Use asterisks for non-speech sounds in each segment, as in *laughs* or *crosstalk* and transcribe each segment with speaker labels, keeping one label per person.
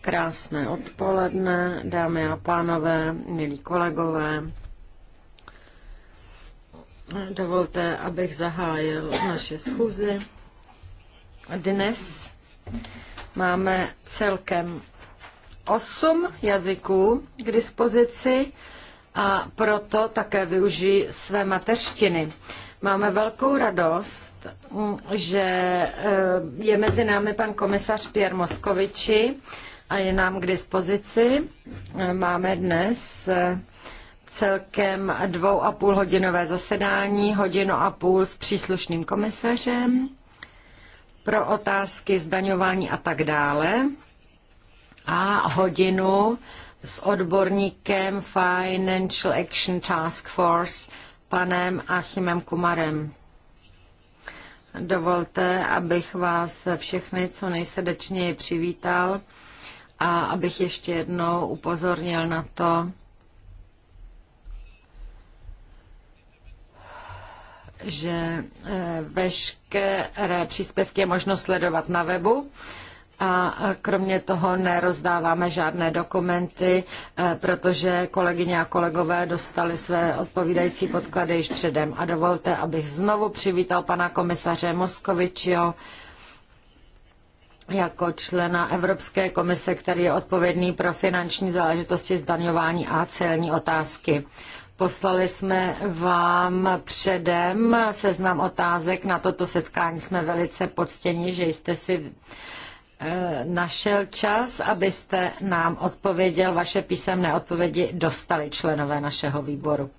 Speaker 1: Krásné odpoledne, dámy a pánové, milí kolegové. Dovolte, abych zahájil naše schůzy. Dnes máme celkem osm jazyků k dispozici a proto také využiji své mateřštiny. Máme velkou radost, že eh, je mezi námi pan komisař Pierre Moskoviči a je nám k dispozici. Eh, máme dnes eh, celkem dvou a půl hodinové zasedání, hodinu a půl s příslušným komisařem pro otázky zdaňování a tak dále a hodinu s odborníkem Financial Action Task Force panem Achimem Kumarem. Dovolte, abych vás všechny co nejsrdečněji přivítal a abych ještě jednou upozornil na to, že eh, veškeré příspěvky je možno sledovat na webu a kromě toho nerozdáváme žádné dokumenty, e, protože kolegyně a kolegové dostali své odpovídající podklady již předem. A dovolte, abych znovu přivítal pana komisaře Moskovičio jako člena Evropské komise, který je odpovědný pro finanční záležitosti, zdaňování a celní otázky. Poslali jsme vám předem seznam otázek. Na toto setkání jsme velice poctěni, že jste si Eh, našel čas, abyste nám odpověděl, vaše písemné odpovědi dostali členové našeho výboru.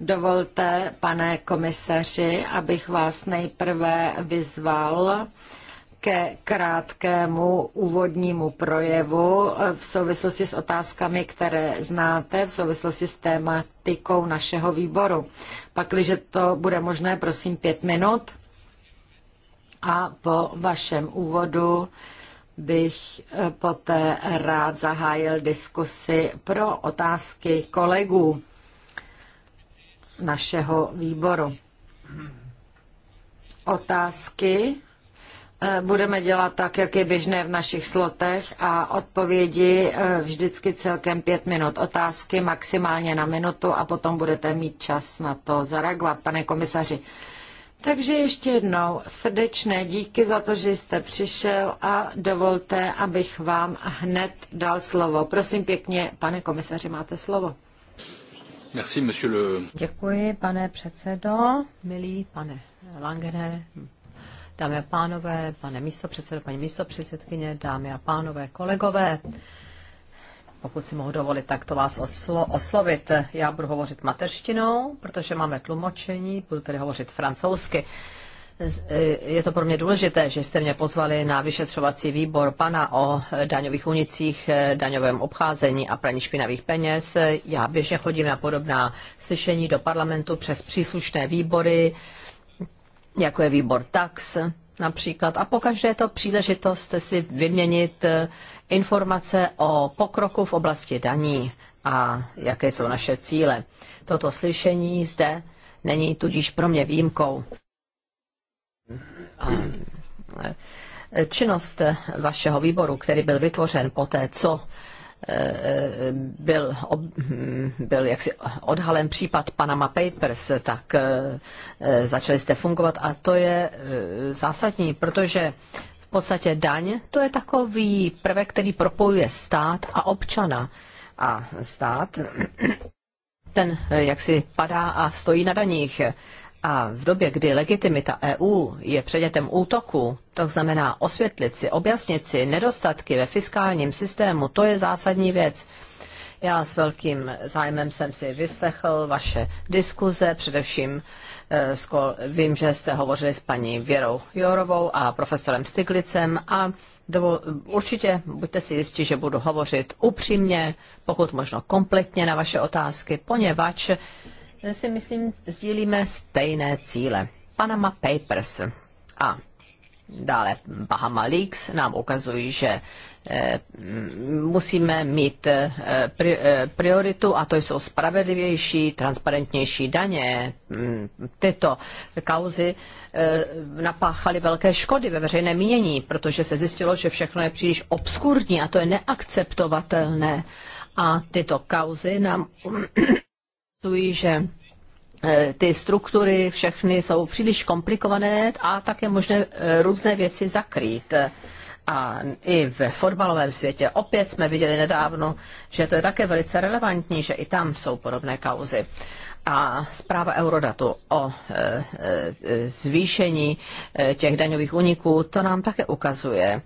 Speaker 1: Dovolte, pane komisaři, abych vás nejprve vyzval ke krátkému úvodnímu projevu eh, v souvislosti s otázkami, které znáte, v souvislosti s tématikou našeho výboru. Pakliže to bude možné, prosím pět minut a po vašem úvodu bych eh, poté rád zahájil diskusi pro otázky kolegů našeho výboru. Otázky eh, budeme dělat tak, jak je běžné v našich slotech a odpovědi eh, vždycky celkem pět minut. Otázky maximálně na minutu a potom budete mít čas na to zareagovat, pane komisaři. Takže ještě jednou srdečné díky za to, že jste přišel a dovolte, abych vám hned dal slovo. Prosím pěkně,
Speaker 2: pane komisaři, máte slovo.
Speaker 3: Merci, monsieur le...
Speaker 2: Děkuji, pane předsedo, milý pane Langene, dámy a pánové, pane předsedo, paní předsedkyně, dámy a pánové, kolegové pokud si mohu dovolit, tak to vás oslo- oslovit. Já budu hovořit mateřštinou, protože máme tlumočení, budu tedy hovořit francouzsky. E, je to pro mě důležité, že jste mě pozvali na vyšetřovací výbor pana o daňových unicích, e, daňovém obcházení a praní špinavých peněz. Já běžně chodím na podobná slyšení do parlamentu přes příslušné výbory, jako je výbor TAX, například. A pokaždé je to příležitost si vyměnit eh, informace o pokroku v oblasti daní a jaké jsou naše cíle. Toto slyšení zde není tudíž pro mě výjimkou. A eh, činnost vašeho výboru, který byl vytvořen poté, co Eh, eh, byl, byl jaksi odhalen případ Panama Papers, tak eh, začali jste fungovat a to je zásadní, protože v podstatě daň to je takový prvek, který propojuje stát a občana. A stát ten jaksi padá a stojí na daních. A v době, kdy legitimita EU je předmětem útoku, to znamená osvětlit si, objasnit si nedostatky ve fiskálním systému, to je zásadní věc. Já s velkým zájmem jsem si vyslechl vaše diskuze, především eh, vím, že jste hovořili s paní Věrou Jorovou a profesorem Stiglicem a dovol, určitě buďte si jistí, že budu hovořit upřímně, pokud možno kompletně na vaše otázky, poněvadž si myslím, sdílíme stejné cíle. Panama Papers a dále Bahama Leaks nám ukazují, že eh, musíme mít eh, eh, prioritu a to jsou spravedlivější, transparentnější daně. Mm, tyto kauzy napáchaly velké škody ve veřejné mínění, protože se zjistilo, že všechno je příliš obskurní a to je neakceptovatelné. A tyto kauzy nám konstatují, že e, ty struktury všechny jsou příliš komplikované a tak je možné e, různé věci zakrýt. A i ve fotbalovém světě opět jsme viděli nedávno, že to je také velice relevantní, že i tam jsou podobné kauzy a zpráva Eurodatu o e, zvýšení těch daňových úniků, to nám také ukazuje,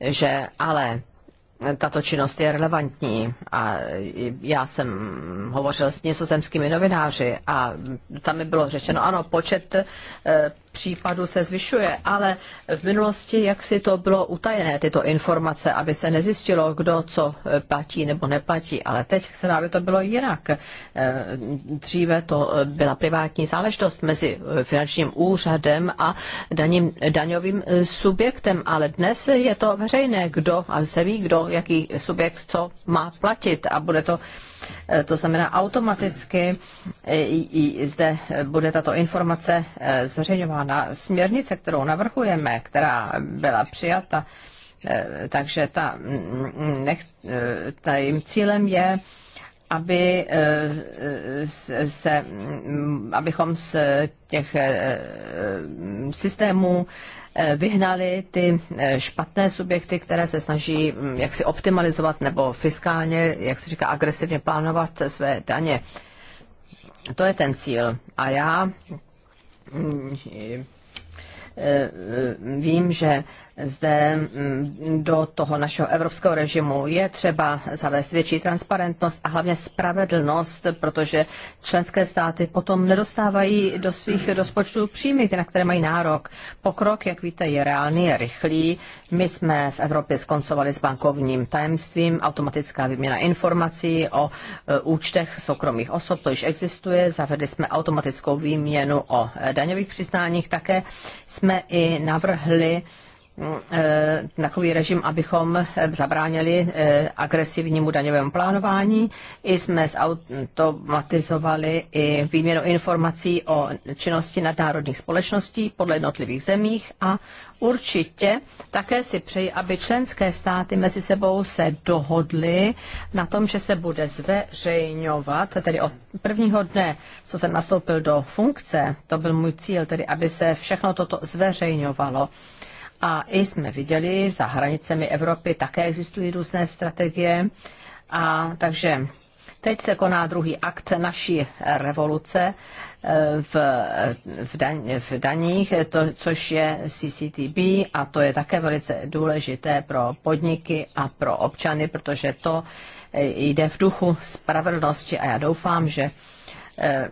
Speaker 2: že ale tato činnost je relevantní. A já jsem hovořil s nizozemskými novináři a tam mi bylo řečeno, ano, počet eh, případů se zvyšuje, ale v minulosti jak si to bylo utajené, tyto informace, aby se nezjistilo, kdo co eh, platí nebo neplatí, ale teď chceme, aby to bylo jinak. Eh, dříve to eh, byla privátní záležitost mezi finančním úřadem a daním, daňovým subjektem, ale dnes je to veřejné, kdo a se ví, kdo, jaký subjekt co má platit a bude to Eh, to znamená, automaticky eh, i zde eh, bude tato informace zveřejňována. Směrnice, kterou navrhujeme, která byla přijata, takže ta, mm, mm, nech, jim cílem je aby eh, se, mm, abychom z těch eh, eh, systémů vyhnali ty špatné subjekty, které se snaží mm, jak si optimalizovat nebo fiskálně, jak se říká, agresivně plánovat své daně. To je ten cíl. A já mm, vím, že zde mm, do toho našeho evropského režimu. Je třeba zavést větší transparentnost a hlavně spravedlnost, protože členské státy potom nedostávají do svých rozpočtů příjmy, na které mají nárok. Pokrok, jak víte, je reálný, je rychlý. My jsme v Evropě skoncovali s bankovním tajemstvím, automatická výměna informací o e, účtech soukromých osob, to již existuje. Zavedli jsme automatickou výměnu o e, daňových přiznáních. Také jsme i navrhli, Eh, takový režim, abychom eh, zabránili eh, agresivnímu daňovému plánování. I jsme zautomatizovali i výměnu informací o činnosti nadnárodních společností podle jednotlivých zemích a určitě také si přeji, aby členské státy mezi sebou se dohodly na tom, že se bude zveřejňovat, tedy od prvního dne, co jsem nastoupil do funkce, to byl můj cíl, tedy aby se všechno toto zveřejňovalo a i jsme viděli, za hranicemi Evropy také existují různé strategie. A takže teď se koná druhý akt naší revoluce eh, v, v, daň, v daních, to, což je CCTB a to je také velice důležité pro podniky a pro občany, protože to eh, jde v duchu spravedlnosti a já doufám, že eh,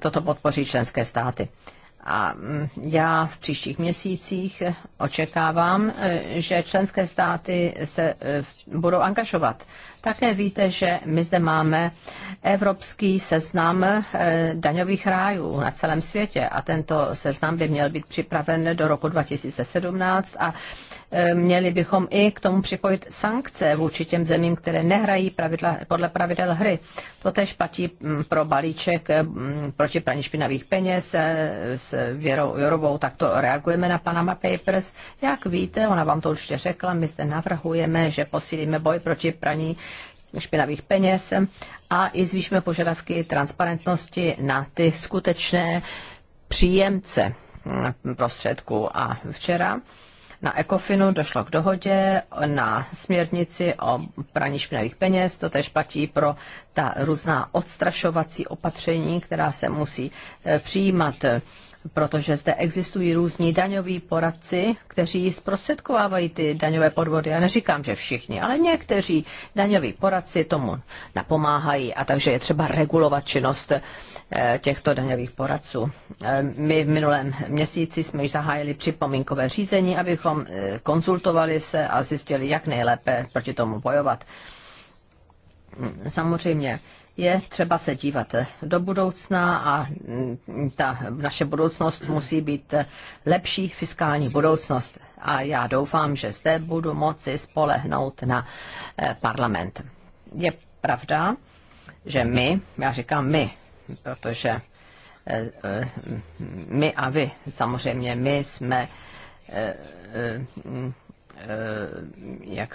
Speaker 2: toto podpoří členské státy. A mm, já v příštích měsících očekávám, e, že členské státy se e, budou angažovat. Také víte, že my zde máme evropský seznam e, daňových rájů na celém světě a tento seznam by měl být připraven do roku 2017 a měli bychom i k tomu připojit sankce vůči těm zemím, které nehrají pravidla, podle pravidel hry. To tež platí mm, pro balíček mm, proti praní špinavých peněz e, s Věrou Jorovou, tak to reagujeme na Panama Papers. Jak víte, ona vám to určitě řekla, my zde navrhujeme, že posílíme boj proti praní špinavých peněz a i zvýšíme požadavky transparentnosti na ty skutečné příjemce mm, prostředků. A včera na ECOFINu došlo k dohodě na směrnici o praní špinavých peněz, to tež platí pro ta různá odstrašovací opatření, která se musí eh, přijímat protože zde existují různí daňoví poradci, kteří zprostředkovávají ty daňové podvody. Já neříkám, že všichni, ale někteří daňoví poradci tomu napomáhají a takže je třeba regulovat činnost eh, těchto daňových poradců. Eh, my v minulém měsíci jsme již zahájili připomínkové řízení, abychom eh, konzultovali se a zjistili, jak nejlépe proti tomu bojovat. Hm, samozřejmě je třeba se dívat do budoucna a mm, ta naše budoucnost musí být lepší fiskální budoucnost. A já doufám, že zde budu moci spolehnout na eh, parlament. Je pravda, že my, já říkám my, protože eh, eh, my a vy, samozřejmě my jsme mm, jak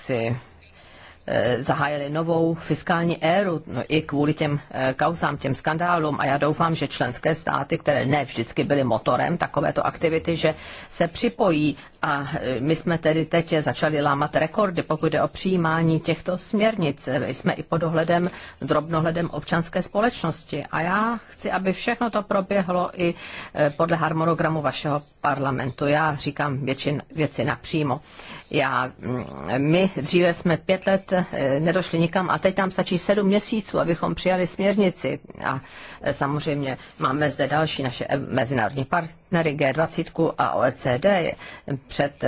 Speaker 2: Eh, zahájili novou fiskální éru no, i kvůli těm eh, kauzám, těm skandálům a já doufám, že členské státy, které ne vždycky byly motorem takovéto aktivity, že se připojí a e, my jsme tedy teď začali lámat rekordy, pokud je o přijímání těchto směrnic. My jsme i pod ohledem, drobnohledem občanské společnosti. A já chci, aby všechno to proběhlo i e, podle harmonogramu vašeho parlamentu. Já říkám většin, věci napřímo. Já, mm, my dříve jsme pět let e, nedošli nikam a teď tam stačí sedm měsíců, abychom přijali směrnici. A samozřejmě máme zde další naše mezinárodní partnery G20 a OECD před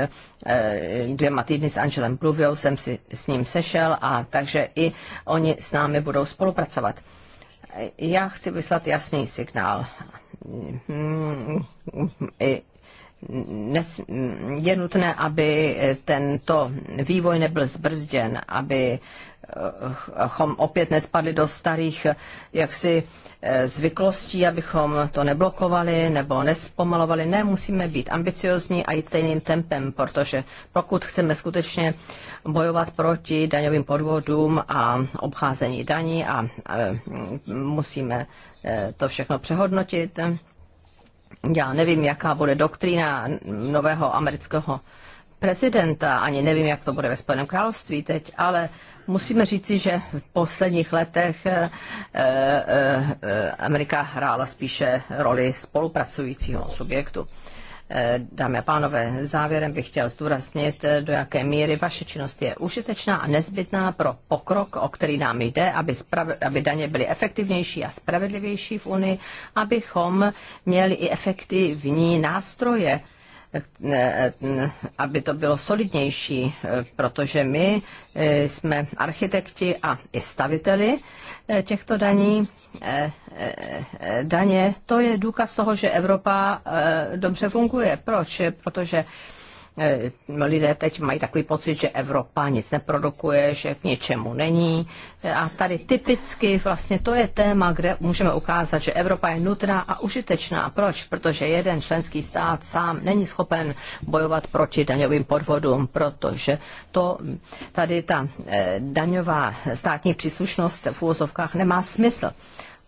Speaker 2: eh, dvěma týdny s Angelem Pluviou jsem si s ním sešel a takže i oni s námi budou spolupracovat. Já chci vyslat jasný signál mm, mm, mm, i nes, je nutné, aby tento vývoj nebyl zbrzděn, aby abychom eh, opět nespadli do starých jaksi eh, zvyklostí, abychom to neblokovali nebo nespomalovali. Ne, musíme být ambiciozní a jít stejným tempem, protože pokud chceme skutečně bojovat proti daňovým podvodům a obcházení daní a eh, musíme to všechno přehodnotit, já nevím, jaká bude doktrína nového amerického prezidenta, ani nevím, jak to bude ve Spojeném království teď, ale musíme říci, že v posledních letech e, e, Amerika hrála spíše roli spolupracujícího subjektu. Eh, dámy a pánové, závěrem bych chtěl zdůraznit, eh, do jaké míry vaše činnost je užitečná a nezbytná pro pokrok, o který nám jde, aby, sprav- aby daně byly efektivnější a spravedlivější v Unii, abychom měli i efektivní nástroje aby to bylo solidnější, protože my eh, jsme architekti a i staviteli eh, těchto daní. Eh, daně, to je důkaz toho, že Evropa dobře funguje. Proč? Protože E, no, lidé teď mají takový pocit, že Evropa nic neprodukuje, že k něčemu není. E, a tady typicky vlastně to je téma, kde můžeme ukázat, že Evropa je nutná a užitečná. Proč? Protože jeden členský stát sám není schopen bojovat proti daňovým podvodům, protože to tady ta e, daňová státní příslušnost v úvozovkách nemá smysl.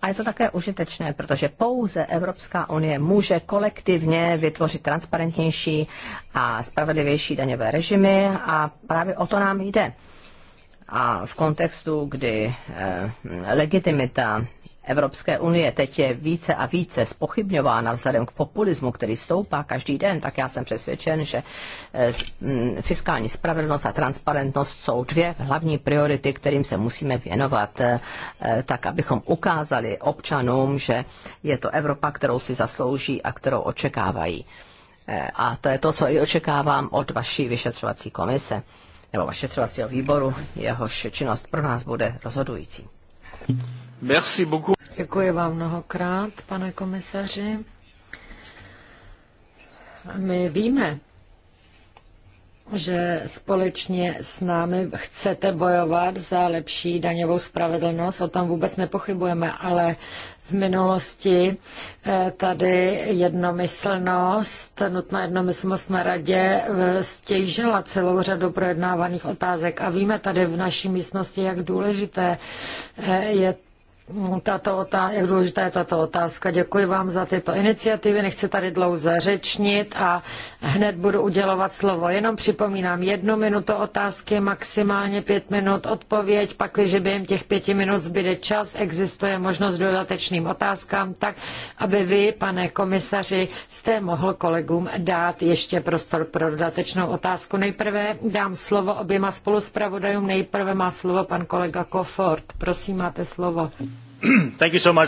Speaker 2: A je to také užitečné, protože pouze Evropská unie může kolektivně vytvořit transparentnější a spravedlivější daňové režimy a právě o to nám jde. A v kontextu, kdy eh, legitimita Evropské unie teď je více a více spochybňována vzhledem k populismu, který stoupá každý den, tak já jsem přesvědčen, že eh, mm, fiskální spravedlnost a transparentnost jsou dvě hlavní priority, kterým se musíme věnovat, eh, eh, tak abychom ukázali občanům, že je to Evropa, kterou si zaslouží a kterou očekávají. A to je to, co i očekávám od vaší vyšetřovací komise nebo vyšetřovacího výboru, jehož činnost pro nás bude rozhodující.
Speaker 3: Merci beaucoup.
Speaker 1: Děkuji vám mnohokrát, pane komisaři. My víme, že společně s námi chcete bojovat za lepší daňovou spravedlnost, o tom vůbec nepochybujeme, ale v minulosti eh, tady jednomyslnost, nutná jednomyslnost na radě eh, stěžila celou řadu projednávaných otázek a víme tady v naší místnosti, jak důležité eh, je tato otázka, jak důležitá je tato otázka. Děkuji vám za tyto iniciativy, nechci tady dlouze řečnit a hned budu udělovat slovo. Jenom připomínám, jednu minutu otázky, maximálně pět minut odpověď, pak, když během těch pěti minut zbyde čas, existuje možnost dodatečným otázkám, tak, aby vy, pane komisaři, jste mohl kolegům dát ještě prostor pro dodatečnou otázku. Nejprve dám slovo oběma spoluspravodajům, nejprve má slovo pan kolega Kofort. Prosím, máte
Speaker 4: slovo. *clears throat* Uh,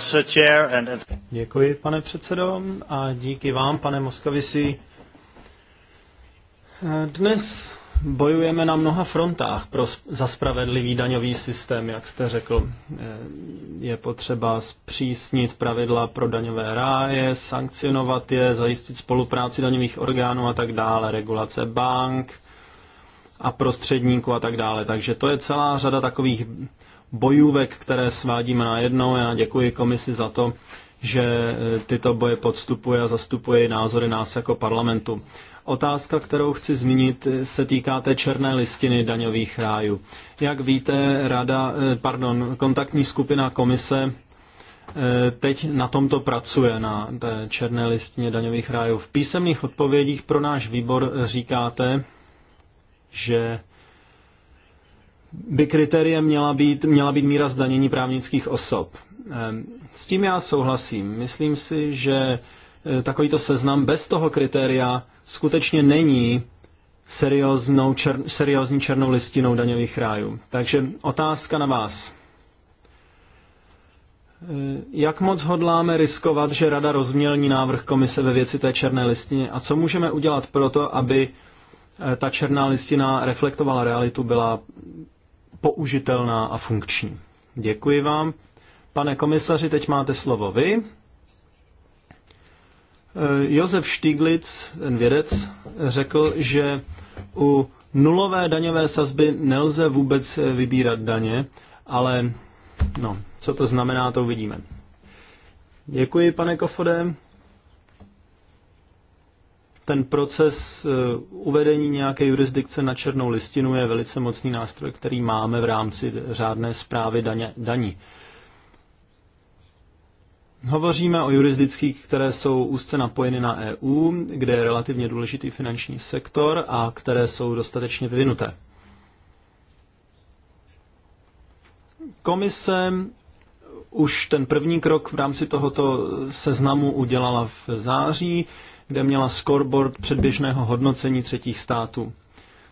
Speaker 4: Děkuji, pane předsedo, a díky vám, pane Moskavisi. Eh, dnes bojujeme na mnoha frontách pro, za spravedlivý daňový systém, jak jste řekl. Eh, je potřeba zpřísnit pravidla pro daňové ráje, sankcionovat je, zajistit spolupráci daňových orgánů a tak dále, regulace bank a prostředníků a tak dále. Takže to je celá řada takových bojůvek, které svádíme najednou. Já děkuji komisi za to, že e, tyto boje podstupuje a zastupuje názory nás jako parlamentu. Otázka, kterou chci zmínit, se týká té černé listiny daňových rájů. Jak víte, rada, e, pardon, kontaktní skupina komise e, teď na tomto pracuje, na té černé listině daňových rájů. V písemných odpovědích pro náš výbor říkáte, že by kritériem měla být, měla být míra zdanění právnických osob. Ehm, s tím já souhlasím. Myslím si, že eh, takovýto seznam bez toho kritéria skutečně není serióznou čer, seriózní černou listinou daňových rájů. Takže otázka na vás. Eh, jak moc hodláme riskovat, že Rada rozmělní návrh komise ve věci té černé listiny a co můžeme udělat pro to, aby eh, ta černá listina reflektovala realitu, byla použitelná a funkční. Děkuji vám. Pane komisaři, teď máte slovo vy. Eh, Josef Stiglitz, ten vědec, řekl, že u nulové daňové sazby nelze vůbec vybírat daně, ale no, co to znamená, to uvidíme. Děkuji, pane Kofodem ten proces eh, uvedení nějaké jurisdikce na černou listinu je velice mocný nástroj, který máme v rámci řádné zprávy daně, daní. Hovoříme o jurisdikcích, které jsou úzce napojeny na EU, kde je relativně důležitý finanční sektor a které jsou dostatečně vyvinuté. Komise už ten první krok v rámci tohoto seznamu udělala v září kde měla scoreboard předběžného hodnocení třetích států.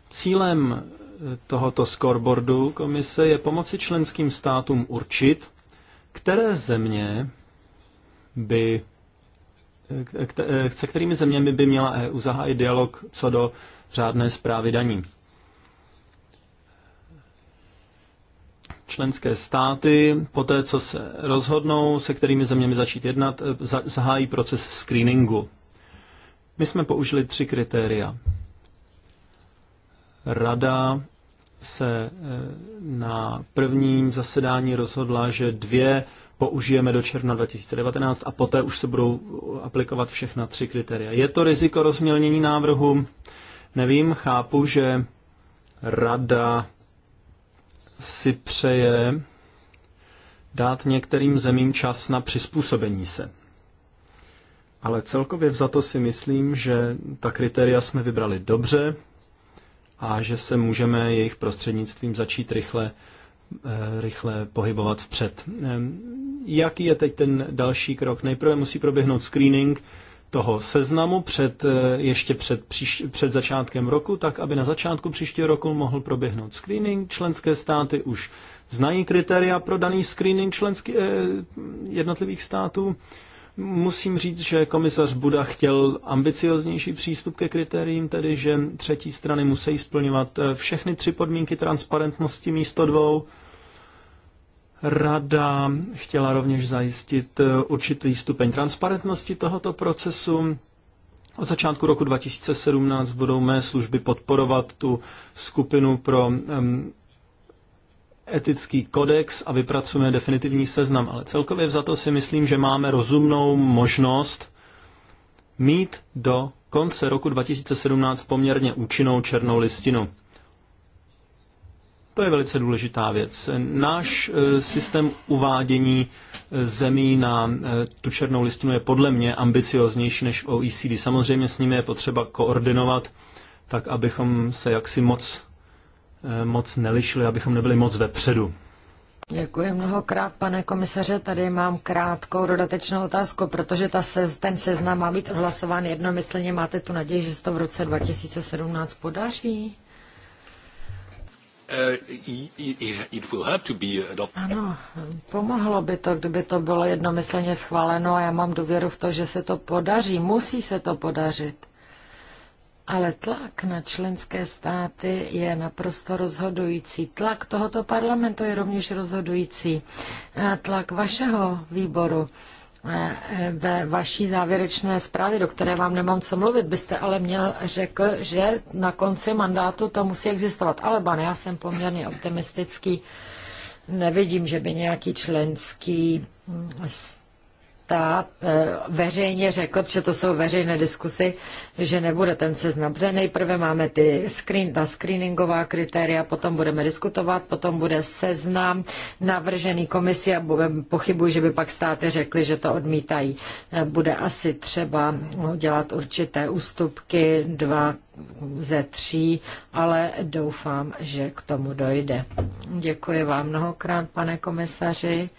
Speaker 4: Cílem eh, tohoto scoreboardu komise je pomoci členským státům určit, které země by, eh, eh, se kterými zeměmi by měla EU zahájit dialog co do řádné zprávy daní. Členské státy, po té, co se rozhodnou, se kterými zeměmi začít jednat, zahájí proces screeningu my jsme použili tři kritéria. Rada se eh, na prvním zasedání rozhodla, že dvě použijeme do června 2019 a poté už se budou aplikovat všechna tři kritéria. Je to riziko rozmělnění návrhu? Nevím, chápu, že rada si přeje dát některým zemím čas na přizpůsobení se. Ale celkově vzato si myslím, že ta kritéria jsme vybrali dobře a že se můžeme jejich prostřednictvím začít rychle, eh, rychle pohybovat vpřed. Ehm, jaký je teď ten další krok? Nejprve musí proběhnout screening toho seznamu před, eh, ještě před, příš, před začátkem roku, tak aby na začátku příštího roku mohl proběhnout screening. Členské státy už znají kritéria pro daný screening členský, eh, jednotlivých států. Eh, Musím říct, že komisař Buda chtěl ambicioznější přístup ke kritériím, tedy že třetí strany musí splňovat eh, všechny tři podmínky transparentnosti místo dvou. Rada chtěla rovněž zajistit eh, určitý stupeň transparentnosti tohoto procesu. Od začátku roku 2017 budou mé služby podporovat tu skupinu pro etický kodex a vypracujeme definitivní seznam. Ale celkově za to si myslím, že máme rozumnou možnost mít do konce roku 2017 poměrně účinnou černou listinu. To je velice důležitá věc. Náš e, systém uvádění e, zemí na e, tu černou listinu je podle mě ambicioznější než OECD. Samozřejmě s nimi je potřeba koordinovat, tak abychom se jaksi moc Eh, moc nelišili, abychom nebyli moc vepředu.
Speaker 1: Děkuji mnohokrát, pane komisaře. Tady mám krátkou dodatečnou otázku, protože ta se, ten seznam má být odhlasován jednomyslně. Máte tu naději, že se to v roce 2017 podaří? Eh, ano, pomohlo by to, kdyby to bylo jednomyslně schváleno a já mám důvěru v to, že se to podaří. Musí se to podařit. Ale tlak na členské státy je naprosto rozhodující. Tlak tohoto parlamentu je rovněž rozhodující. E, tlak vašeho výboru e, ve vaší závěrečné zprávě, do které vám nemám co mluvit, byste ale měl řekl, že na konci mandátu to musí existovat. Ale ban, já jsem poměrně optimistický. Nevidím, že by nějaký členský ta eh, veřejně řekl, protože to jsou veřejné diskusy, že nebude ten seznam. Protože nejprve máme ty screen, ta screeningová kritéria, potom budeme diskutovat, potom bude seznam navržený komisi a pochybuji, že by pak státy řekly, že to odmítají. Eh, bude asi třeba no, dělat určité ústupky, dva ze tří, ale doufám, že k tomu dojde. Děkuji vám mnohokrát, pane komisaři.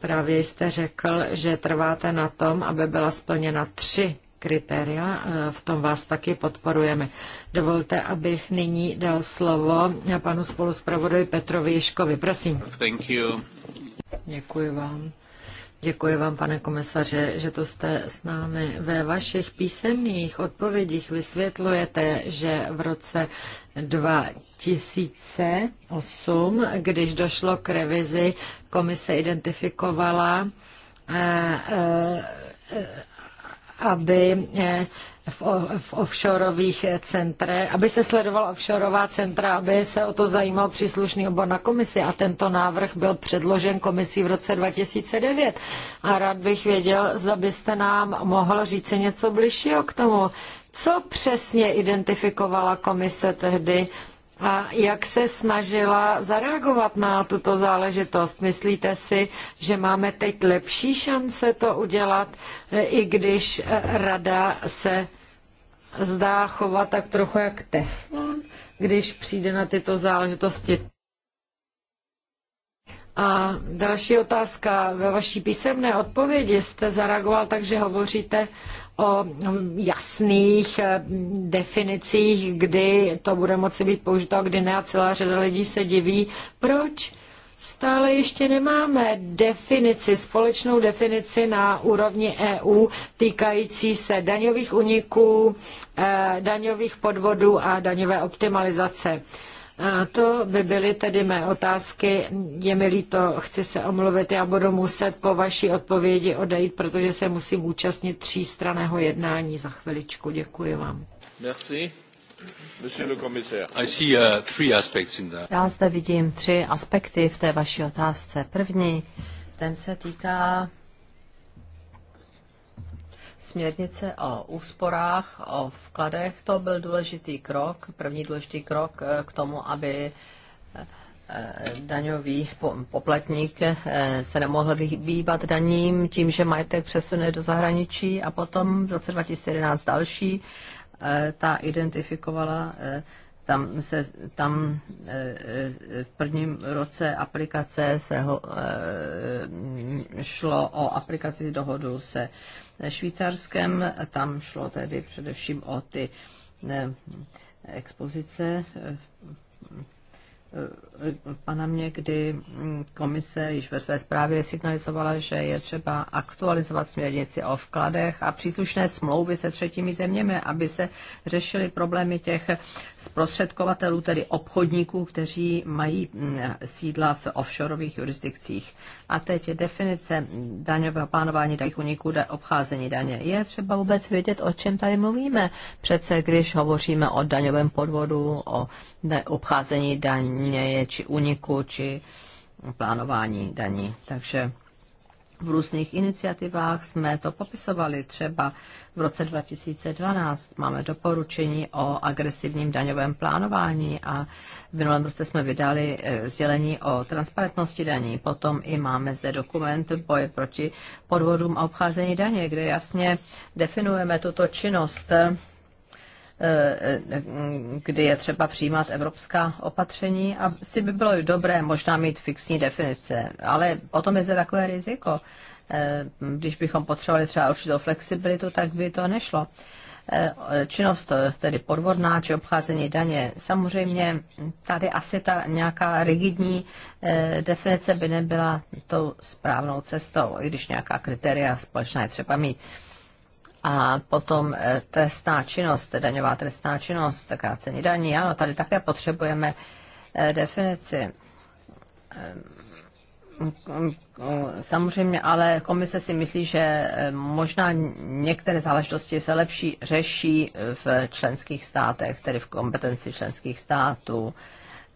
Speaker 1: Právě jste řekl, že trváte na tom, aby byla splněna tři kritéria, e, v tom vás taky podporujeme. Dovolte, abych nyní dal slovo panu spoluspravodovi Petrovi Ješkovi. Prosím.
Speaker 3: Thank you.
Speaker 1: Děkuji vám. Děkuji vám, pane komisaře, že to jste s námi. Ve vašich písemných odpovědích vysvětlujete, že v roce 2008, když došlo k revizi, komise identifikovala eh, eh, aby eh, v, v offshoreových centrech, aby se sledovala offshoreová centra, aby se o to zajímal příslušný obor na komisi a tento návrh byl předložen komisí v roce 2009. A rád bych věděl, zda byste nám mohl říct něco bližšího k tomu. Co přesně identifikovala komise tehdy a jak se snažila zareagovat na tuto záležitost. Myslíte si, že máme teď lepší šance to udělat, i když rada se zdá chovat tak trochu jak teflon, když přijde na tyto záležitosti? A další otázka. Ve vaší písemné odpovědi jste zareagoval tak, že hovoříte o jasných eh, definicích, kdy to bude moci být použito kdy ne. A celá řada lidí se diví, proč stále ještě nemáme definici, společnou definici na úrovni EU týkající se daňových uniků, eh, daňových podvodů a daňové optimalizace. To by byly tedy mé otázky. Je mi líto, chci se omluvit. Já budu muset po vaší odpovědi odejít, protože se musím účastnit třístraného jednání
Speaker 2: za chviličku. Děkuji vám.
Speaker 3: Merci. Uh,
Speaker 2: já zde vidím tři aspekty v té vaší otázce. První, ten se týká směrnice o úsporách, o vkladech, to byl důležitý krok, první důležitý krok eh, k tomu, aby eh, eh, daňový poplatník se nemohl vyhýbat daním tím, že majetek přesune do zahraničí a potom v roce 2011 další ta identifikovala tam, se, tam v prvním roce aplikace se ho, šlo o aplikaci dohodu se švýcarském, Tam šlo tedy především o ty expozice eh, eh, mě, kdy mm, komise již ve své zprávě signalizovala, že je třeba aktualizovat směrnici o vkladech a příslušné smlouvy se třetími zeměmi, aby se řešily problémy těch zprostředkovatelů, tedy obchodníků, kteří mají mm, sídla v offshoreových jurisdikcích. A teď je definice daňového plánování daných uniků, obcházení daně. Je třeba vůbec vědět, o čem tady mluvíme. Přece když hovoříme o daňovém podvodu, o obcházení daně, je či uniku, či plánování daní. Takže v různých iniciativách jsme to popisovali. Třeba v roce 2012 máme doporučení o agresivním daňovém plánování a v minulém roce jsme vydali eh, sdělení o transparentnosti daní. Potom i máme zde dokument boje proti podvodům a obcházení daně, kde jasně definujeme tuto činnost Eh, kdy je třeba přijímat evropská opatření a si by bylo dobré možná mít fixní definice, ale o tom je zde takové riziko. Eh, když bychom potřebovali třeba určitou flexibilitu, tak by to nešlo. Eh, činnost tedy podvodná či obcházení daně. Samozřejmě tady asi ta nějaká rigidní definice by nebyla tou správnou cestou, i když nějaká kritéria společná je třeba mít. A potom eh, trestná činnost, daňová trestná činnost, krácení daní, ano, tady také potřebujeme eh, definici. Ehm, samozřejmě, ale komise si myslí, že eh, možná některé záležitosti se lepší řeší v členských státech, tedy v kompetenci členských států.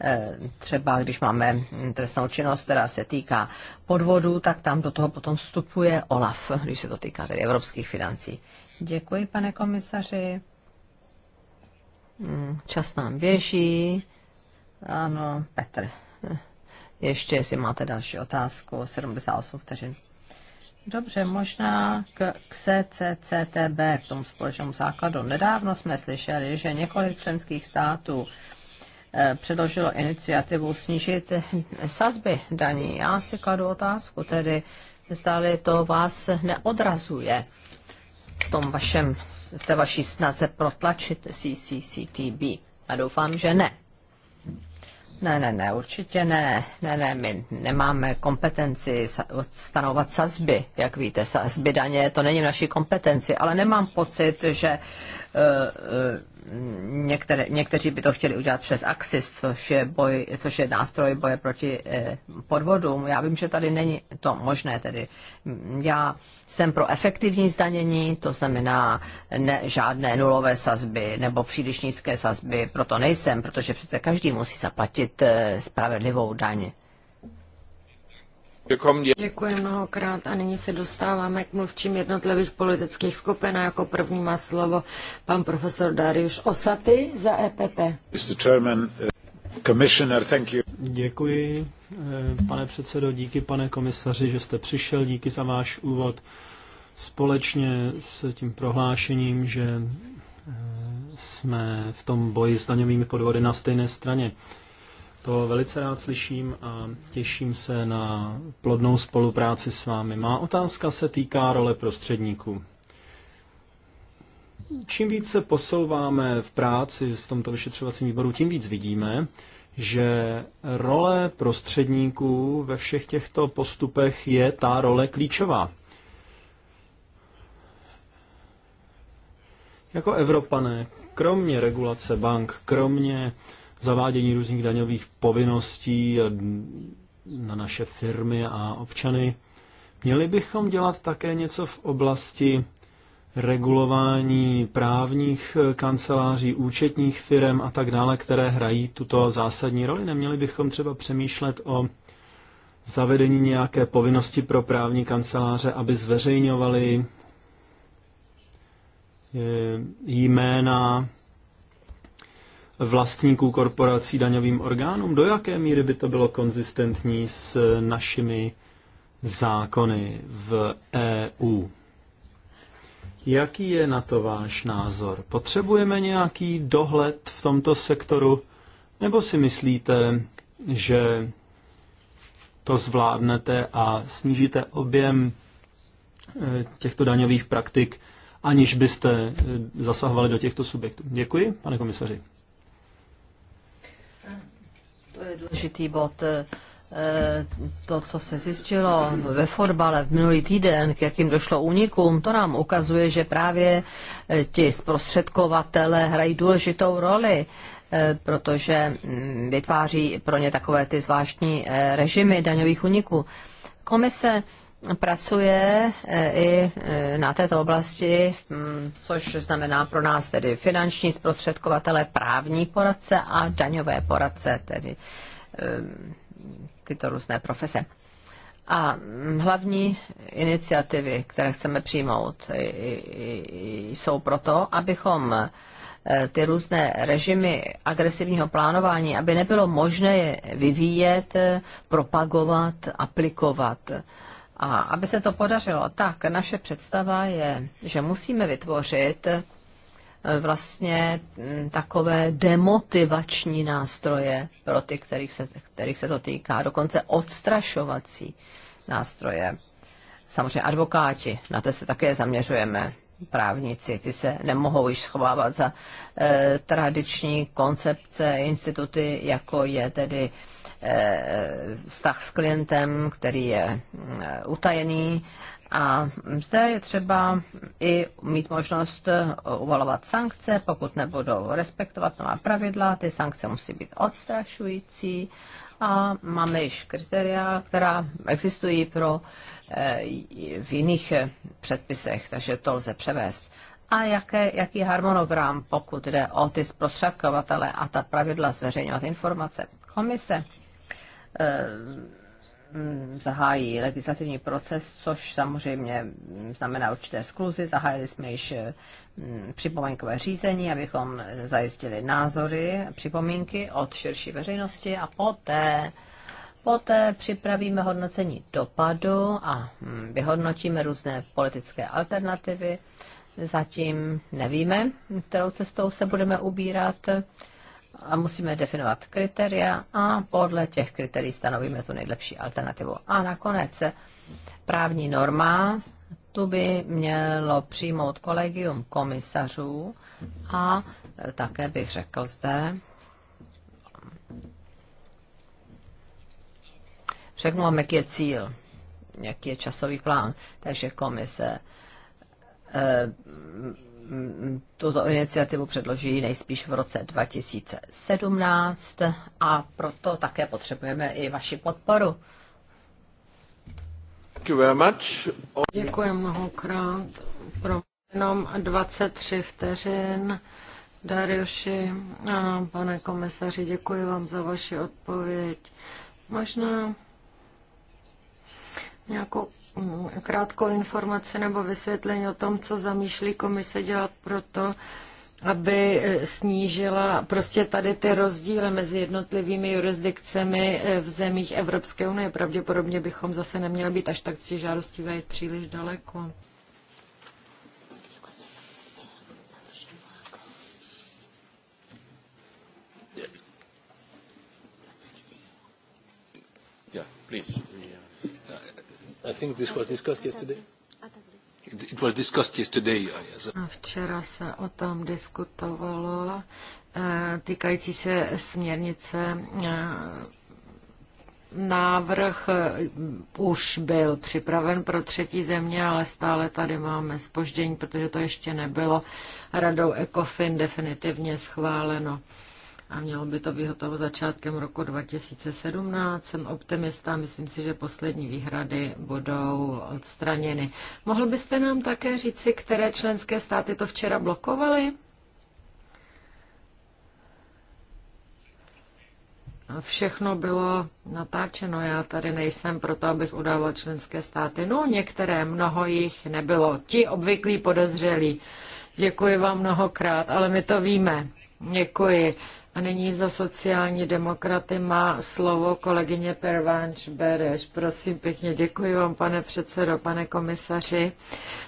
Speaker 2: Eh, třeba když máme trestnou činnost, která se týká podvodu, tak tam do toho potom vstupuje OLAF, když se to týká tedy evropských financí. Děkuji, pane komisaři. Hmm, čas nám běží. Ano, Petr. Eh, ještě, jestli máte další otázku, 78 vteřin. Dobře, možná k, k CCCTB, k tomu společnému základu. Nedávno jsme slyšeli, že několik členských států Eh, předložilo iniciativu snížit sazby daní. Já si kladu otázku, tedy zdali to vás neodrazuje v, tom vašem, v té vaší snaze protlačit CCCTB. A doufám, že ne. Ne, ne, ne, určitě ne. Ne, ne, my nemáme kompetenci stanovat sazby, jak víte, sazby daně, to není v naší kompetenci, ale nemám pocit, že Eh, eh, některé, někteří by to chtěli udělat přes Axis, což je, boj, což je nástroj boje proti eh, podvodům. Já vím, že tady není to možné. Tedy já jsem pro efektivní zdanění, to znamená ne, žádné nulové sazby nebo příliš nízké sazby. Proto nejsem, protože přece každý musí zaplatit spravedlivou daň.
Speaker 3: Děkuji
Speaker 1: mnohokrát a nyní se dostáváme k mluvčím jednotlivých politických skupin a jako první má slovo pan profesor Darius Osaty za EPP.
Speaker 4: Mr. Chairman, uh, Commissioner, thank you. Děkuji, eh, pane předsedo, díky pane komisaři, že jste přišel, díky za váš úvod společně s tím prohlášením, že eh, jsme v tom boji s daňovými podvody na stejné straně. To velice rád slyším a těším se na plodnou spolupráci s vámi. Má otázka se týká role prostředníků. Čím víc se posouváme v práci v tomto vyšetřovacím výboru, tím víc vidíme, že role prostředníků ve všech těchto postupech je ta role klíčová. Jako Evropané, kromě regulace bank, kromě zavádění různých daňových povinností na naše firmy a občany. Měli bychom dělat také něco v oblasti regulování právních kanceláří, účetních firm a tak dále, které hrají tuto zásadní roli. Neměli bychom třeba přemýšlet o zavedení nějaké povinnosti pro právní kanceláře, aby zveřejňovali eh, jména vlastníků korporací daňovým orgánům? Do jaké míry by to bylo konzistentní s našimi zákony v EU? Jaký je na to váš názor? Potřebujeme nějaký dohled v tomto sektoru? Nebo si myslíte, že to zvládnete a snížíte objem e, těchto daňových praktik, aniž byste e, zasahovali do těchto subjektů? Děkuji, pane komisaři.
Speaker 2: To je důležitý bod. Eh, to, co se zjistilo ve fotbale v minulý týden, k jakým došlo únikům, to nám ukazuje, že právě eh, ti zprostředkovatele hrají důležitou roli eh, protože mm, vytváří pro ně takové ty zvláštní režimy daňových úniků. Komise pracuje eh, i eh, na této oblasti, hm, což znamená pro nás tedy finanční zprostředkovatele, právní poradce a daňové poradce, tedy eh, tyto různé profese. A hm, hlavní iniciativy, které chceme přijmout, jsou proto, abychom ty různé režimy agresivního plánování, aby nebylo možné je vyvíjet, propagovat, aplikovat. A aby se to podařilo, tak naše představa je, že musíme vytvořit eh, vlastně mm, takové demotivační nástroje pro ty, kterých se, kterých se to týká, dokonce odstrašovací nástroje. Samozřejmě advokáti, na to se také zaměřujeme, právníci, ty se nemohou již schovávat za eh, tradiční koncepce, instituty, jako je tedy eh, Eh, vztah s klientem, který je eh, utajený. A zde je třeba i mít možnost eh, uvalovat sankce, pokud nebudou respektovat nová pravidla. Ty sankce musí být odstrašující a máme již kritéria, která existují pro v jiných předpisech, takže to lze převést. A jaké, jaký harmonogram, pokud jde o ty zprostředkovatele a ta pravidla zveřejňovat informace? Komise Eh, zahájí legislativní proces, což samozřejmě znamená určité skluzy. Zahájili jsme již eh, mm, připomínkové řízení, abychom zajistili názory, připomínky od širší veřejnosti a poté Poté připravíme hodnocení dopadu a mm, vyhodnotíme různé politické alternativy. Zatím nevíme, kterou cestou se budeme ubírat a musíme definovat kritéria a podle těch kritérií stanovíme tu nejlepší alternativu. A nakonec právní norma, tu by mělo přijmout kolegium komisařů a také bych řekl zde, řeknu vám, jaký je cíl, jaký je časový plán. Takže komise eh, tuto iniciativu předloží nejspíš v roce 2017 a proto také potřebujeme i vaši podporu.
Speaker 3: Děkuji
Speaker 1: mnohokrát. Pro jenom 23 vteřin. Dariuši, pane komisaři, děkuji vám za vaši odpověď. Možná nějakou Mm, krátkou informaci nebo vysvětlení o tom, co zamýšlí komise dělat pro to, aby eh, snížila prostě tady ty rozdíly mezi jednotlivými jurisdikcemi eh, v zemích Evropské unie. Pravděpodobně bychom zase neměli být až tak žádostivé příliš daleko.
Speaker 3: Yeah, please. A
Speaker 1: Včera se o tom diskutovalo eh, týkající se směrnice eh, návrh eh, už byl připraven pro třetí země, ale stále tady máme spoždění, protože to ještě nebylo radou ECOFIN definitivně schváleno a mělo by to být hotovo začátkem roku 2017. Jsem optimista, myslím si, že poslední výhrady budou odstraněny. Mohl byste nám také říci, které členské státy to včera blokovaly? Všechno bylo natáčeno, já tady nejsem proto, abych udával členské státy. No, některé, mnoho jich nebylo. Ti obvyklí podezřelí. Děkuji vám mnohokrát, ale my to víme. Děkuji. A nyní za sociální demokraty má slovo kolegyně Pervanč Bereš. Prosím pěkně, děkuji vám, pane předsedo, pane komisaři.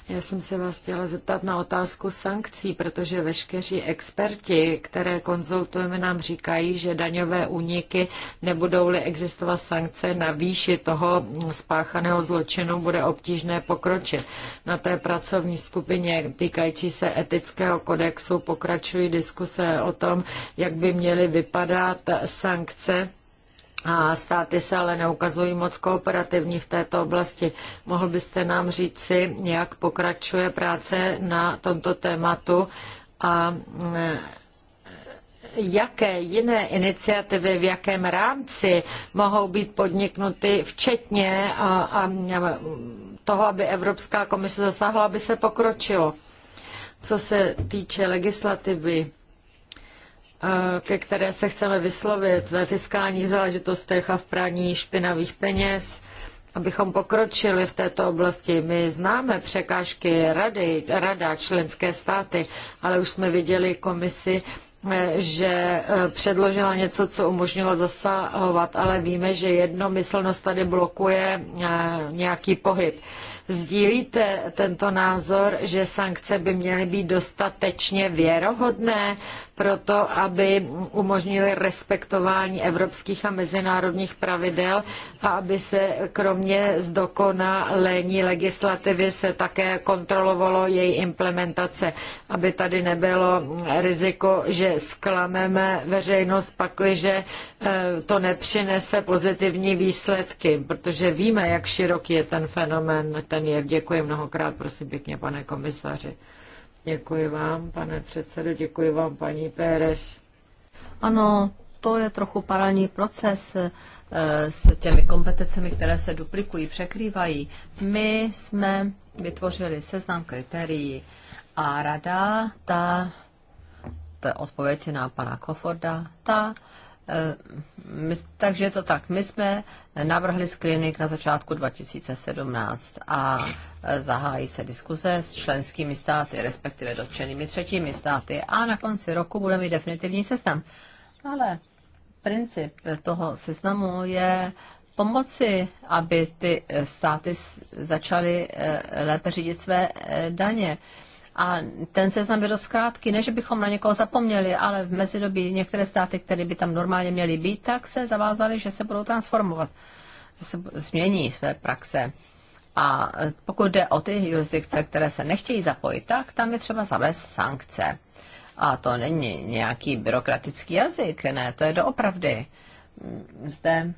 Speaker 1: Já jsem se vás chtěla zeptat na otázku sankcí, protože veškeří experti, které konzultujeme, nám říkají, že daňové úniky nebudou-li existovat sankce na výši toho spáchaného zločinu, bude obtížné pokročit. Na té pracovní skupině týkající se etického kodexu pokračují diskuse o tom, jak by měly vypadat sankce. A státy se ale neukazují moc kooperativní v této oblasti. Mohl byste nám říci, jak pokračuje práce na tomto tématu a eh, jaké jiné iniciativy, v jakém rámci mohou být podniknuty, včetně a, a toho, aby Evropská komise zasáhla, aby se pokročilo. Co se týče legislativy, ke které se chceme vyslovit ve fiskálních záležitostech a v praní špinavých peněz, abychom pokročili v této oblasti. My známe překážky rady, rada, členské státy, ale už jsme viděli komisi, e, že e, předložila něco, co umožnilo zasahovat, ale víme, že jednomyslnost tady blokuje e, nějaký pohyb. Sdílíte tento názor, že sankce by měly být dostatečně věrohodné pro to, aby umožnili respektování evropských a mezinárodních pravidel a aby se kromě lení legislativy se také kontrolovalo její implementace, aby tady nebylo riziko, že zklameme veřejnost pakliže eh, to nepřinese pozitivní výsledky, protože víme, jak široký je ten fenomén ten jev. Děkuji mnohokrát, prosím pěkně, pane komisaři. Děkuji vám, pane předsedo, děkuji vám, paní Pérez.
Speaker 2: Ano, to je trochu paralelní proces eh, s těmi kompetencemi, které se duplikují, překrývají. My jsme vytvořili seznam kritérií a rada, ta, to je odpověď na pana Koforda, ta Eh, my, takže to tak. My jsme navrhli screening na začátku 2017 a eh, zahájí se diskuze s členskými státy, respektive dotčenými třetími státy a na konci roku budeme mít definitivní seznam. Ale princip toho seznamu je pomoci, aby ty eh, státy začaly lépe řídit své daně. A ten seznam je dost krátký, než bychom na někoho zapomněli, ale v mezidobí některé státy, které by tam normálně měly být, tak se zavázaly, že se budou transformovat, že se změní své praxe. A pokud jde o ty jurisdikce, které se nechtějí zapojit, tak tam je třeba zavést sankce. A to není nějaký byrokratický jazyk, ne, to je doopravdy. Zde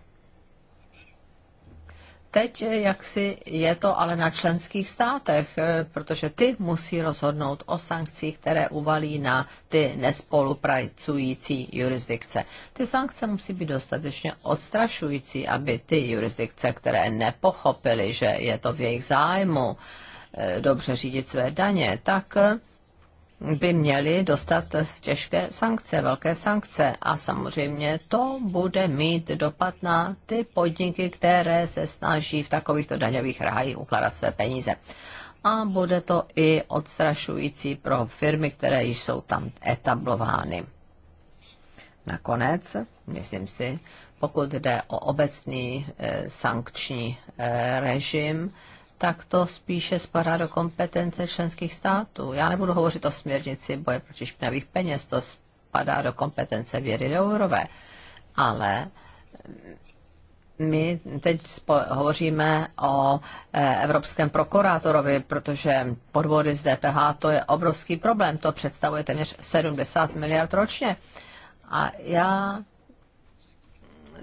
Speaker 2: Teď eh, jaksi je to ale na členských státech, eh, protože ty musí rozhodnout o sankcích, které uvalí na ty nespolupracující jurisdikce. Ty sankce musí být dostatečně odstrašující, aby ty jurisdikce, které nepochopily, že je to v jejich zájmu eh, dobře řídit své daně, tak by měli dostat těžké sankce, velké sankce. A samozřejmě to bude mít dopad na ty podniky, které se snaží v takovýchto daňových rájích ukládat své peníze. A bude to i odstrašující pro firmy, které již jsou tam etablovány. Nakonec, myslím si, pokud jde o obecný e, sankční e, režim, tak to spíše spadá do kompetence členských států. Já nebudu hovořit o směrnici boje proti špinavých peněz, to spadá do kompetence věry eurové, Ale my teď hovoříme o e, evropském prokurátorovi, protože podvody z DPH to je obrovský problém. To představuje téměř 70 miliard ročně. A já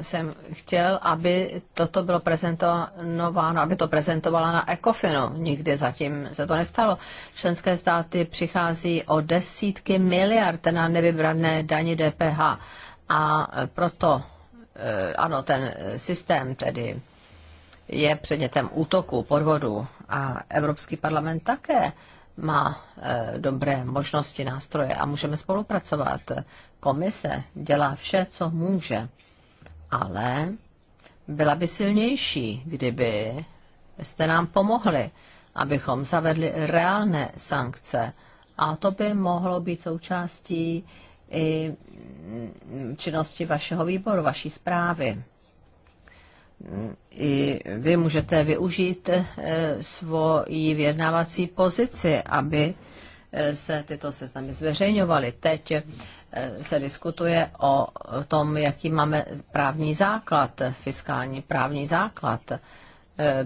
Speaker 2: jsem chtěl, aby toto bylo prezentováno, aby to prezentovala na ECOFINu. Nikdy zatím se to nestalo. Členské státy přichází o desítky miliard na nevybrané daně DPH. A proto, e, ano, ten systém tedy je předmětem útoku, podvodu a Evropský parlament také má e, dobré možnosti, nástroje a můžeme spolupracovat. Komise dělá vše, co může ale byla by silnější, kdyby jste nám pomohli, abychom zavedli reálné sankce. A to by mohlo být součástí i činnosti vašeho výboru, vaší zprávy. I vy můžete využít eh, svoji vyjednávací pozici, aby eh, se tyto seznamy zveřejňovaly. Teď se diskutuje o tom, jaký máme právní základ, fiskální právní základ, e,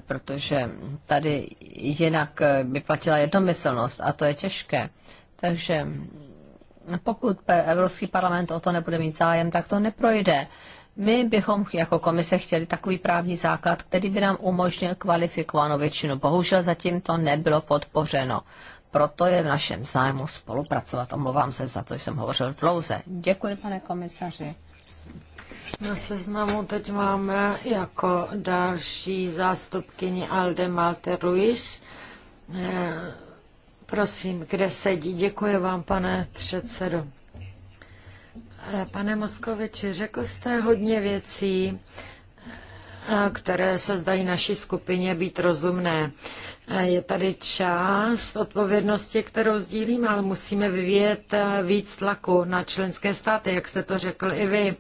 Speaker 2: protože tady jinak by platila jednomyslnost a to je těžké. Takže pokud Evropský parlament o to nebude mít zájem, tak to neprojde. My bychom jako komise chtěli takový právní základ, který by nám umožnil kvalifikovanou většinu. Bohužel zatím to nebylo podpořeno proto je v našem zájmu spolupracovat. Omlouvám se za to, že jsem hovořil dlouze. Děkuji, pane komisaři. Na
Speaker 1: seznamu teď máme jako další zástupkyni Alde Malte Ruiz. Eh, prosím, kde sedí? Děkuji vám, pane předsedo. Eh, pane Moskoviči, řekl jste hodně věcí které se zdají naší skupině být rozumné. Je tady část odpovědnosti, kterou sdílím, ale musíme vyvíjet e, víc tlaku na členské státy, jak jste to řekl i vy.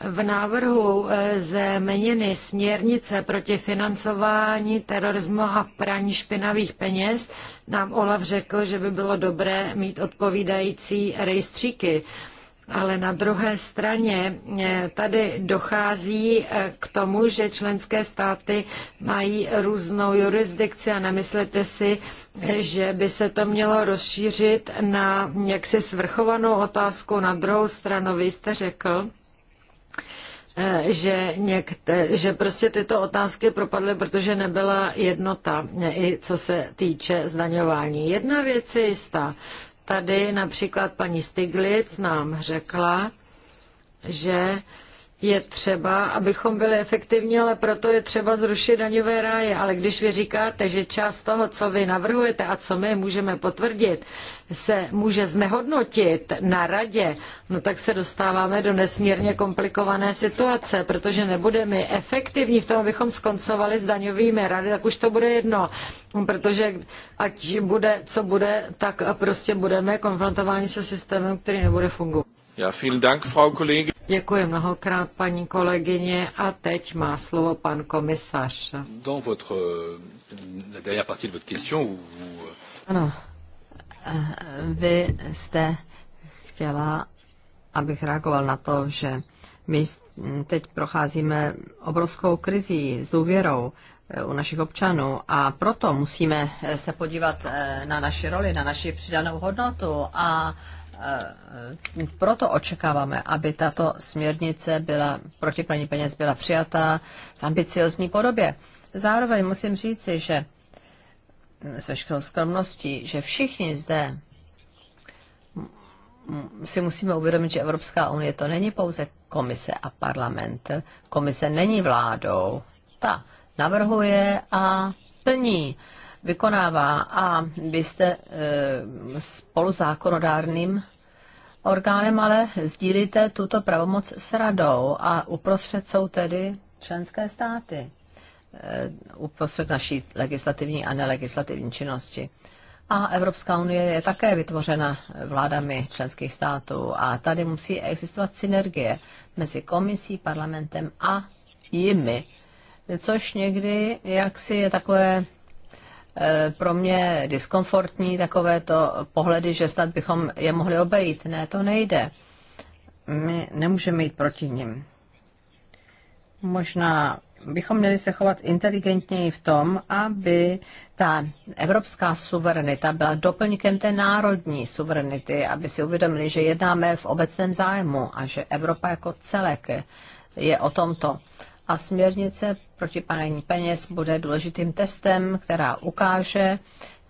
Speaker 1: V návrhu e, změněny směrnice proti financování terorismu a praní špinavých peněz nám Olaf řekl, že by bylo dobré mít odpovídající rejstříky ale na druhé straně eh, tady dochází eh, k tomu, že členské státy mají různou jurisdikci a nemyslete si, eh, že by se to mělo rozšířit na jaksi svrchovanou otázku. Na druhou stranu, vy jste řekl, že, někte, že prostě tyto otázky propadly, protože nebyla jednota, i co se týče zdaňování. Jedna věc je jistá. Tady například paní Stiglitz nám řekla, že je třeba, abychom byli efektivní, ale proto je třeba zrušit daňové ráje. Ale když vy říkáte, že část toho, co vy navrhujete a co my můžeme potvrdit, se může znehodnotit na radě, no tak se dostáváme do nesmírně komplikované situace, protože nebudeme efektivní v tom, abychom skoncovali s daňovými rady, tak už to bude jedno. Protože ať bude, co bude, tak prostě budeme konfrontováni se systémem, který nebude fungovat
Speaker 3: vielen Dank, Frau Kollegin.
Speaker 1: Děkuji mnohokrát, paní kolegyně. A teď má slovo pan komisař.
Speaker 3: Dans votre, la euh, dernière partie de votre question, vous...
Speaker 2: Ano, eh, vy jste chtěla, abych reagoval na to, že my teď procházíme obrovskou krizí s důvěrou eh, u našich občanů a proto musíme se podívat eh, na naši roli, na naši přidanou hodnotu a Eh, proto očekáváme, aby tato směrnice byla proti praní peněz byla přijata v ambiciozní podobě. Zároveň musím říci, že mm, s veškerou skromností, že všichni zde mm, si musíme uvědomit, že Evropská unie to není pouze komise a parlament. Komise není vládou. Ta navrhuje a plní vykonává. A vy jste eh, spolu zákonodárným orgánem, ale sdílíte tuto pravomoc s radou a uprostřed jsou tedy členské státy eh, uprostřed naší legislativní a nelegislativní činnosti. A Evropská unie je také vytvořena vládami členských států a tady musí existovat synergie mezi komisí, parlamentem a jimi, což někdy jaksi je takové Eh, pro mě diskomfortní takovéto pohledy, že snad bychom je mohli obejít. Ne, to nejde. My nemůžeme jít proti ním. Možná bychom měli se chovat inteligentněji v tom, aby ta evropská suverenita byla doplňkem té národní suverenity, aby si uvědomili, že jednáme v obecném zájmu a že Evropa jako celek je o tomto a směrnice proti paní peněz bude důležitým testem, která ukáže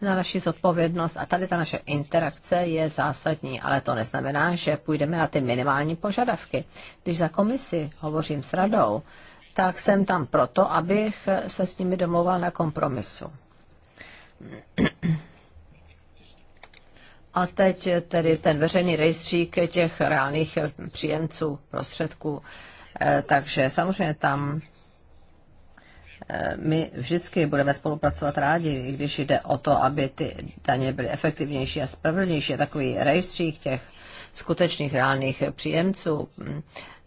Speaker 2: na naši zodpovědnost a tady ta naše interakce je zásadní, ale to neznamená, že půjdeme na ty minimální požadavky. Když za komisi hovořím s radou, tak jsem tam proto, abych se s nimi domluval na kompromisu. A teď tedy ten veřejný rejstřík těch reálných příjemců prostředků. Eh, takže samozřejmě tam eh, my vždycky budeme spolupracovat rádi, i když jde o to, aby ty daně byly efektivnější a spravedlnější. Je takový rejstřík těch skutečných reálných příjemců, mm,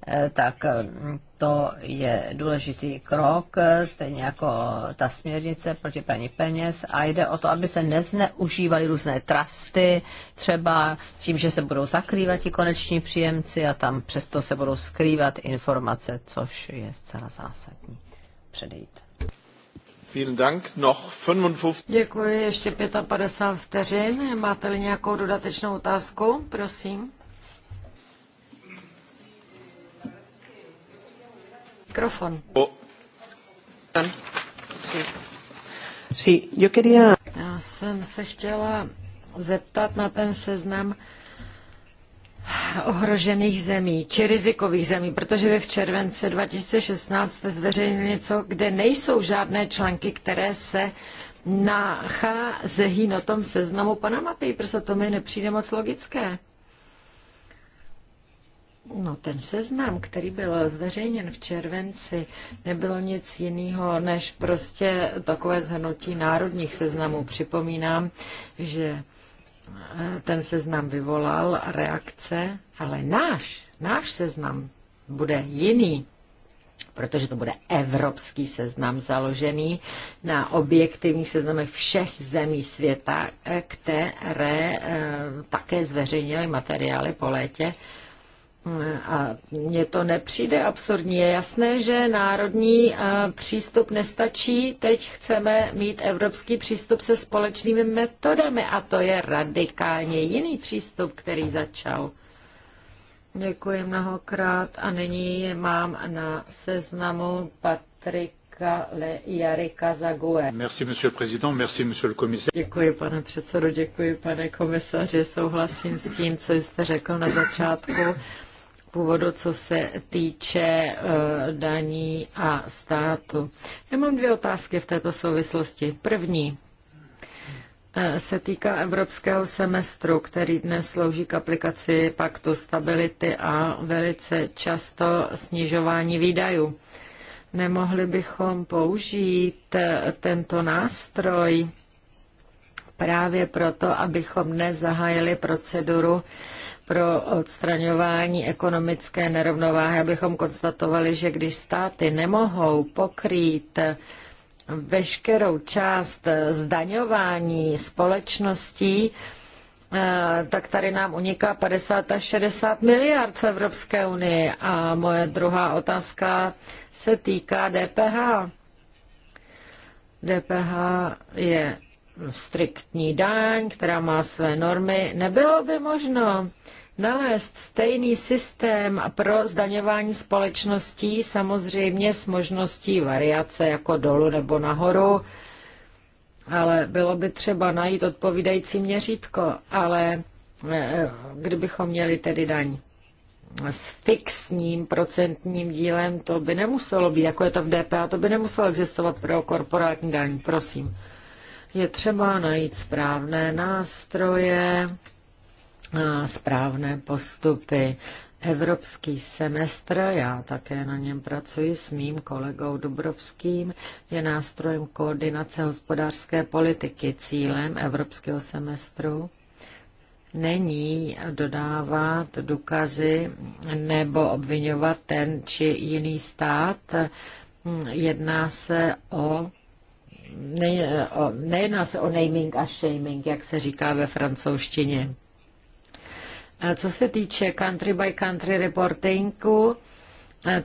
Speaker 2: eh, tak mm, to je důležitý krok, stejně jako ta směrnice proti praní peněz a jde o to, aby se nezneužívaly různé trusty, třeba tím, že se budou zakrývat i koneční příjemci a tam přesto se budou skrývat informace, což je zcela zásadní předejít.
Speaker 1: Děkuji, ještě 55 vteřin. Máte-li nějakou dodatečnou otázku, prosím? Mikrofon. Já jsem se chtěla zeptat na ten seznam ohrožených zemí, či rizikových zemí, protože vy v července 2016 jste zveřejnili něco, kde nejsou žádné články, které se nacházejí na tom seznamu Panama Papers a to mi nepřijde moc logické. No ten seznam, který byl zveřejněn v červenci, nebylo nic jiného než prostě takové zhrnutí národních seznamů. Připomínám, že eh, ten seznam vyvolal reakce, ale náš, náš seznam bude jiný, protože to bude evropský seznam založený na objektivních seznamech všech zemí světa, eh, které eh, také zveřejnily materiály po létě a mně to nepřijde absurdní. Je jasné, že národní eh, přístup nestačí. Teď chceme mít evropský přístup se společnými metodami a to je radikálně jiný přístup, který začal. Děkuji mnohokrát a nyní mám na seznamu Patrika Děkuji, pane předsedo, děkuji, pane komisaři, souhlasím s tím, co jste řekl na začátku původu, co se týče eh, daní a státu. Já mám dvě otázky v této souvislosti. První eh, se týká evropského semestru, který dnes slouží k aplikaci paktu stability a velice často snižování výdajů. Nemohli bychom použít eh, tento nástroj právě proto, abychom dnes zahájili proceduru pro odstraňování ekonomické nerovnováhy, abychom konstatovali, že když státy nemohou pokrýt veškerou část zdaňování společností, eh, tak tady nám uniká 50 až 60 miliard v Evropské unii. A moje druhá otázka se týká DPH. DPH je striktní daň, která má své normy, nebylo by možno nalézt stejný systém pro zdaňování společností, samozřejmě s možností variace jako dolů nebo nahoru, ale bylo by třeba najít odpovídající měřítko, ale eh, kdybychom měli tedy daň s fixním procentním dílem, to by nemuselo být, jako je to v DPA, to by nemuselo existovat pro korporátní daň, prosím je třeba najít správné nástroje, a správné postupy. Evropský semestr, já také na něm pracuji s mým kolegou Dubrovským, je nástrojem koordinace hospodářské politiky. Cílem evropského semestru není dodávat důkazy nebo obvinovat ten či jiný stát. Jedná se o ne, o, nejedná se o naming a shaming, jak se říká ve francouzštině. A co se týče country by country reportingu,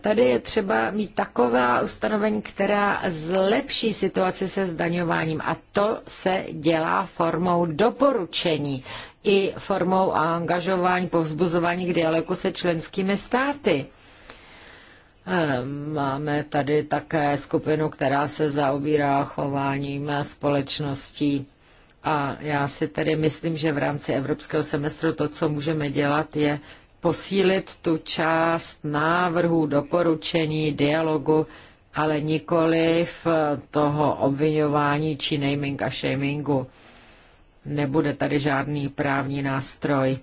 Speaker 1: Tady je třeba mít taková ustanovení, která zlepší situaci se zdaňováním a to se dělá formou doporučení i formou angažování, povzbuzování k dialogu se členskými státy. Ehm, máme tady také skupinu, která se zaobírá chováním společností. A já si tedy myslím, že v rámci evropského semestru to, co můžeme dělat, je posílit tu část návrhů, doporučení, dialogu, ale nikoli v toho obvinování či naming a shamingu. Nebude tady žádný právní nástroj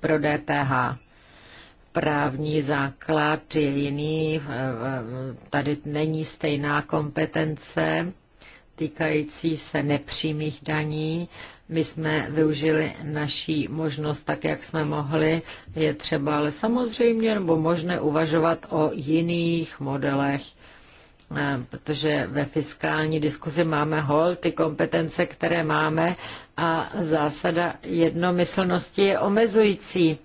Speaker 1: pro DPH právní základ je jiný, tady není stejná kompetence týkající se nepřímých daní. My jsme využili naší možnost tak, jak jsme mohli. Je třeba ale samozřejmě nebo možné uvažovat o jiných modelech, eh, protože ve fiskální diskuzi máme hol, ty kompetence, které máme a zásada jednomyslnosti je omezující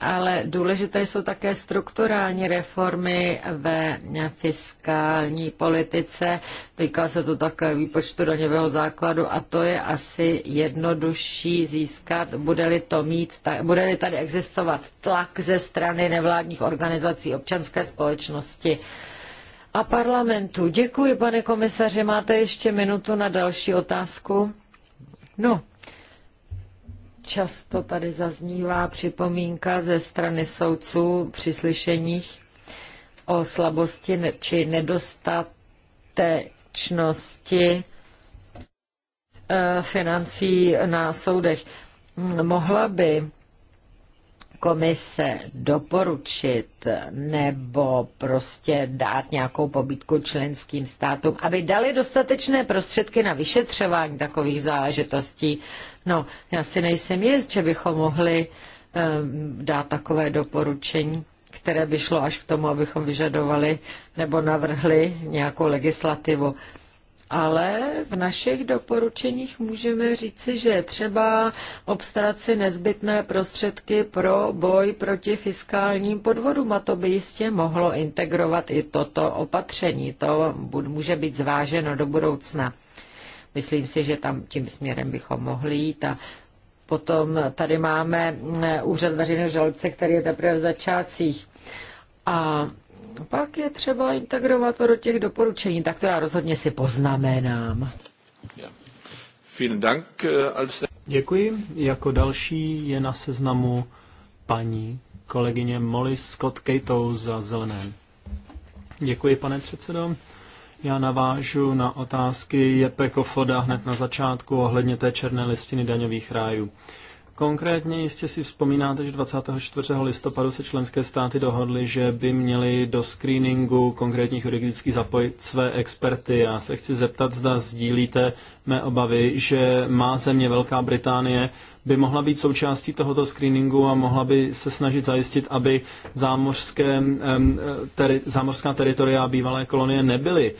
Speaker 1: ale důležité jsou také strukturální reformy ve fiskální politice. Týká se to také výpočtu daňového základu a to je asi jednodušší získat, bude-li, to mít, bude-li tady existovat tlak ze strany nevládních organizací občanské společnosti a parlamentu. Děkuji, pane komisaři. Máte ještě minutu na další otázku? No, Často tady zaznívá připomínka ze strany soudců při slyšeních o slabosti či nedostatečnosti eh, financí na soudech. Mohla by komise doporučit nebo prostě dát nějakou pobídku členským státům, aby dali dostatečné prostředky na vyšetřování takových záležitostí, No, já si nejsem jist, že bychom mohli ehm, dát takové doporučení, které by šlo až k tomu, abychom vyžadovali nebo navrhli nějakou legislativu. Ale v našich doporučeních můžeme říci, že je třeba obstarat si nezbytné prostředky pro boj proti fiskálním podvodům a to by jistě mohlo integrovat i toto opatření. To může být zváženo do budoucna. Myslím si, že tam tím směrem bychom mohli jít a potom tady máme eh, úřad veřejného žalce, který je teprve v začátcích. A pak je třeba integrovat do těch doporučení, tak to já rozhodně si poznamenám.
Speaker 4: Eh, Děkuji. Jako další je na seznamu paní kolegyně Molly Scott Kejtou za zelené. Děkuji, pane předsedo. Já navážu na otázky Jepe Kofoda hned na začátku ohledně té černé listiny daňových rájů. Konkrétně jistě si vzpomínáte, že 24. listopadu se členské státy dohodly, že by měli do screeningu konkrétních jurisdikcí zapojit své experty. Já se chci zeptat, zda sdílíte mé obavy, že má země Velká Británie by mohla být součástí tohoto screeningu a mohla by se snažit zajistit, aby zámořské, teri, zámořská teritoria bývalé kolonie nebyly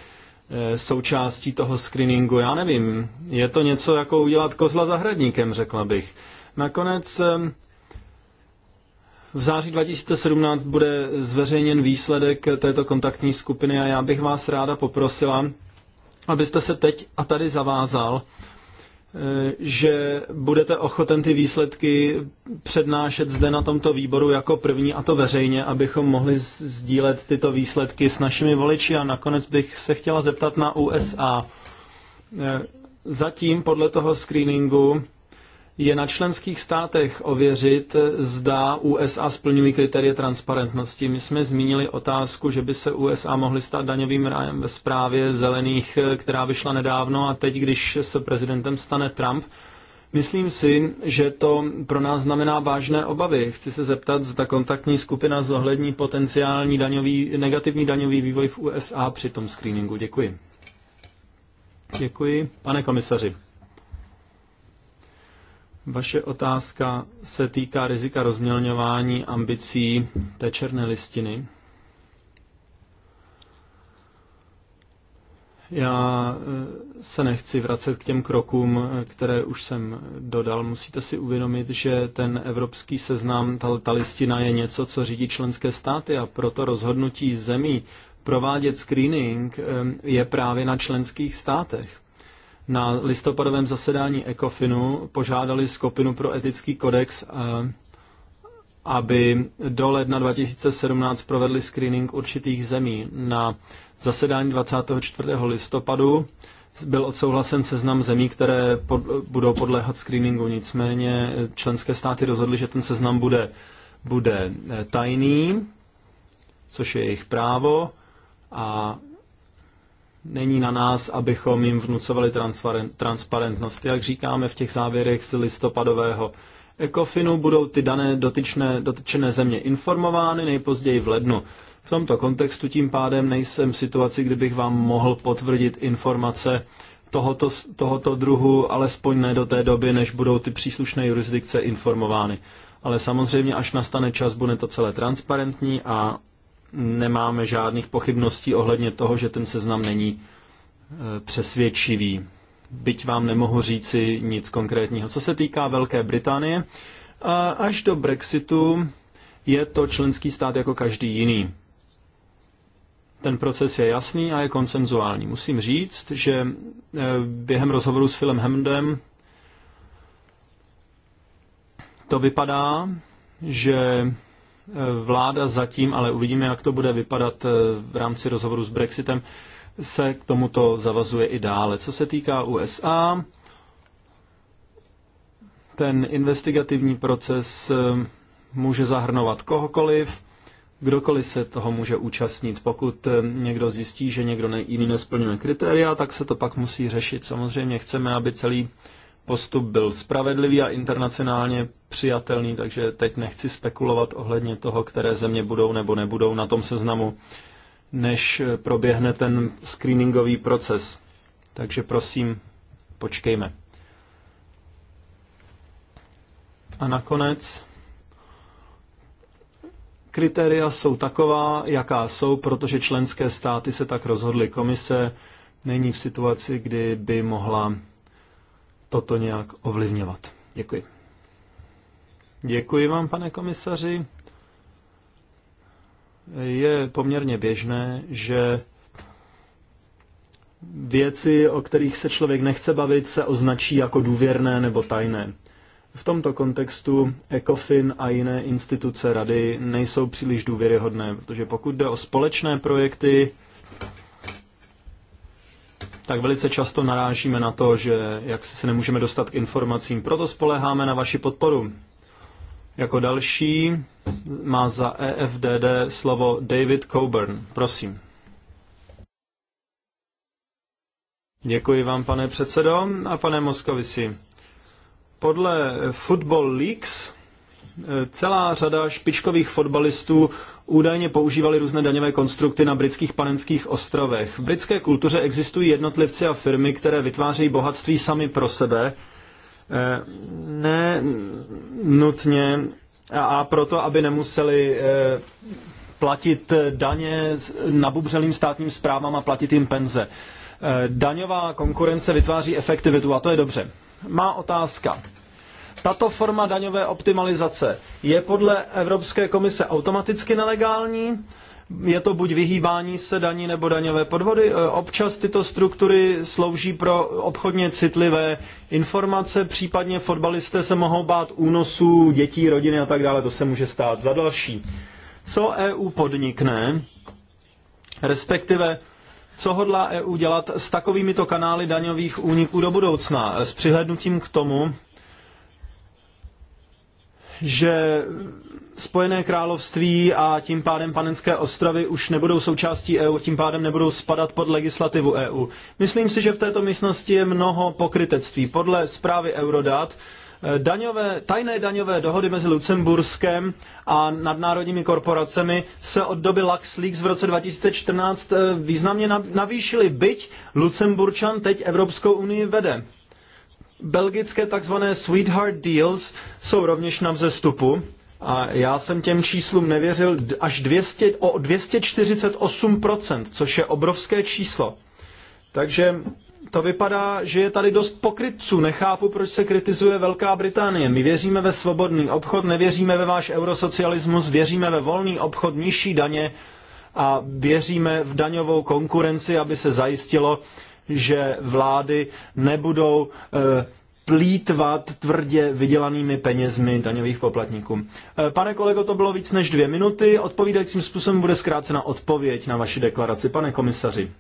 Speaker 4: e, součástí toho screeningu. Já nevím, je to něco jako udělat kozla zahradníkem, řekla bych. Nakonec v září 2017 bude zveřejněn výsledek této kontaktní skupiny a já bych vás ráda poprosila, abyste se teď a tady zavázal, e, že budete ochoten ty výsledky přednášet zde na tomto výboru jako první a to veřejně, abychom mohli sdílet tyto výsledky s našimi voliči. A nakonec bych se chtěla zeptat na USA. E, zatím podle toho screeningu je na členských státech ověřit, zda USA splňují kritérie transparentnosti. My jsme zmínili otázku, že by se USA mohly stát daňovým rájem ve zprávě zelených, která vyšla nedávno a teď, když se prezidentem stane Trump, Myslím si, že to pro nás znamená vážné obavy. Chci se zeptat, zda kontaktní skupina zohlední potenciální daňový, negativní daňový vývoj v USA při tom screeningu. Děkuji. Děkuji. Pane komisaři. Vaše otázka se týká rizika rozmělňování ambicí té černé listiny. Já eh, se nechci vracet k těm krokům, eh, které už jsem dodal. Musíte si uvědomit, že ten evropský seznam, ta, ta listina je něco, co řídí členské státy a proto rozhodnutí zemí provádět screening eh, je právě na členských státech na listopadovém zasedání ECOFINu požádali skupinu pro etický kodex, eh, aby do ledna 2017 provedli screening určitých zemí. Na zasedání 24. listopadu byl odsouhlasen seznam zemí, které pod, budou podléhat screeningu. Nicméně členské státy rozhodly, že ten seznam bude, bude eh, tajný, což je jejich právo. A Není na nás, abychom jim vnucovali transparentnost. Jak říkáme v těch závěrech z listopadového ECOFINu, budou ty dané dotyčné, dotyčené země informovány nejpozději v lednu. V tomto kontextu tím pádem nejsem v situaci, kdybych vám mohl potvrdit informace tohoto, tohoto druhu, alespoň ne do té doby, než budou ty příslušné jurisdikce informovány. Ale samozřejmě, až nastane čas, bude to celé transparentní a nemáme žádných pochybností ohledně toho, že ten seznam není e, přesvědčivý. Byť vám nemohu říci nic konkrétního. Co se týká Velké Británie, až do Brexitu je to členský stát jako každý jiný. Ten proces je jasný a je konsenzuální. Musím říct, že e, během rozhovoru s Filem Hemdem to vypadá, že Vláda zatím, ale uvidíme, jak to bude vypadat eh, v rámci rozhovoru s Brexitem, se k tomuto zavazuje i dále. Co se týká USA, ten investigativní proces eh, může zahrnovat kohokoliv, kdokoliv se toho může účastnit. Pokud eh, někdo zjistí, že někdo jiný nesplňuje kritéria, tak se to pak musí řešit. Samozřejmě chceme, aby celý postup byl spravedlivý a internacionálně přijatelný, takže teď nechci spekulovat ohledně toho, které země budou nebo nebudou na tom seznamu, než proběhne ten screeningový proces. Takže prosím, počkejme. A nakonec kritéria jsou taková, jaká jsou, protože členské státy se tak rozhodly. Komise není v situaci, kdy by mohla toto nějak ovlivňovat. Děkuji. Děkuji vám, pane komisaři. Je poměrně běžné, že věci, o kterých se člověk nechce bavit, se označí jako důvěrné nebo tajné. V tomto kontextu ECOFIN a jiné instituce rady nejsou příliš důvěryhodné, protože pokud jde o společné projekty, tak velice často narážíme na to, že jak se nemůžeme dostat k informacím. Proto spoleháme na vaši podporu. Jako další má za EFDD slovo David Coburn. Prosím. Děkuji vám, pane předsedo a pane Moskovici. Podle Football Leaks Celá řada špičkových fotbalistů údajně používali různé daňové konstrukty na britských panenských ostrovech. V britské kultuře existují jednotlivci a firmy, které vytvářejí bohatství sami pro sebe, eh, ne nutně a proto, aby nemuseli eh, platit daně nabubřelým státním zprávám a platit jim penze. Eh, daňová konkurence vytváří efektivitu a to je dobře. Má otázka. Tato forma daňové optimalizace je podle Evropské komise automaticky nelegální, je to buď vyhýbání se daní nebo daňové podvody. E, občas tyto struktury slouží pro obchodně citlivé informace, případně fotbalisté se mohou bát únosů dětí, rodiny a tak dále, to se může stát za další. Co EU podnikne, respektive co hodlá EU dělat s takovýmito kanály daňových úniků do budoucna, s přihlednutím k tomu, že Spojené království a tím pádem Panenské ostrovy už nebudou součástí EU, tím pádem nebudou spadat pod legislativu EU. Myslím si, že v této místnosti je mnoho pokrytectví. Podle zprávy Eurodat eh, daňové, tajné daňové dohody mezi Lucemburskem a nadnárodními korporacemi se od doby LuxLeaks v roce 2014 eh, významně navýšily, byť Lucemburčan teď Evropskou unii vede. Belgické takzvané sweetheart deals jsou rovněž na vzestupu. A já jsem těm číslům nevěřil až 200, o 248%, což je obrovské číslo. Takže to vypadá, že je tady dost pokrytců. Nechápu, proč se kritizuje Velká Británie. My věříme ve svobodný obchod, nevěříme ve váš eurosocialismus, věříme ve volný obchod, nižší daně a věříme v daňovou konkurenci, aby se zajistilo, že vlády nebudou eh, plítvat tvrdě vydělanými penězmi daňových poplatníků. Eh, pane kolego, to bylo víc než dvě minuty. Odpovídajícím způsobem bude zkrácena odpověď na vaši deklaraci, pane komisaři.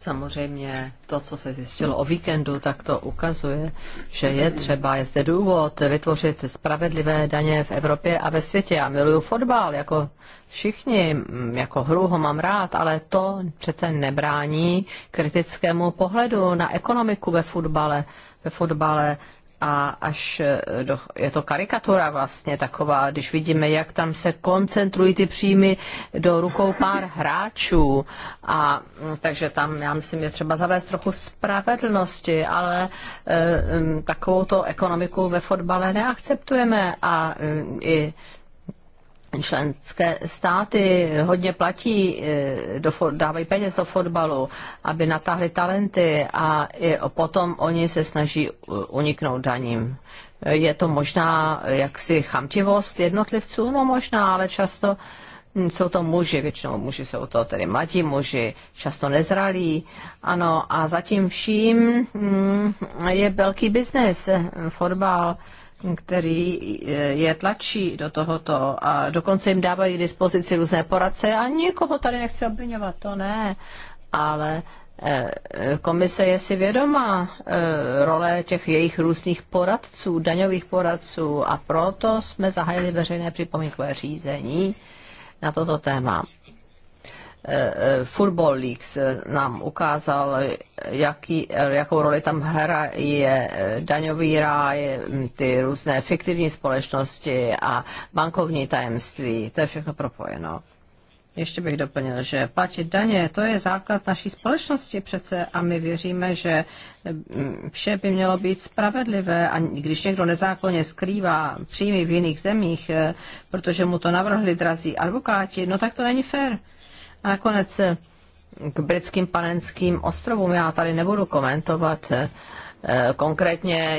Speaker 2: Samozřejmě to, co se zjistilo o víkendu, tak to ukazuje, že je třeba, je zde důvod vytvořit spravedlivé daně v Evropě a ve světě. Já miluju fotbal, jako všichni, mm, jako hru ho mám rád, ale to přece nebrání kritickému pohledu na ekonomiku ve fotbale. Ve fotbale a až eh, do, je to karikatura vlastně taková, když vidíme, jak tam se koncentrují ty příjmy do rukou pár *laughs* hráčů a mm, takže tam já myslím, je třeba zavést trochu spravedlnosti, ale e, eh, mm, takovou to ekonomiku ve fotbale neakceptujeme a e, i členské státy hodně platí, eh, do, dávají peněz do fotbalu, aby natáhli talenty a i potom oni se snaží uniknout daním. Je to možná jaksi chamtivost jednotlivců? No možná, ale často hm, jsou to muži, většinou muži jsou to tedy mladí muži, často nezralí, ano, a zatím vším hm, je velký biznes, eh, fotbal, který eh, je tlačí do tohoto a dokonce jim dávají k dispozici různé poradce a nikoho tady nechci obvinovat, to ne, ale eh, komise je si vědomá eh, role těch jejich různých poradců, daňových poradců a proto jsme zahájili veřejné připomínkové řízení na toto téma. Eh, eh, Football Leaks eh, nám ukázal, jaký, jakou roli tam hra je daňový ráj, mm, ty různé fiktivní společnosti a bankovní tajemství. To je všechno propojeno. Ještě bych doplnil, že platit daně, to je základ naší společnosti přece a my věříme, že mm, vše by mělo být spravedlivé a když někdo nezákonně skrývá příjmy v jiných zemích, protože mu to navrhli drazí advokáti, no tak to není fér. A nakonec eh, k britským panenským ostrovům. Já tady nebudu komentovat eh, eh, konkrétně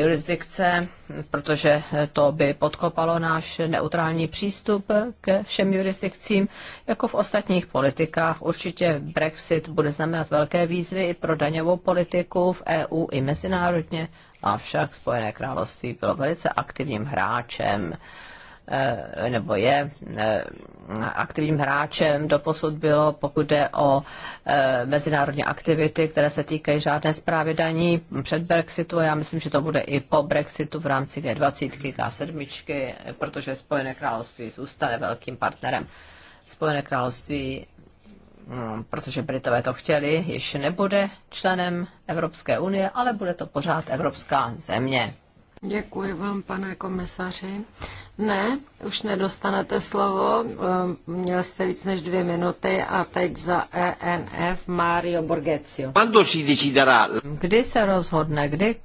Speaker 2: jurisdikce, protože to by podkopalo náš neutrální přístup ke všem jurisdikcím. Jako v ostatních politikách určitě Brexit bude znamenat velké výzvy i pro daňovou politiku v EU i mezinárodně, avšak Spojené království bylo velice aktivním hráčem Eh, nebo je eh, aktivním hráčem doposud bylo, pokud jde o eh, mezinárodní aktivity, které se týkají žádné zprávy daní před Brexitu. Já myslím, že to bude i po Brexitu v rámci G20, K7, protože Spojené království zůstane velkým partnerem. Spojené království hm, protože Britové to chtěli, již nebude členem Evropské unie, ale bude to pořád evropská země. Děkuji vám, pane komisaři.
Speaker 1: Ne, už nedostanete slovo. Eh, měl jste víc než dvě minuty a
Speaker 2: teď za ENF Mario Borgezio. Kdy se rozhodne, kdy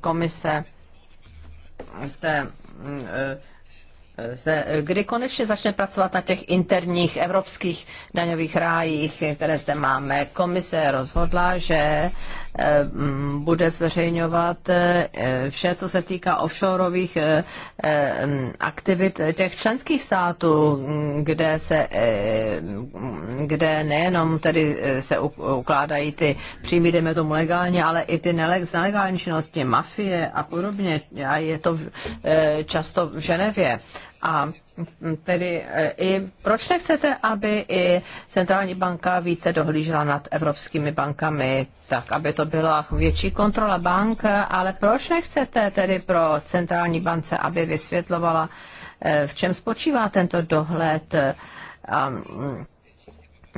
Speaker 2: komise zde zde, kdy konečně začne pracovat na těch interních evropských daňových rájích, které zde máme. Komise rozhodla, že eh, bude zveřejňovat eh, vše, co se týká offshoreových eh, aktivit těch členských států, kde, se, kde nejenom tedy se ukládají ty příjmy, jdeme tomu legálně, ale i ty nelegální činnosti, mafie a podobně. A je to často v Ženevě. A tedy e, i proč nechcete, aby i centrální banka více dohlížela nad evropskými bankami, tak aby to byla větší kontrola bank, ale proč nechcete tedy pro centrální bance, aby vysvětlovala, e, v čem spočívá tento dohled, mm,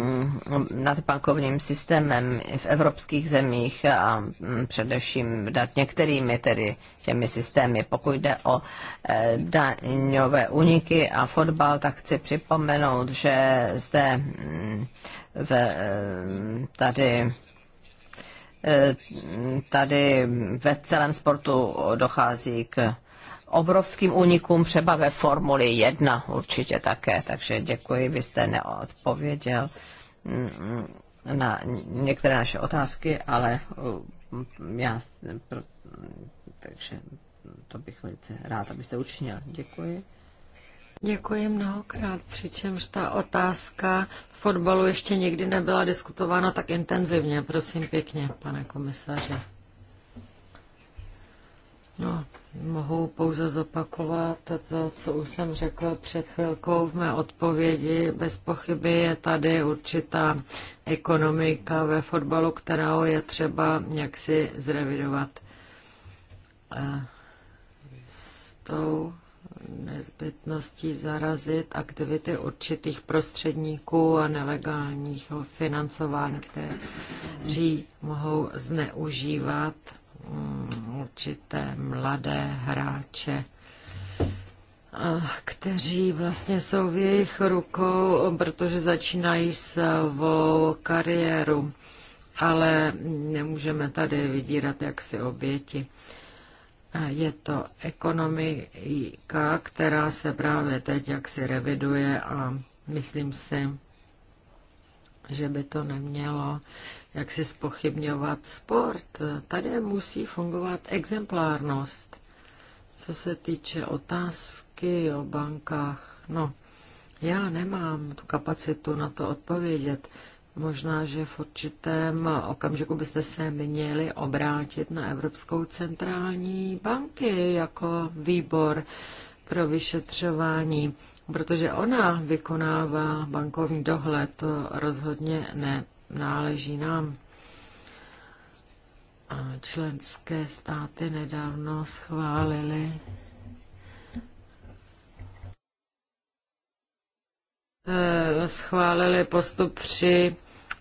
Speaker 2: Mm, nad bankovním systémem v evropských zemích a mm, především nad některými tedy těmi systémy. Pokud jde o eh, daňové uniky a fotbal, tak chci připomenout, že zde mm, v, eh, tady eh, tady ve celém sportu dochází k obrovským únikům třeba ve Formuli 1 určitě také, takže děkuji, vy jste neodpověděl mm, na některé naše otázky, ale mm, já, takže to bych velice rád, abyste učinil. Děkuji.
Speaker 1: Děkuji mnohokrát, přičemž ta otázka v fotbalu ještě nikdy nebyla diskutována tak intenzivně. Prosím pěkně, pane komisaře. No, mohu pouze zopakovat to, co už jsem řekla před chvilkou v mé odpovědi. Bez pochyby je tady určitá ekonomika ve fotbalu, kterou je třeba jaksi zrevidovat s tou nezbytností zarazit aktivity určitých prostředníků a nelegálních financování, které mohou zneužívat Mm, určité mladé hráče, kteří vlastně jsou v jejich rukou, protože začínají svou kariéru. Ale nemůžeme tady vydírat jaksi oběti. Je to ekonomika, která se právě teď jaksi reviduje a myslím si, že by to nemělo jak si spochybňovat sport. Tady musí fungovat exemplárnost. Co se týče otázky o bankách, no, já nemám tu kapacitu na to odpovědět. Možná, že v určitém okamžiku byste se měli obrátit na Evropskou centrální banky jako výbor pro vyšetřování, protože ona vykonává bankovní dohled, to rozhodně ne náleží nám. A členské státy nedávno schválili eh, schválili postup při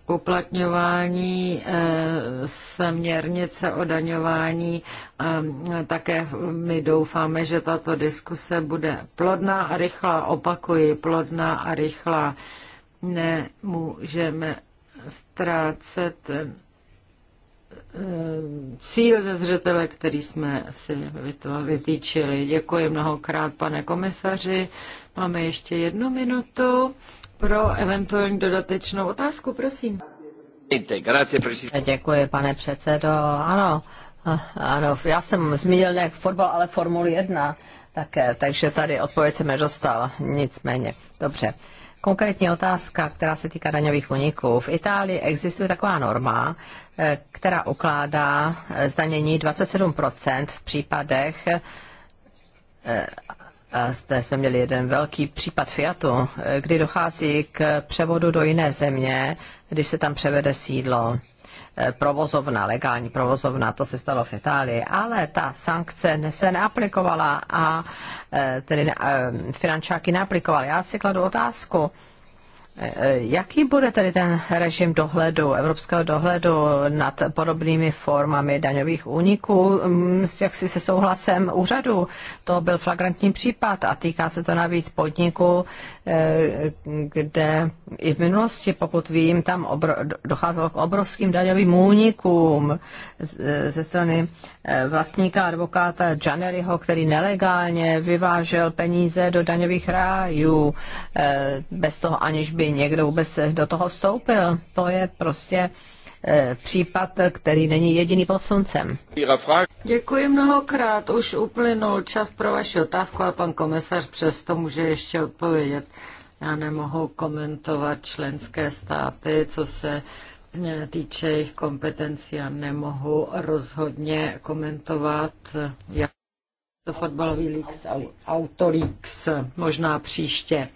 Speaker 1: uplatňování eh, směrnice o daňování. Ehm, také my doufáme, že tato diskuse bude plodná a rychlá. Opakuji, plodná a rychlá. Nemůžeme ztrácet eh, cíl ze zřetele, který jsme si vytýčili. Děkuji mnohokrát, pane komisaři. Máme ještě jednu minutu pro eventuální dodatečnou
Speaker 2: otázku, prosím. Děkuji, pane předsedo. Ano, ano, já jsem zmínil nějak fotbal, ale Formuli 1 také, takže tady odpověď jsem nedostal, nicméně. Dobře. Uh, Konkrétní otázka, která se týká daňových uniků. V Itálii existuje taková norma, eh, která ukládá eh, zdanění 27% v případech, eh, a zde jsme měli jeden velký případ Fiatu, kdy dochází k převodu do jiné země, když se tam převede sídlo. Eh, provozovna, legální provozovna, to se stalo v Itálii, ale ta sankce se neaplikovala a eh, tedy eh, finančáky neaplikovaly. Já si kladu otázku, Jaký bude tedy ten režim dohledu, evropského dohledu nad podobnými formami daňových úniků, mm, jaksi se souhlasem úřadu? To byl flagrantní případ a týká se to navíc podniku, Eh, kde i v minulosti, pokud vím, tam obro- docházelo k obrovským daňovým únikům eh, ze strany eh, vlastníka advokáta Janeryho, který nelegálně vyvážel peníze do daňových rájů bez toho, aniž by někdo vůbec do toho vstoupil. To je prostě Eh, případ, který není jediný pod sluncem.
Speaker 1: Děkuji mnohokrát. Už uplynul čas pro vaši otázku, ale pan komisař přesto může ještě odpovědět. Já nemohu komentovat členské státy, co se eh, týče jejich kompetencí a nemohu rozhodně komentovat, jak to fotbalový leaks, autolíks, možná příště.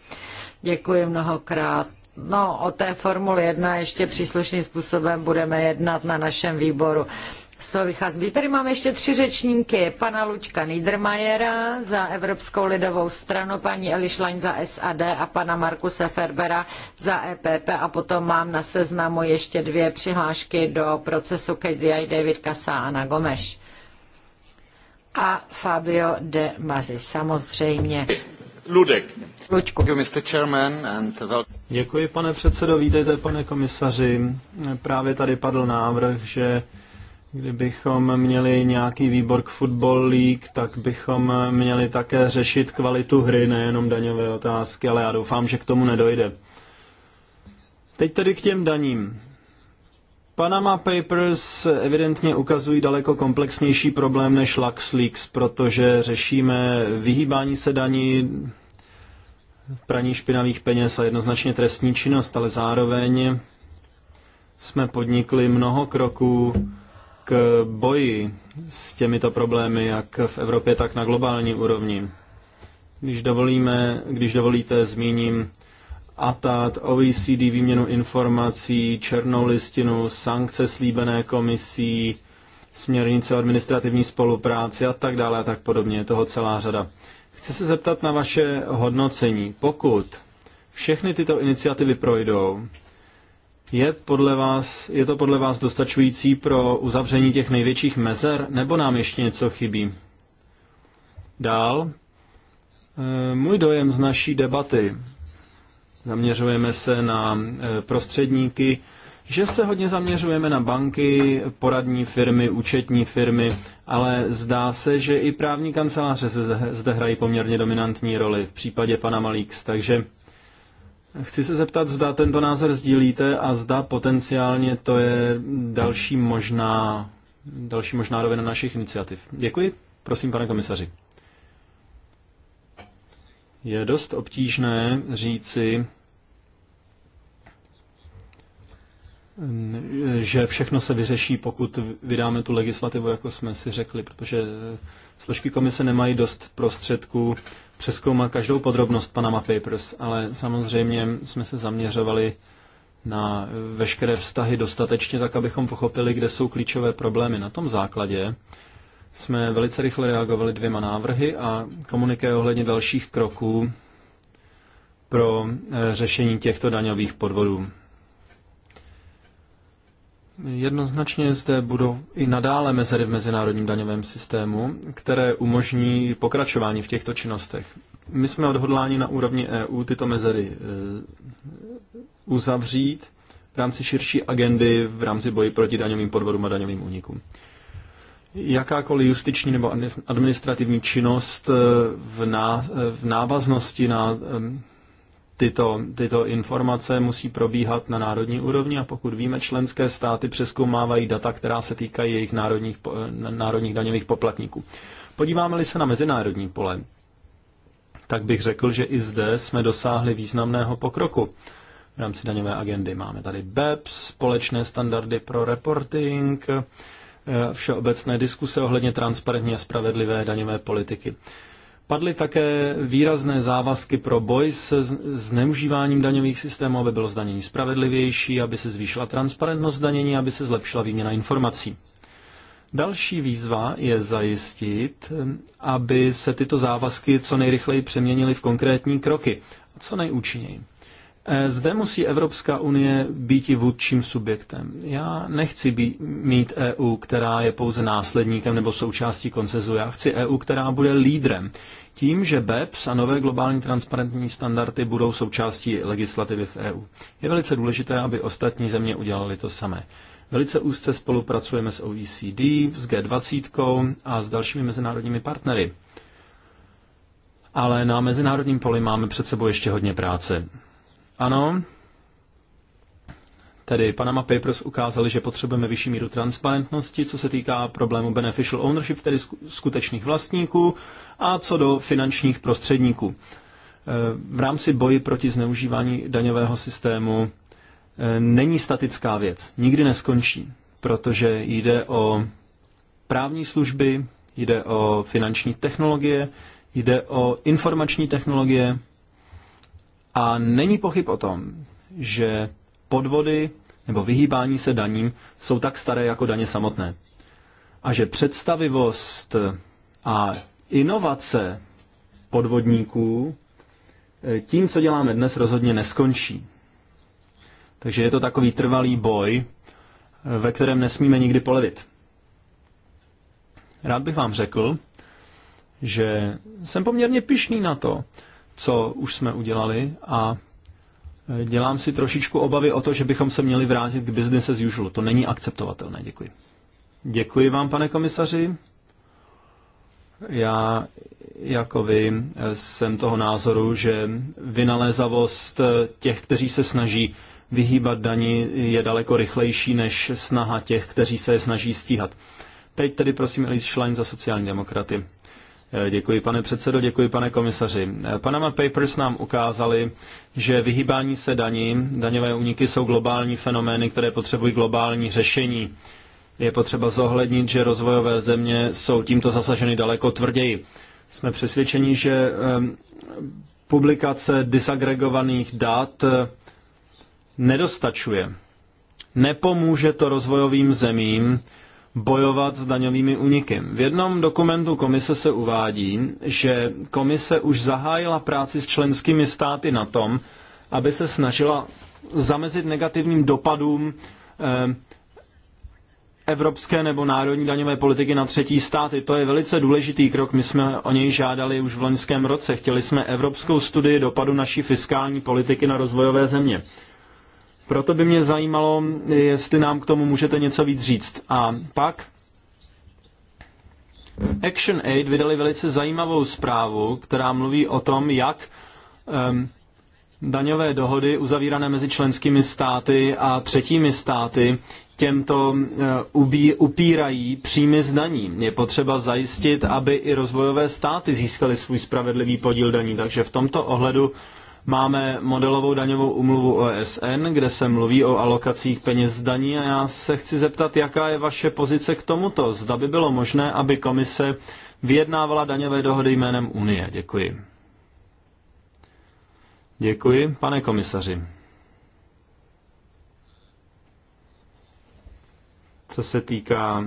Speaker 1: Děkuji mnohokrát No, o té Formule 1 ještě příslušným způsobem budeme jednat na našem výboru. Z toho vychází. Tady máme ještě tři řečníky. Pana Luďka Niedermayera za Evropskou lidovou stranu, paní Elišlaň za SAD a pana Markuse Ferbera za EPP a potom mám na seznamu ještě dvě přihlášky do procesu KDI David Kasa a Ana Gomeš. A Fabio de Mazi, samozřejmě.
Speaker 4: Ludek. Děkuji, pane předsedo. Vítejte, pane komisaři. Právě tady padl návrh, že kdybychom měli nějaký výbor k Football League, tak bychom měli také řešit kvalitu hry, nejenom daňové otázky, ale já doufám, že k tomu nedojde. Teď tedy k těm daním. Panama Papers evidentně ukazují daleko komplexnější problém než LuxLeaks, protože řešíme vyhýbání se daní, praní špinavých peněz a jednoznačně trestní činnost, ale zároveň jsme podnikli mnoho kroků k boji s těmito problémy, jak v Evropě, tak na globální úrovni. Když, dovolíme, když dovolíte, zmíním ATAT, OECD výměnu informací, černou listinu, sankce slíbené komisí, směrnice o administrativní spolupráci a tak dále a tak podobně. Je toho celá řada. Chci se zeptat na vaše hodnocení. Pokud všechny tyto iniciativy projdou, je, podle vás, je to podle vás dostačující pro uzavření těch největších mezer, nebo nám ještě něco chybí? Dál. Eh, můj dojem z naší debaty zaměřujeme se na e, prostředníky, že se hodně zaměřujeme na banky, poradní firmy, účetní firmy, ale zdá se, že i právní kanceláře se zde hrají poměrně dominantní roli v případě pana Malíks. Takže chci se zeptat, zda tento názor sdílíte a zda potenciálně to je další možná, další možná rovina našich iniciativ. Děkuji. Prosím, pane komisaři. Je dost obtížné říci, že všechno se vyřeší, pokud vydáme tu legislativu, jako jsme si řekli, protože eh, složky komise nemají dost prostředků přeskoumat každou podrobnost Panama Papers, ale samozřejmě jsme se zaměřovali na eh, veškeré vztahy dostatečně tak, abychom pochopili, kde jsou klíčové problémy. Na tom základě jsme velice rychle reagovali dvěma návrhy a komuniké ohledně dalších kroků pro eh, řešení těchto daňových podvodů. Jednoznačně zde budou i nadále mezery v mezinárodním daňovém systému, které umožní pokračování v těchto činnostech. My jsme odhodláni na úrovni EU tyto mezery e, uzavřít v rámci širší agendy v rámci boji proti daňovým podvodům a daňovým únikům. Jakákoliv justiční nebo administrativní činnost e, v, e, v návaznosti na Tyto, tyto informace musí probíhat na národní úrovni a pokud víme, členské státy přeskoumávají data, která se týkají jejich národních, eh, národních daňových poplatníků. Podíváme-li se na mezinárodní pole, tak bych řekl, že i zde jsme dosáhli významného pokroku. V rámci daňové agendy máme tady BEPS, společné standardy pro reporting, eh, všeobecné diskuse ohledně transparentní a spravedlivé daňové politiky. Padly také výrazné závazky pro boj se zneužíváním daňových systémů, aby bylo zdanění spravedlivější, aby se zvýšila transparentnost zdanění, aby se zlepšila výměna informací. Další výzva je zajistit, aby se tyto závazky co nejrychleji přeměnily v konkrétní kroky a co nejúčinněji. Eh, zde musí Evropská unie být i vůdčím subjektem. Já nechci být, mít EU, která je pouze následníkem nebo součástí koncezu. Já chci EU, která bude lídrem. Tím, že BEPS a nové globální transparentní standardy budou součástí legislativy v EU. Je velice důležité, aby ostatní země udělali to samé. Velice úzce spolupracujeme s OECD, s G20 a s dalšími mezinárodními partnery. Ale na mezinárodním poli máme před sebou ještě hodně práce. Ano, Tedy Panama Papers ukázali, že potřebujeme vyšší míru transparentnosti, co se týká problému beneficial ownership, tedy skutečných vlastníků, a co do finančních prostředníků. E, v rámci boji proti zneužívání daňového systému e, není statická věc, nikdy neskončí, protože jde o právní služby, jde o finanční technologie, jde o informační technologie, a není pochyb o tom, že podvody nebo vyhýbání se daním jsou tak staré jako daně samotné. A že představivost a inovace podvodníků e, tím, co děláme dnes, rozhodně neskončí. Takže je to takový trvalý boj, e, ve kterém nesmíme nikdy polevit. Rád bych vám řekl, že jsem poměrně pišný na to, co už jsme udělali a e, dělám si trošičku obavy o to, že bychom se měli vrátit k business as usual. To není akceptovatelné. Děkuji. Děkuji vám, pane komisaři. Já jako vy e, jsem toho názoru, že vynalézavost e, těch, kteří se snaží vyhýbat dani, je daleko rychlejší než snaha těch, kteří se je snaží stíhat. Teď tedy prosím Elis Schlein za sociální demokraty. Děkuji, pane předsedo, děkuji, pane komisaři. Panama Papers nám ukázali, že vyhýbání se daní, daňové úniky jsou globální fenomény, které potřebují globální řešení. Je potřeba zohlednit, že rozvojové země jsou tímto zasaženy daleko tvrději. Jsme přesvědčeni, že publikace disagregovaných dat eh, nedostačuje. Nepomůže to rozvojovým zemím, bojovat s daňovými úniky. V jednom dokumentu komise se uvádí, že komise už zahájila práci s členskými státy na tom, aby se snažila zamezit negativním dopadům eh, evropské nebo národní daňové politiky na třetí státy. To je velice důležitý krok. My jsme o něj žádali už v loňském roce. Chtěli jsme evropskou studii dopadu naší fiskální politiky na rozvojové země. Proto by mě zajímalo, jestli nám k tomu můžete něco víc říct. A pak Action Aid vydali velice zajímavou zprávu, která mluví o tom, jak um, daňové dohody uzavírané mezi členskými státy a třetími státy těmto eh, upírají příjmy z daní. Je potřeba zajistit, aby i rozvojové státy získaly svůj spravedlivý podíl daní. Takže v tomto ohledu Máme modelovou daňovou umluvu OSN, kde se mluví o alokacích peněz z daní a já se chci zeptat, jaká je vaše pozice k tomuto. Zda by bylo možné, aby komise vyjednávala daňové dohody jménem Unie. Děkuji. Děkuji, pane komisaři. Co se týká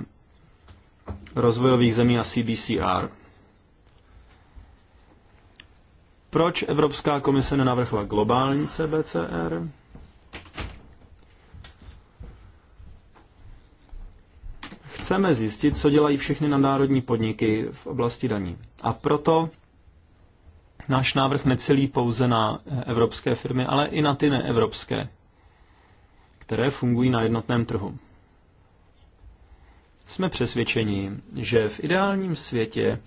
Speaker 4: rozvojových zemí a CBCR, Proč Evropská komise nenavrhla globální CBCR? Chceme zjistit, co dělají všechny nadnárodní podniky v oblasti daní. A proto náš návrh necelí pouze na evropské firmy, ale i na ty neevropské, které fungují na jednotném trhu. Jsme přesvědčeni, že v ideálním světě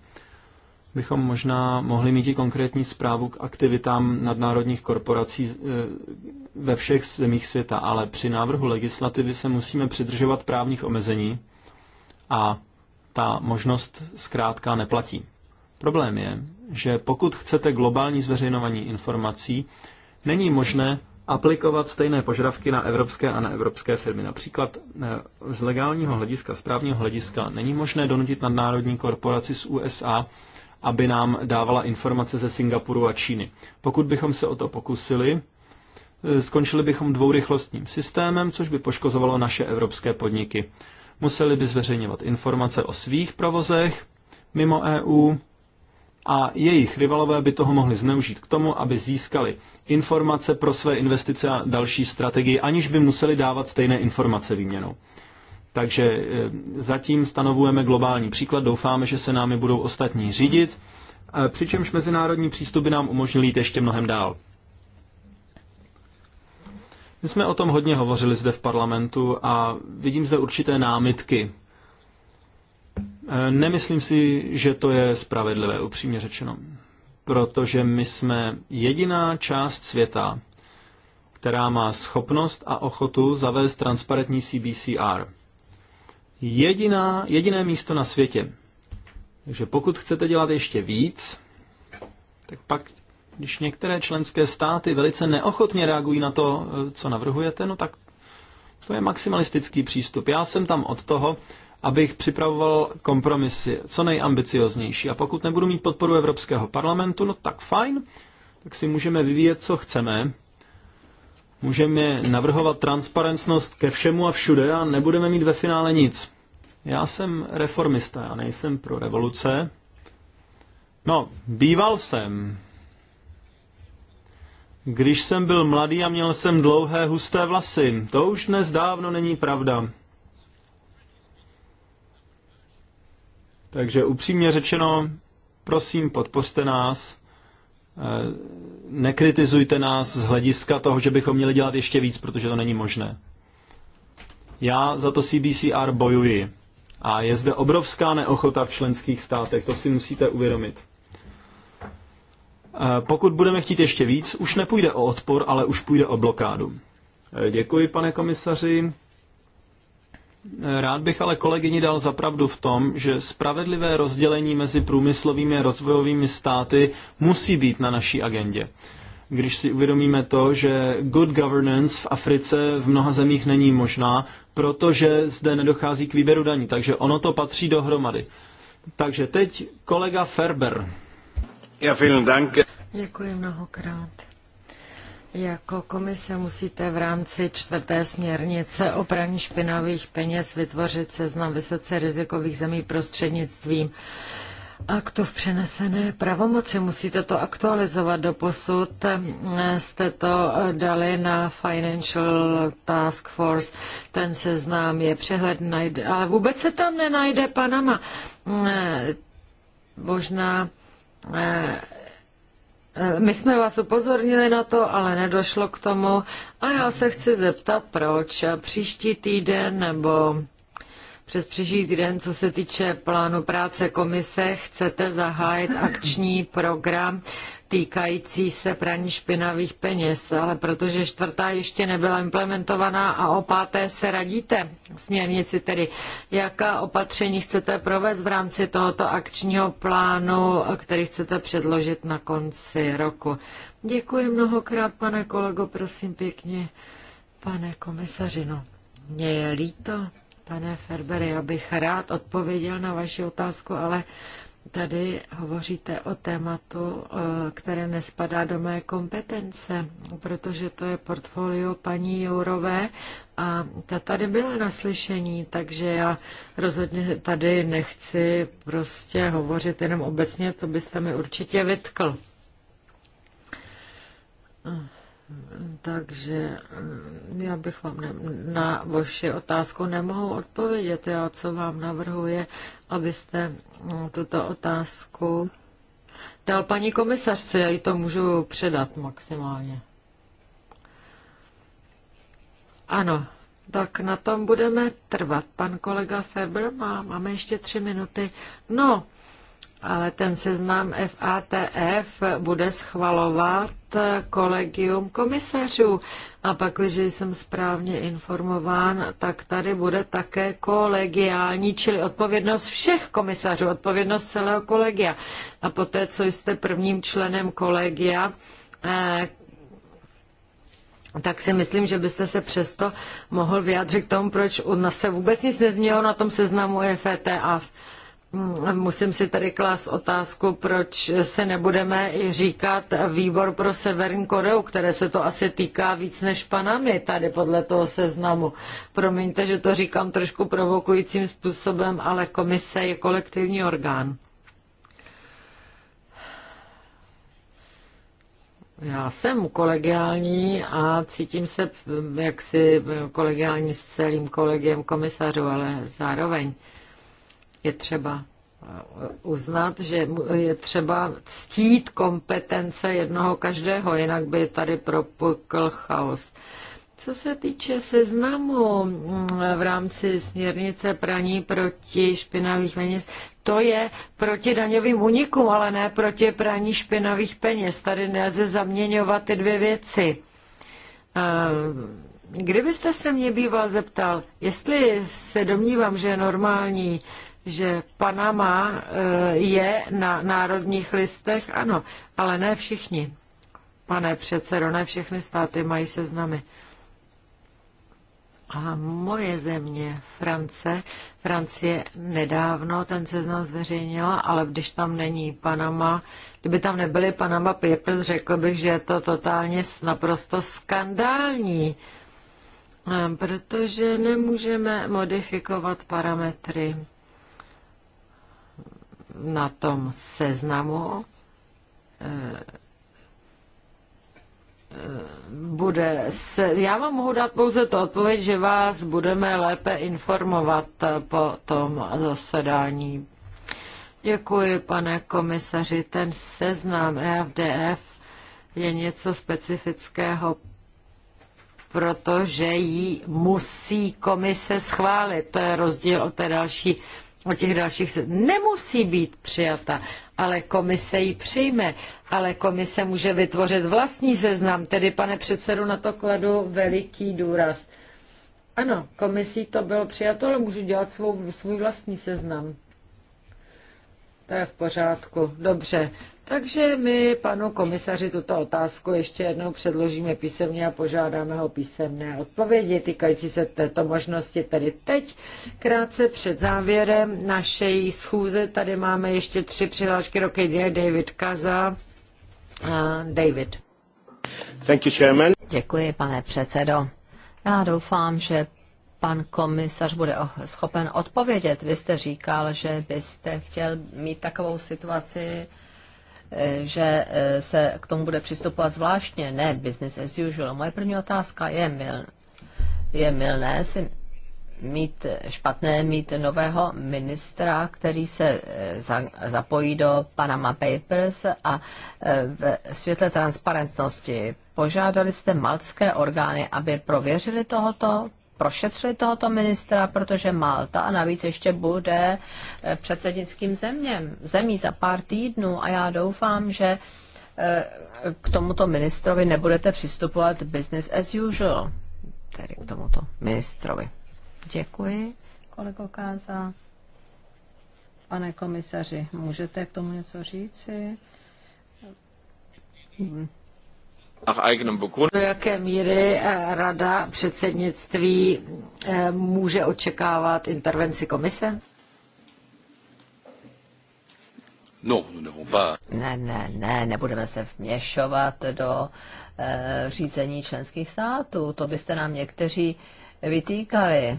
Speaker 4: bychom možná mohli mít i konkrétní zprávu k aktivitám nadnárodních korporací eh, ve všech zemích světa, ale při návrhu legislativy se musíme přidržovat právních omezení a ta možnost zkrátka neplatí. Problém je, že pokud chcete globální zveřejňování informací, není možné aplikovat stejné požadavky na evropské a na evropské firmy. Například eh, z legálního hlediska, z právního hlediska, není možné donutit nadnárodní korporaci z USA, aby nám dávala informace ze Singapuru a Číny. Pokud bychom se o to pokusili, eh, skončili bychom dvourychlostním systémem, což by poškozovalo naše evropské podniky. Museli by zveřejňovat informace o svých provozech mimo EU a jejich rivalové by toho mohli zneužít k tomu, aby získali informace pro své investice a další strategii, aniž by museli dávat stejné informace výměnou. Takže eh, zatím stanovujeme globální příklad, doufáme, že se námi budou ostatní řídit, přičemž mezinárodní přístupy nám umožnili jít ještě mnohem dál. My jsme o tom hodně hovořili zde v parlamentu a vidím zde určité námitky. Eh, nemyslím si, že to je spravedlivé, upřímně řečeno, protože my jsme jediná část světa, která má schopnost a ochotu zavést transparentní CBCR jediná, jediné místo na světě. Takže pokud chcete dělat ještě víc, tak pak, když některé členské státy velice neochotně reagují na to, eh, co navrhujete, no tak to je maximalistický přístup. Já jsem tam od toho, abych připravoval kompromisy co nejambicioznější. A pokud nebudu mít podporu Evropského parlamentu, no tak fajn, tak si můžeme vyvíjet, co chceme. Můžeme navrhovat transparentnost ke všemu a všude a nebudeme mít ve finále nic. Já jsem reformista, já nejsem pro revoluce. No, býval jsem. Když jsem byl mladý a měl jsem dlouhé husté vlasy, to už dnes dávno není pravda. Takže upřímně řečeno, prosím, podpořte nás, eh, nekritizujte nás z hlediska toho, že bychom měli dělat ještě víc, protože to není možné. Já za to CBCR bojuji. A je zde obrovská neochota v členských státech, to si musíte uvědomit. Eh, pokud budeme chtít ještě víc, už nepůjde o odpor, ale už půjde o blokádu. Eh, děkuji, pane komisaři. Eh, rád bych ale kolegyni dal zapravdu v tom, že spravedlivé rozdělení mezi průmyslovými a rozvojovými státy musí být na naší agendě když si uvědomíme to, že good governance v Africe v mnoha zemích není možná, protože zde nedochází k výběru daní, takže ono to patří dohromady. Takže teď kolega Ferber. Ja, vielen Dank.
Speaker 1: Děkuji mnohokrát. Jako komise musíte v rámci čtvrté směrnice o praní špinavých peněz vytvořit seznam vysoce rizikových zemí prostřednictvím aktu v přenesené pravomoci. Musíte to aktualizovat. do posud. jste to dali na Financial Task Force. Ten seznám je přehled, najde. ale vůbec se tam nenajde Panama. Možná eh, my jsme vás upozornili na to, ale nedošlo k tomu. A já se chci zeptat, proč příští týden nebo přes příští týden, co se týče plánu práce komise, chcete zahájit akční program týkající se praní špinavých peněz, ale protože čtvrtá ještě nebyla implementovaná a o páté se radíte směrnici tedy. Jaká opatření chcete provést v rámci tohoto akčního plánu, který chcete předložit na konci roku? Děkuji mnohokrát, pane kolego, prosím pěkně, pane komisařino. Mně je líto, Pane Ferbere, já bych rád odpověděl na vaši otázku, ale tady hovoříte o tématu, eh, které nespadá do mé kompetence, protože to je portfolio paní Jourové a ta tady byla na slyšení, takže já rozhodně tady nechci prostě hovořit jenom obecně, to byste mi určitě vytkl. Eh, takže mm, já bych vám ne, na vaši otázku nemohu odpovědět. Já co vám navrhuje, abyste mm, tuto otázku dal paní komisařce, já ji to můžu předat maximálně. Ano, tak na tom budeme trvat. Pan kolega Feber má, máme ještě tři minuty. No, ale ten seznam FATF bude schvalovat kolegium komisařů. A pak, když jsem správně informován, tak tady bude také kolegiální, čili odpovědnost všech komisařů, odpovědnost celého kolegia. A poté, co jste prvním členem kolegia, eh, tak si myslím, že byste se přesto mohl vyjádřit k tomu, proč nás se vůbec nic nezměnilo na tom seznamu FATF. Musím si tady klást otázku, proč se nebudeme říkat výbor pro Severní Koreu, které se to asi týká víc než Panamy tady podle toho seznamu. Promiňte, že to říkám trošku provokujícím způsobem, ale komise je kolektivní orgán. Já jsem kolegiální a cítím se jaksi kolegiální s celým kolegiem komisařů, ale zároveň je třeba eh, uznat, že je třeba ctít kompetence jednoho každého, jinak by tady propukl chaos. Co se týče seznamu mm, v rámci směrnice praní proti špinavých peněz, to je proti daňovým unikům, ale ne proti praní špinavých peněz. Tady nelze zaměňovat ty dvě věci. Eh, kdybyste se mě býval zeptal, jestli se domnívám, že je normální že Panama eh, je na národních listech, ano, ale ne všichni. Pane předsedo, ne všechny státy mají seznamy. A moje země, France, Francie nedávno ten seznam zveřejnila, ale když tam není Panama, kdyby tam nebyly Panama Papers, řekl bych, že je to totálně naprosto skandální, ehm, protože nemůžeme modifikovat parametry na tom seznamu eh, eh, bude se, já vám mohu dát pouze to odpověď, že vás budeme lépe informovat eh, po tom zasedání. Děkuji, pane komisaři. Ten seznam EFDF je něco specifického, protože ji musí komise schválit. To je rozdíl od té další o těch dalších se nemusí být přijata, ale komise ji přijme, ale komise může vytvořit vlastní seznam, tedy pane předsedu na to kladu veliký důraz. Ano, komisí to bylo přijato, ale můžu dělat svou, svůj vlastní seznam. To je v pořádku, dobře. Takže my panu komisaři tuto otázku ještě jednou předložíme písemně a požádáme ho písemné odpovědi týkající se této možnosti. Tedy teď, krátce před závěrem naší schůze, tady máme ještě tři přihlášky do KDA, David Kaza a David.
Speaker 3: Thank you, chairman.
Speaker 2: Děkuji, pane předsedo. Já doufám, že pan komisař bude schopen odpovědět. Vy jste říkal, že byste chtěl mít takovou situaci, že eh, se k tomu bude přistupovat zvláštně, ne business as usual. Moje první otázka je, mil, je milné si mít špatné, mít nového ministra, který se eh, za, zapojí do Panama Papers a eh, v světle transparentnosti. Požádali jste malcké orgány, aby prověřili tohoto prošetřili tohoto ministra, protože Malta a navíc ještě bude eh, předsednickým zeměm, zemí za pár týdnů a já doufám, že eh, k tomuto ministrovi nebudete přistupovat business as usual, tedy k tomuto ministrovi. Děkuji, kolego Káza. Pane komisaři, můžete k tomu něco říci?
Speaker 3: Do jaké
Speaker 1: míry eh, rada předsednictví eh, může očekávat intervenci komise?
Speaker 3: No,
Speaker 2: ne, ne, ne, nebudeme se vměšovat do e, řízení členských států. To byste nám někteří vytýkali.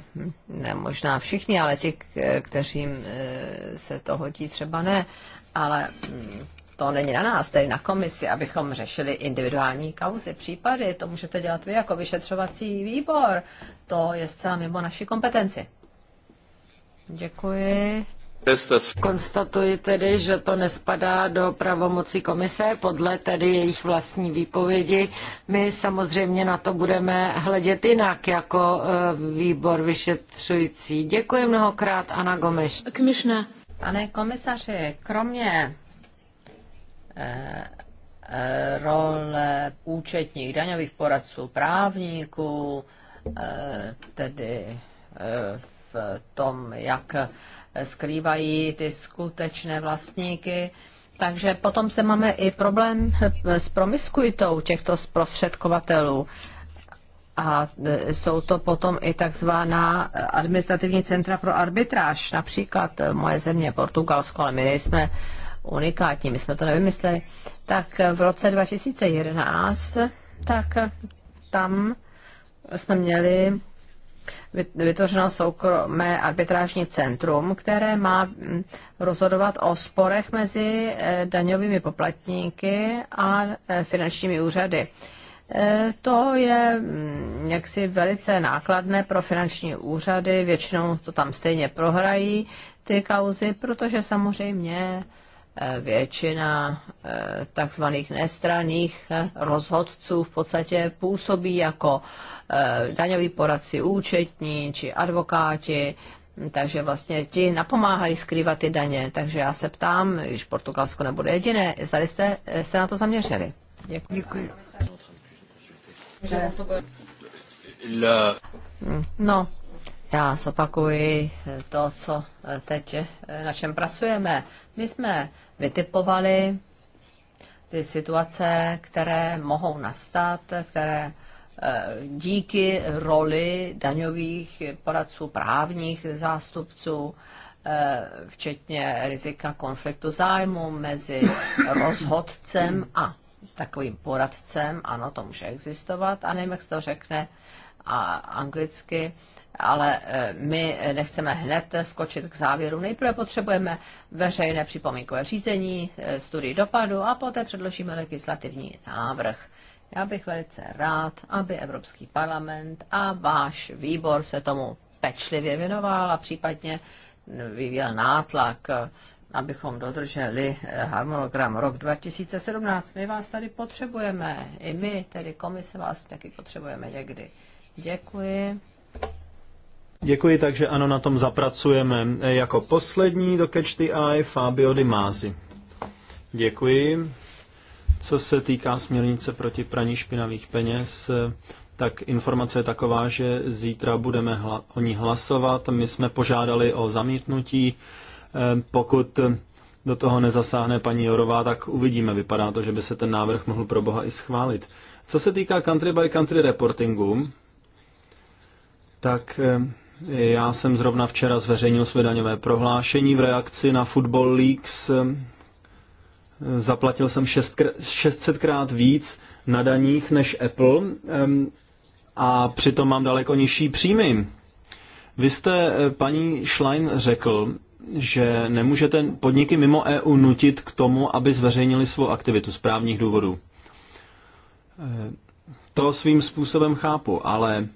Speaker 2: Ne, možná všichni, ale ti, kteřím e, se to hodí, třeba ne. Ale mm, to není na nás, tedy na komisi, abychom řešili individuální kauzy, případy. To můžete dělat vy jako vyšetřovací výbor. To je zcela mimo naši kompetenci. Děkuji.
Speaker 1: Konstatuji tedy, že to nespadá do pravomocí komise, podle tedy jejich vlastní výpovědi. My samozřejmě na to budeme hledět jinak jako e, výbor vyšetřující. Děkuji mnohokrát, Ana Gomeš. Pane
Speaker 2: komisaři, kromě Eh, role účetních, daňových poradců, právníků, eh, tedy eh, v tom, jak skrývají ty skutečné vlastníky. Takže potom se máme i problém s promiskuitou těchto zprostředkovatelů. A jsou to potom i takzvaná administrativní centra pro arbitráž. Například moje země Portugalsko, ale my nejsme uh, unikátní, my jsme to nevymysleli, tak v roce 2011, tak tam jsme měli vytvořeno soukromé arbitrážní centrum, které má mm, rozhodovat o sporech mezi eh, daňovými poplatníky a eh, finančními úřady. Eh, to je mm, jaksi velice nákladné pro finanční úřady, většinou to tam stejně prohrají ty kauzy, protože samozřejmě Eh, většina eh, takzvaných nestraných eh, rozhodců v podstatě působí jako daňoví poradci, účetní či advokáti, takže vlastně ti napomáhají skrývat ty daně. Takže já se ptám, když Portugalsko nebude jediné, zda jste se na to zaměřili. Děkuji. Děkuji. No, já zopakuji to, co teď, eh, na čem pracujeme. My jsme vytipovali ty situace, které mohou nastat, které eh, díky roli daňových poradců, právních zástupců, eh, včetně rizika konfliktu zájmu mezi rozhodcem a takovým poradcem, ano, to může existovat, a nevím, jak se to řekne a anglicky, ale eh, my nechceme hned skočit k závěru. Nejprve potřebujeme veřejné připomínkové řízení, eh, studii dopadu a poté předložíme legislativní návrh. Já bych velice rád, aby Evropský parlament a váš výbor se tomu pečlivě věnoval a případně vyvíjel nátlak, abychom dodrželi eh, harmonogram rok 2017. My vás tady potřebujeme, i my, tedy komise vás taky potřebujeme někdy. Děkuji.
Speaker 4: Děkuji, takže ano, na tom zapracujeme. Jako poslední do Catch the Eye Fabio Di Masi. Děkuji. Co se týká směrnice proti praní špinavých peněz, tak informace je taková, že zítra budeme hla- o ní hlasovat. My jsme požádali o zamítnutí. Eh, pokud do toho nezasáhne paní Jorová, tak uvidíme. Vypadá to, že by se ten návrh mohl pro boha i schválit. Co se týká country by country reportingu, tak eh, já jsem zrovna včera zveřejnil své daňové prohlášení v reakci na Football Leaks. Zaplatil jsem 600krát víc na daních než Apple a přitom mám daleko nižší příjmy. Vy jste, eh, paní Schlein, řekl, že nemůžete podniky mimo EU nutit k tomu, aby zveřejnili svou aktivitu z právních důvodů. Eh, to svým způsobem chápu, ale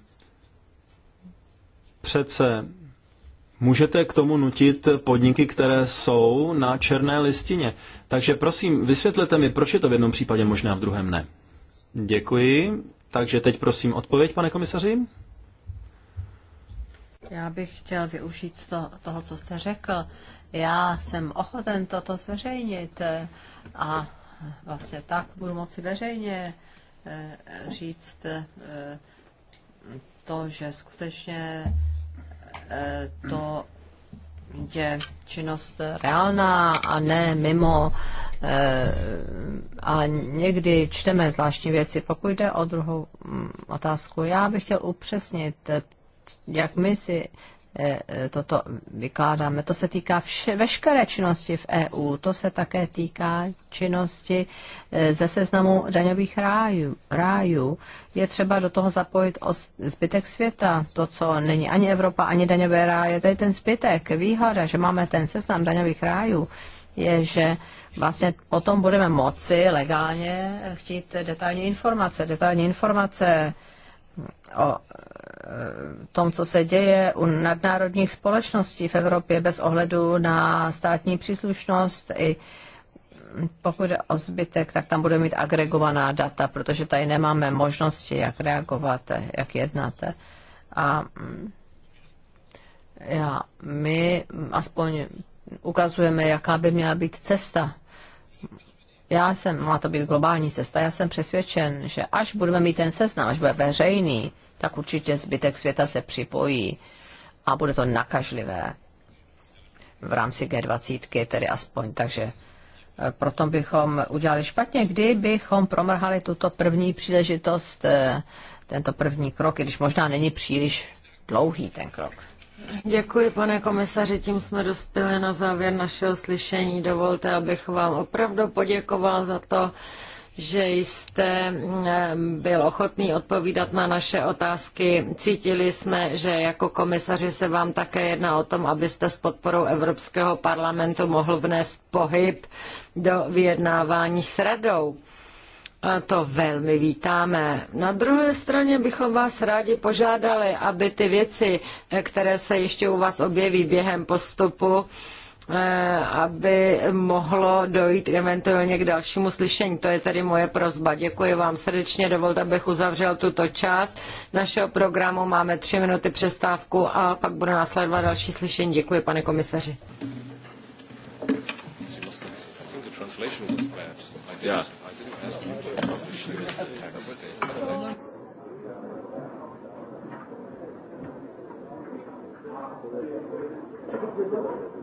Speaker 4: Přece můžete k tomu nutit podniky, které jsou na černé listině. Takže prosím, vysvětlete mi, proč je to v jednom případě možné a v druhém ne. Děkuji. Takže teď prosím odpověď, pane komisaři.
Speaker 2: Já bych chtěl využít to, toho, co jste řekl. Já jsem ochoten toto zveřejnit a vlastně tak budu moci veřejně eh, říct eh, to, že skutečně Eh, to je činnost reálná a ne mimo. Eh, a někdy čteme zvláštní věci. Pokud jde o druhou mm, otázku, já bych chtěl upřesnit, eh, jak my si E, e, toto vykládáme. To se týká vše, veškeré činnosti v EU, to se také týká činnosti e, ze seznamu daňových rájů. rájů. Je třeba do toho zapojit zbytek světa, to, co není ani Evropa, ani daňové ráje, to je ten zbytek. Výhoda, že máme ten seznam daňových rájů, je, že vlastně potom budeme moci legálně chtít detailní informace. Detailní informace o e, tom, co se děje u nadnárodních společností v Evropě bez ohledu na státní příslušnost i pokud je o zbytek, tak tam budeme mít agregovaná data, protože tady nemáme možnosti, jak reagovat, jak jednat. A mm, já, my aspoň ukazujeme, jaká by měla být cesta já jsem, má to být globální cesta, já jsem přesvědčen, že až budeme mít ten seznam, až bude veřejný, tak určitě zbytek světa se připojí a bude to nakažlivé v rámci G20, tedy aspoň. Takže eh, proto bychom udělali špatně, kdybychom promrhali tuto první příležitost, eh, tento první krok, i když možná není příliš dlouhý ten krok.
Speaker 1: Děkuji, pane komisaři, tím jsme dospěli na závěr našeho slyšení. Dovolte, abych vám opravdu poděkoval za to, že jste byl ochotný odpovídat na naše otázky. Cítili jsme, že jako komisaři se vám také jedná o tom, abyste s podporou Evropského parlamentu mohl vnést pohyb do vyjednávání s radou. A to velmi vítáme. Na druhé straně bychom vás rádi požádali, aby ty věci, eh, které se ještě u vás objeví během postupu, eh, aby mohlo dojít eventuálně k dalšímu slyšení. To je tedy moje prozba. Děkuji vám srdečně. Dovolte, abych uzavřel tuto část našeho programu. Máme tři minuty přestávku a pak bude následovat další slyšení. Děkuji, pane komisaři.
Speaker 3: Yeah. Thank you.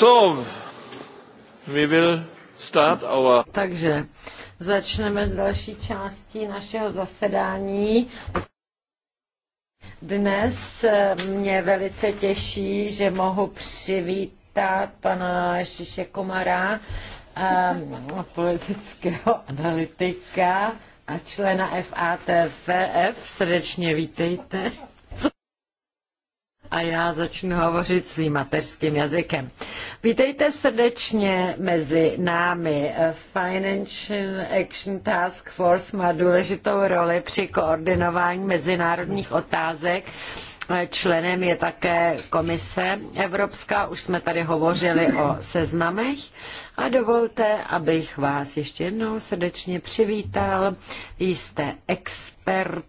Speaker 1: So, we will start our... Takže začneme s další částí našeho zasedání. Dnes eh, mě velice těší, že mohu přivítat pana Šiše Komara, um, politického analytika a člena FATVF. Srdečně vítejte a já začnu hovořit svým mateřským jazykem. Vítejte srdečně mezi námi. Financial Action Task Force má důležitou roli při koordinování mezinárodních otázek Členem je také komise Evropská, už jsme tady hovořili o seznamech a dovolte, abych vás ještě jednou srdečně přivítal. Jste expert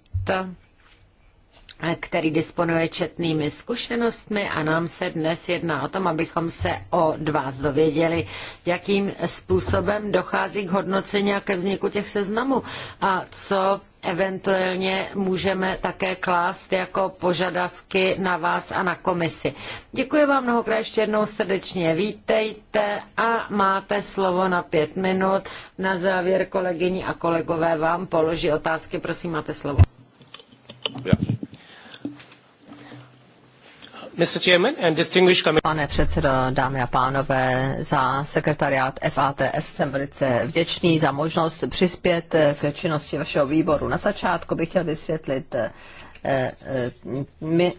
Speaker 1: který disponuje četnými zkušenostmi a nám se dnes jedná o tom, abychom se o vás dověděli, jakým způsobem dochází k hodnocení a ke vzniku těch seznamů a co eventuálně můžeme také klást jako požadavky na vás a na komisi. Děkuji vám mnohokrát ještě jednou srdečně. Vítejte a máte slovo na pět minut. Na závěr kolegyni a kolegové vám položí otázky. Prosím, máte slovo.
Speaker 2: Já. Pane předsedo, dámy a pánové, za sekretariát FATF jsem velice vděčný za možnost přispět eh, v činnosti vašeho výboru. Na začátku bych chtěl vysvětlit, eh, eh, my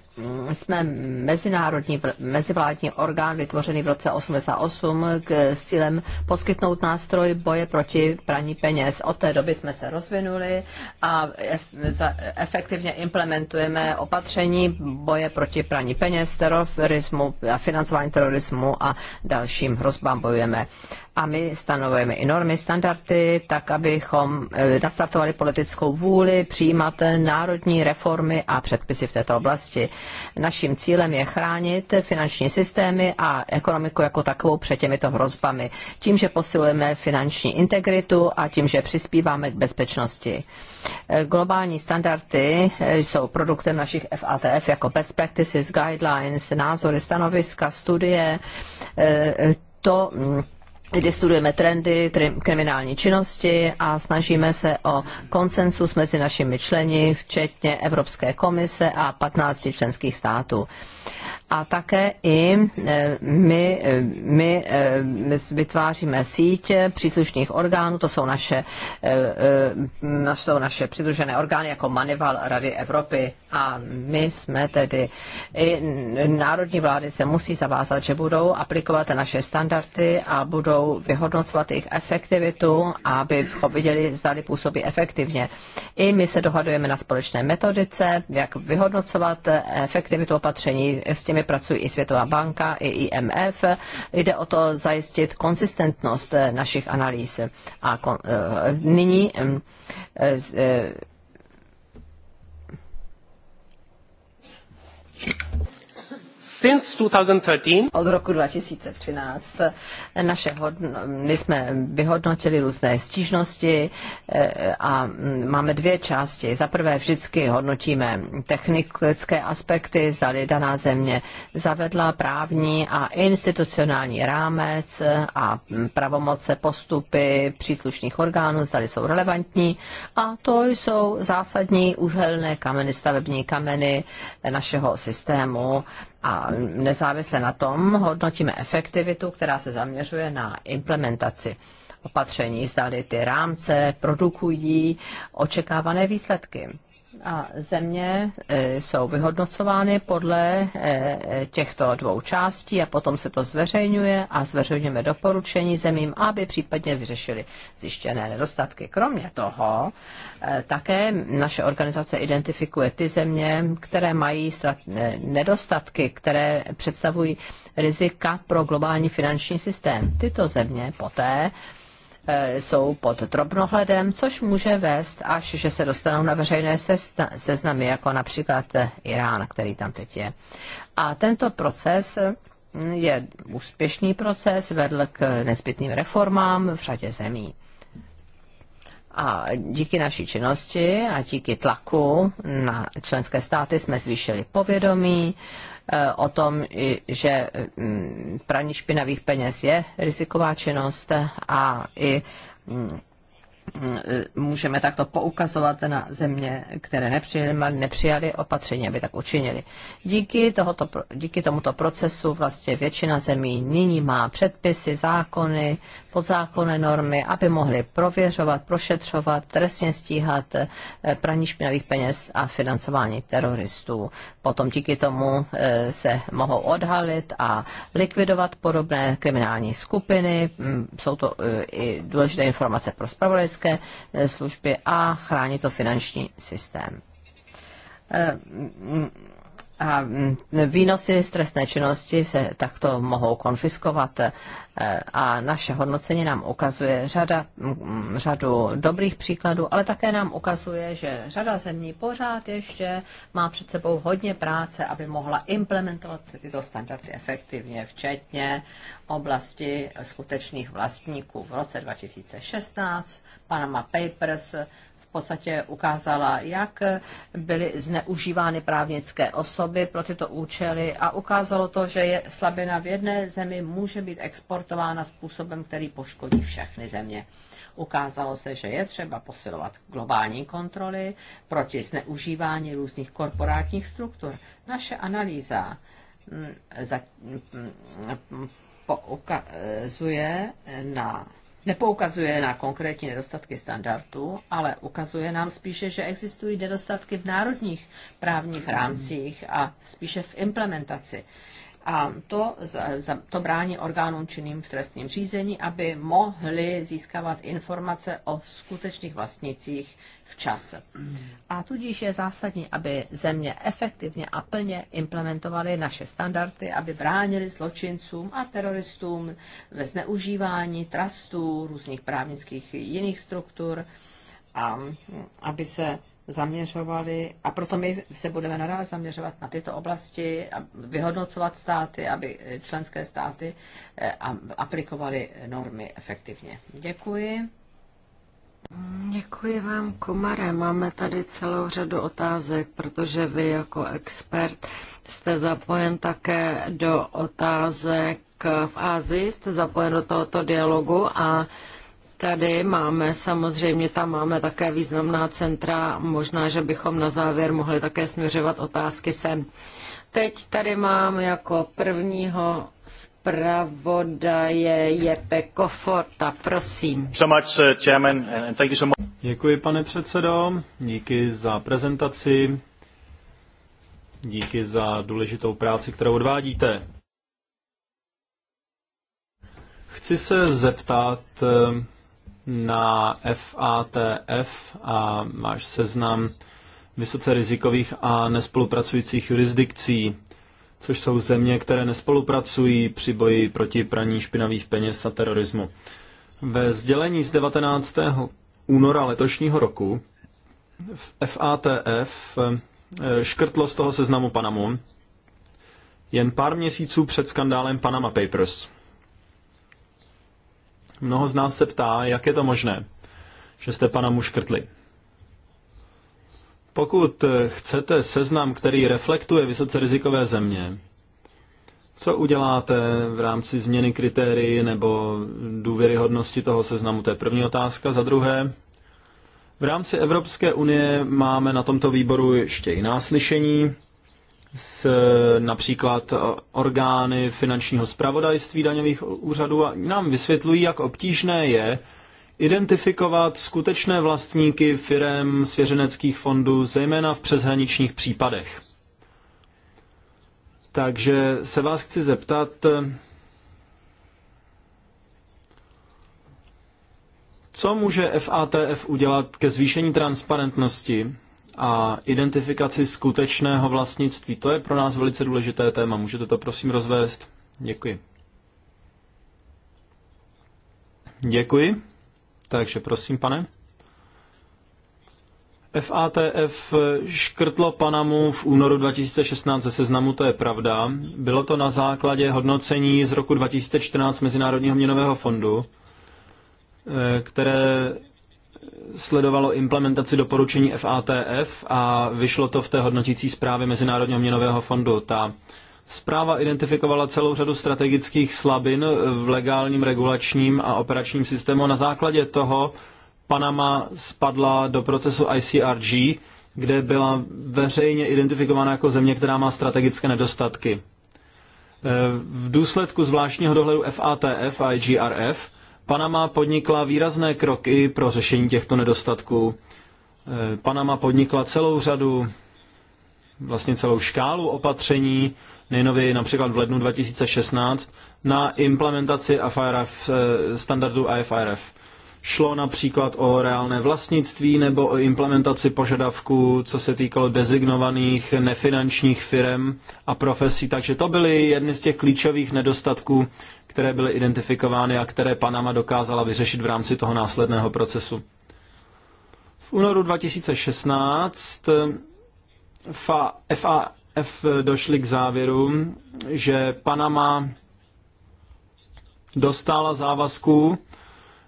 Speaker 2: jsme mezinárodní mezivládní orgán vytvořený v roce 88 k, s cílem poskytnout nástroj boje proti praní peněz. Od té doby jsme se rozvinuli a ef, za, efektivně implementujeme opatření boje proti praní peněz, terorismu, financování terorismu a dalším hrozbám bojujeme. A my stanovujeme i normy, standardy, tak abychom eh, nastartovali politickou vůli přijímat národní reformy a předpisy v této oblasti. Naším cílem je chránit finanční systémy a ekonomiku jako takovou před těmito hrozbami. Tím, že posilujeme finanční integritu a tím, že přispíváme k bezpečnosti. Globální standardy jsou produktem našich FATF jako Best Practices, Guidelines, názory, stanoviska, studie. To kdy studujeme trendy kriminální činnosti a snažíme se o konsensus mezi našimi členy, včetně Evropské komise a 15 členských států a také i e, my, e, my e, vytváříme síť příslušných orgánů, to jsou naše, to jsou naše přidružené orgány jako Manival Rady Evropy a my jsme tedy, i národní vlády se musí zavázat, že budou aplikovat naše standardy a budou vyhodnocovat jejich efektivitu, aby viděli, zdali působí efektivně. I my se dohadujeme na společné metodice, jak vyhodnocovat efektivitu opatření s těmi které pracují i Světová banka, i IMF. Jde o to zajistit konsistentnost eh, našich analýz. A kon, eh, nyní eh, Since 2013, od roku 2013 naše hodno, my jsme vyhodnotili různé stížnosti eh, a mm, máme dvě části. Za prvé vždycky hodnotíme technické aspekty, zda daná země zavedla právní a institucionální rámec a mm, pravomoce, postupy příslušných orgánů, zda jsou relevantní. A to jsou zásadní úhelné kameny, stavební kameny našeho systému a mm, nezávisle na tom hodnotíme efektivitu, která se zaměřuje zaměřuje na implementaci opatření, zdali ty rámce produkují očekávané výsledky a země e, jsou vyhodnocovány podle e, těchto dvou částí a potom se to zveřejňuje a zveřejňujeme doporučení zemím, aby případně vyřešili zjištěné nedostatky. Kromě toho e, také naše organizace identifikuje ty země, které mají nedostatky, které představují rizika pro globální finanční systém. Tyto země poté Eh, jsou pod drobnohledem, což může vést až, že se dostanou na veřejné seznamy, jako například eh, Irán, který tam teď je. A tento proces eh, je úspěšný proces, vedl k nezbytným reformám v řadě zemí. A díky naší činnosti a díky tlaku na členské státy jsme zvýšili povědomí Eh, o tom, že mm, praní špinavých peněz je riziková činnost a i mm, mm, můžeme takto poukazovat na země, které nepřijali, nepřijali opatření, aby tak učinili. Díky, tohoto, díky tomuto procesu vlastně většina zemí nyní má předpisy, zákony, podzákonné normy, aby mohli prověřovat, prošetřovat, trestně stíhat eh, praní špinavých peněz a financování teroristů. Potom díky tomu eh, se mohou odhalit a likvidovat podobné kriminální skupiny. Mm, jsou to eh, i důležité informace pro spravodajské služby a chrání to finanční systém mm, a mm, výnosy z trestné činnosti se takto mohou konfiskovat e, a naše hodnocení nám ukazuje řada, mm, řadu dobrých příkladů, ale také nám ukazuje, že řada zemí pořád ještě má před sebou hodně práce, aby mohla implementovat tyto standardy efektivně, včetně oblasti skutečných vlastníků. V roce 2016 Panama Papers podstatě ukázala, jak byly zneužívány právnické osoby pro tyto účely a ukázalo to, že je slabina v jedné zemi může být exportována způsobem, který poškodí všechny země. Ukázalo se, že je třeba posilovat globální kontroly proti zneužívání různých korporátních struktur. Naše analýza mm, mm, mm, poukazuje na nepoukazuje na konkrétní nedostatky standardů, ale ukazuje nám spíše, že existují nedostatky v národních právních rámcích a spíše v implementaci. A to, to brání orgánům činným v trestním řízení, aby mohli získávat informace o skutečných vlastnicích čase. A tudíž je zásadní, aby země efektivně a plně implementovaly naše standardy, aby bránili zločincům a teroristům ve zneužívání trustů, různých právnických jiných struktur a aby se zaměřovali a proto my se budeme nadále zaměřovat na tyto oblasti a vyhodnocovat státy, aby členské státy eh, aplikovaly normy efektivně. Děkuji. Děkuji
Speaker 1: vám, Komare. Máme tady celou řadu otázek, protože vy jako expert jste zapojen také do otázek v Ázii, jste zapojen do tohoto dialogu a Tady máme samozřejmě, tam máme také významná centra, možná, že bychom na závěr mohli také směřovat otázky sem. Teď tady mám jako prvního zpravodaje Jepe Koforta,
Speaker 4: prosím. So much, uh, chairman, and thank you so much. Děkuji, pane předsedo, díky za prezentaci, díky za důležitou práci, kterou odvádíte. Chci se zeptat na FATF a máš seznam vysoce rizikových a nespolupracujících jurisdikcí, což jsou země, které nespolupracují při boji proti praní špinavých peněz a terorismu. Ve sdělení z 19. února letošního roku v FATF eh, škrtlo z toho seznamu Panamu jen pár měsíců před skandálem Panama Papers – Mnoho z nás se ptá, jak je to možné, že jste pana mu škrtli. Pokud chcete seznam, který reflektuje vysoce rizikové země, co uděláte v rámci změny kritérií nebo důvěryhodnosti toho seznamu? To je první otázka. Za druhé, v rámci Evropské unie máme na tomto výboru ještě jiná slyšení s například orgány finančního zpravodajství daňových úřadů a nám vysvětlují, jak obtížné je identifikovat skutečné vlastníky firem svěřeneckých fondů, zejména v přeshraničních případech. Takže se vás chci zeptat, co může FATF udělat ke zvýšení transparentnosti a identifikaci skutečného vlastnictví. To je pro nás velice důležité téma. Můžete to prosím rozvést? Děkuji. Děkuji. Takže prosím, pane. FATF škrtlo Panamu v únoru 2016 ze seznamu, to je pravda. Bylo to na základě hodnocení z roku 2014 Mezinárodního měnového fondu, eh, které sledovalo implementaci doporučení FATF a vyšlo to v té hodnotící zprávě Mezinárodního měnového fondu. Ta Zpráva identifikovala celou řadu strategických slabin v legálním regulačním a operačním systému. Na základě toho Panama spadla do procesu ICRG, kde byla veřejně identifikována jako země, která má strategické nedostatky. E, v důsledku zvláštního dohledu FATF a IGRF Panama podnikla výrazné kroky pro řešení těchto nedostatků. Eh, Panama podnikla celou řadu, vlastně celou škálu opatření, nejnověji například v lednu 2016, na implementaci AFRF, eh, standardu AFRF. Šlo například o reálné vlastnictví nebo o implementaci požadavků, co se týkalo dezignovaných nefinančních firm a profesí. Takže to byly jedny z těch klíčových nedostatků, které byly identifikovány a které Panama dokázala vyřešit v rámci toho následného procesu. V únoru 2016 eh, FA, FAF došli k závěru, že Panama dostala závazků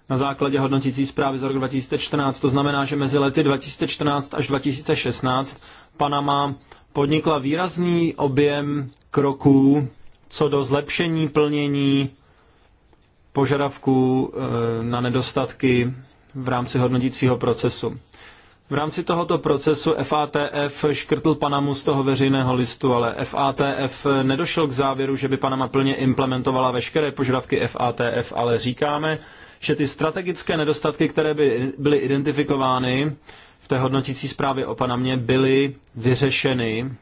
Speaker 4: na základě hodnotící zprávy za rok 2014. To znamená, že mezi lety 2014 až 2016 Panama podnikla výrazný objem kroků co do zlepšení plnění požadavků eh, na nedostatky v rámci hodnotícího procesu. V rámci tohoto procesu FATF škrtl Panamu z toho veřejného listu, ale FATF nedošel k závěru, že by Panama plně implementovala veškeré požadavky FATF, ale říkáme, že ty strategické nedostatky, které by byly identifikovány v té hodnotící zprávě o Panamě, byly vyřešeny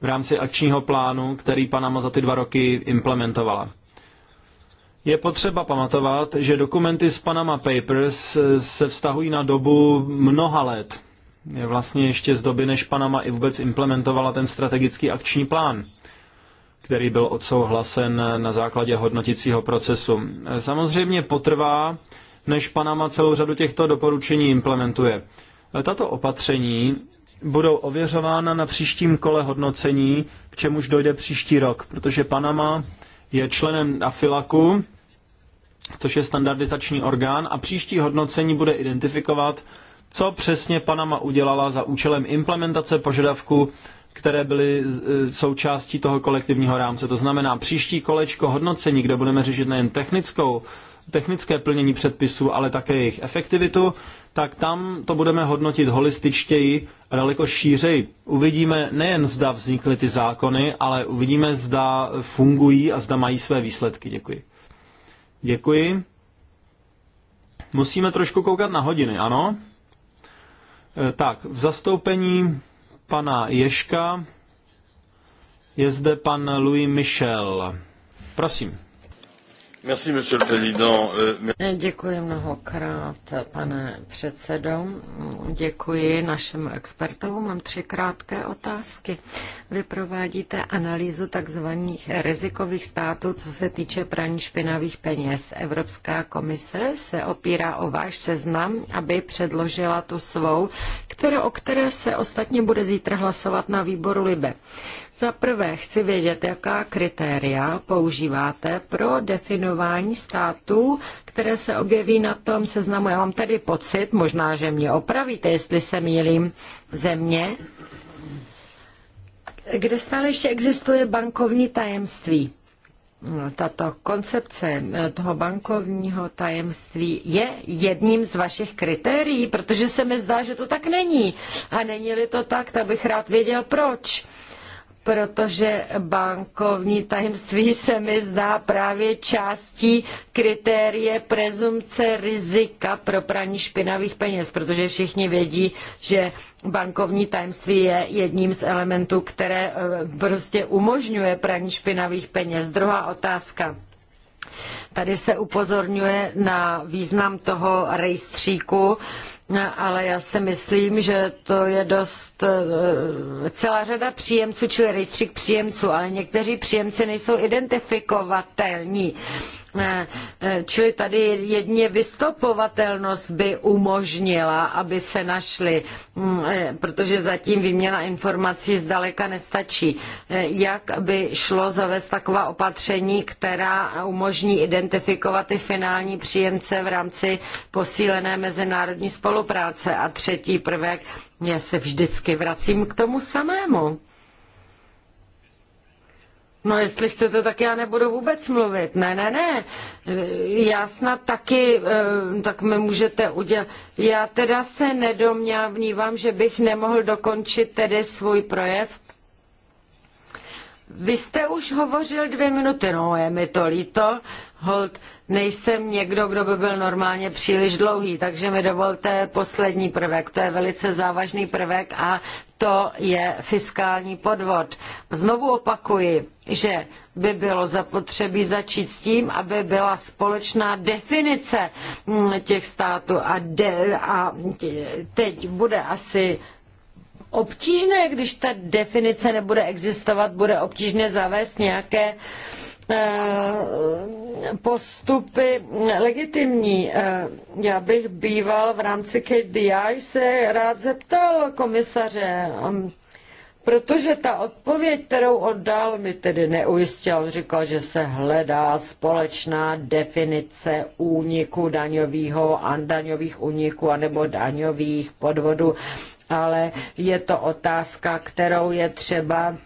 Speaker 4: v rámci akčního plánu, který Panama za ty dva roky implementovala. Je potřeba pamatovat, že dokumenty z Panama Papers eh, se vztahují na dobu mnoha let. Je vlastně ještě z doby, než Panama i vůbec implementovala ten strategický akční plán který byl odsouhlasen na základě hodnoticího procesu. Samozřejmě potrvá, než Panama celou řadu těchto doporučení implementuje. Tato opatření budou ověřována na příštím kole hodnocení, k čemuž dojde příští rok, protože Panama je členem AFILAKu, což je standardizační orgán, a příští hodnocení bude identifikovat, co přesně Panama udělala za účelem implementace požadavku které byly e, součástí toho kolektivního rámce. To znamená příští kolečko hodnocení, kde budeme řešit nejen technickou, technické plnění předpisů, ale také jejich efektivitu, tak tam to budeme hodnotit holističtěji a daleko šířeji. Uvidíme nejen zda vznikly ty zákony, ale uvidíme zda fungují a zda mají své výsledky. Děkuji. Děkuji. Musíme trošku koukat na hodiny, ano? E, tak, v zastoupení pana Ješka. Je zde pan Louis Michel. Prosím. Euh,
Speaker 1: Děkuji mnohokrát, pane předsedo. Děkuji našemu expertovu. Mám tři krátké otázky. Vy provádíte analýzu takzvaných rizikových států, co se týče praní špinavých peněz. Evropská komise se opírá o váš seznam, aby předložila tu svou, které, o které se ostatně bude zítra hlasovat na výboru Libe. Za prvé chci vědět, jaká kritéria používáte pro definování států, které se objeví na tom seznamu. Já mám tady pocit, možná, že mě opravíte, jestli se mýlím, země, kde stále ještě existuje bankovní tajemství. Tato koncepce toho bankovního tajemství je jedním z vašich kritérií, protože se mi zdá, že to tak není. A není-li to tak, tak bych rád věděl, proč protože bankovní tajemství se mi zdá právě částí kritérie prezumce rizika pro praní špinavých peněz, protože všichni vědí, že bankovní tajemství je jedním z elementů, které eh, prostě umožňuje praní špinavých peněz. Druhá otázka. Tady se upozorňuje na význam toho rejstříku, No, ale já si myslím, že to je dost eh, celá řada příjemců, čili rejstřík příjemců, ale někteří příjemci nejsou identifikovatelní. Eh, eh, čili tady jedně vystopovatelnost by umožnila, aby se našly, mm, eh, protože zatím výměna informací zdaleka nestačí. Jak by šlo zavést taková opatření, která umožní identifikovat ty finální příjemce v rámci posílené mezinárodní spolupráce? A třetí prvek, já se vždycky vracím k tomu samému No jestli chcete, tak já nebudu vůbec mluvit. Ne, ne, ne. Já snad taky, eh, tak mi můžete udělat. Já teda se nedomňávnívám, že bych nemohl dokončit tedy svůj projev. Vy jste už hovořil dvě minuty, no je mi to líto, hold, nejsem někdo, kdo by byl normálně příliš dlouhý, takže mi dovolte poslední prvek, to je velice závažný prvek a to je fiskální podvod. Znovu opakuji, že by bylo zapotřebí začít s tím, aby byla společná definice mm, těch států a, de, a teď bude asi obtížné, když ta definice nebude existovat, bude obtížné zavést nějaké eh, postupy legitimní. Eh, já bych býval v rámci KDI se rád zeptal komisaře, ehm, protože ta odpověď, kterou oddal, mi tedy neujistil. Říkal, že se hledá společná definice úniku daňového a daňových úniků anebo daňových podvodů ale je to otázka, kterou je třeba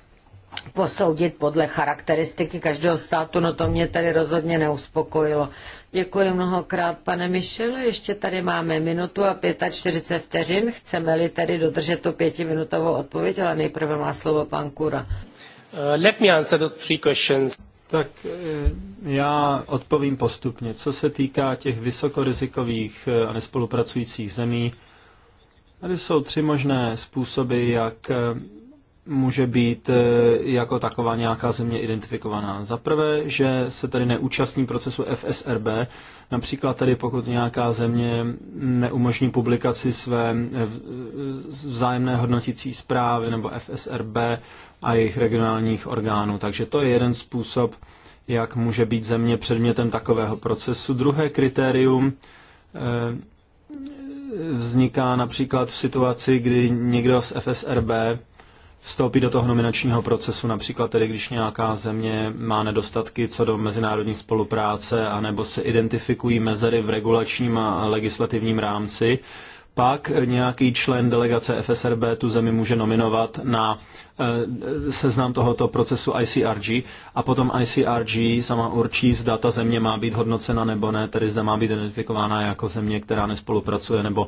Speaker 1: posoudit podle charakteristiky každého státu, no to mě tady rozhodně neuspokojilo. Děkuji mnohokrát, pane Mišel. Ještě tady máme minutu a 45 vteřin. Chceme-li tady dodržet tu pětiminutovou odpověď, ale nejprve má slovo pan Kura.
Speaker 4: Uh, let me answer those three questions. Tak eh, já odpovím postupně. Co se týká těch vysokorizikových eh, a nespolupracujících zemí, Tady jsou tři možné způsoby, jak eh, může být eh, jako taková nějaká země identifikovaná. Za prvé, že se tady neúčastní procesu FSRB, například tady pokud nějaká země neumožní publikaci své eh, vzájemné hodnotící zprávy nebo FSRB a jejich regionálních orgánů. Takže to je jeden způsob, jak může být země předmětem takového procesu. Druhé kritérium vzniká například v situaci, kdy někdo z FSRB vstoupí do toho nominačního procesu, například tedy, když nějaká země má nedostatky co do mezinárodní spolupráce, anebo se identifikují mezery v regulačním a legislativním rámci, pak nějaký člen delegace FSRB tu zemi může nominovat na eh, seznam tohoto procesu ICRG a potom ICRG sama určí, zda ta země má být hodnocena nebo ne, tedy zda má být identifikována jako země, která nespolupracuje nebo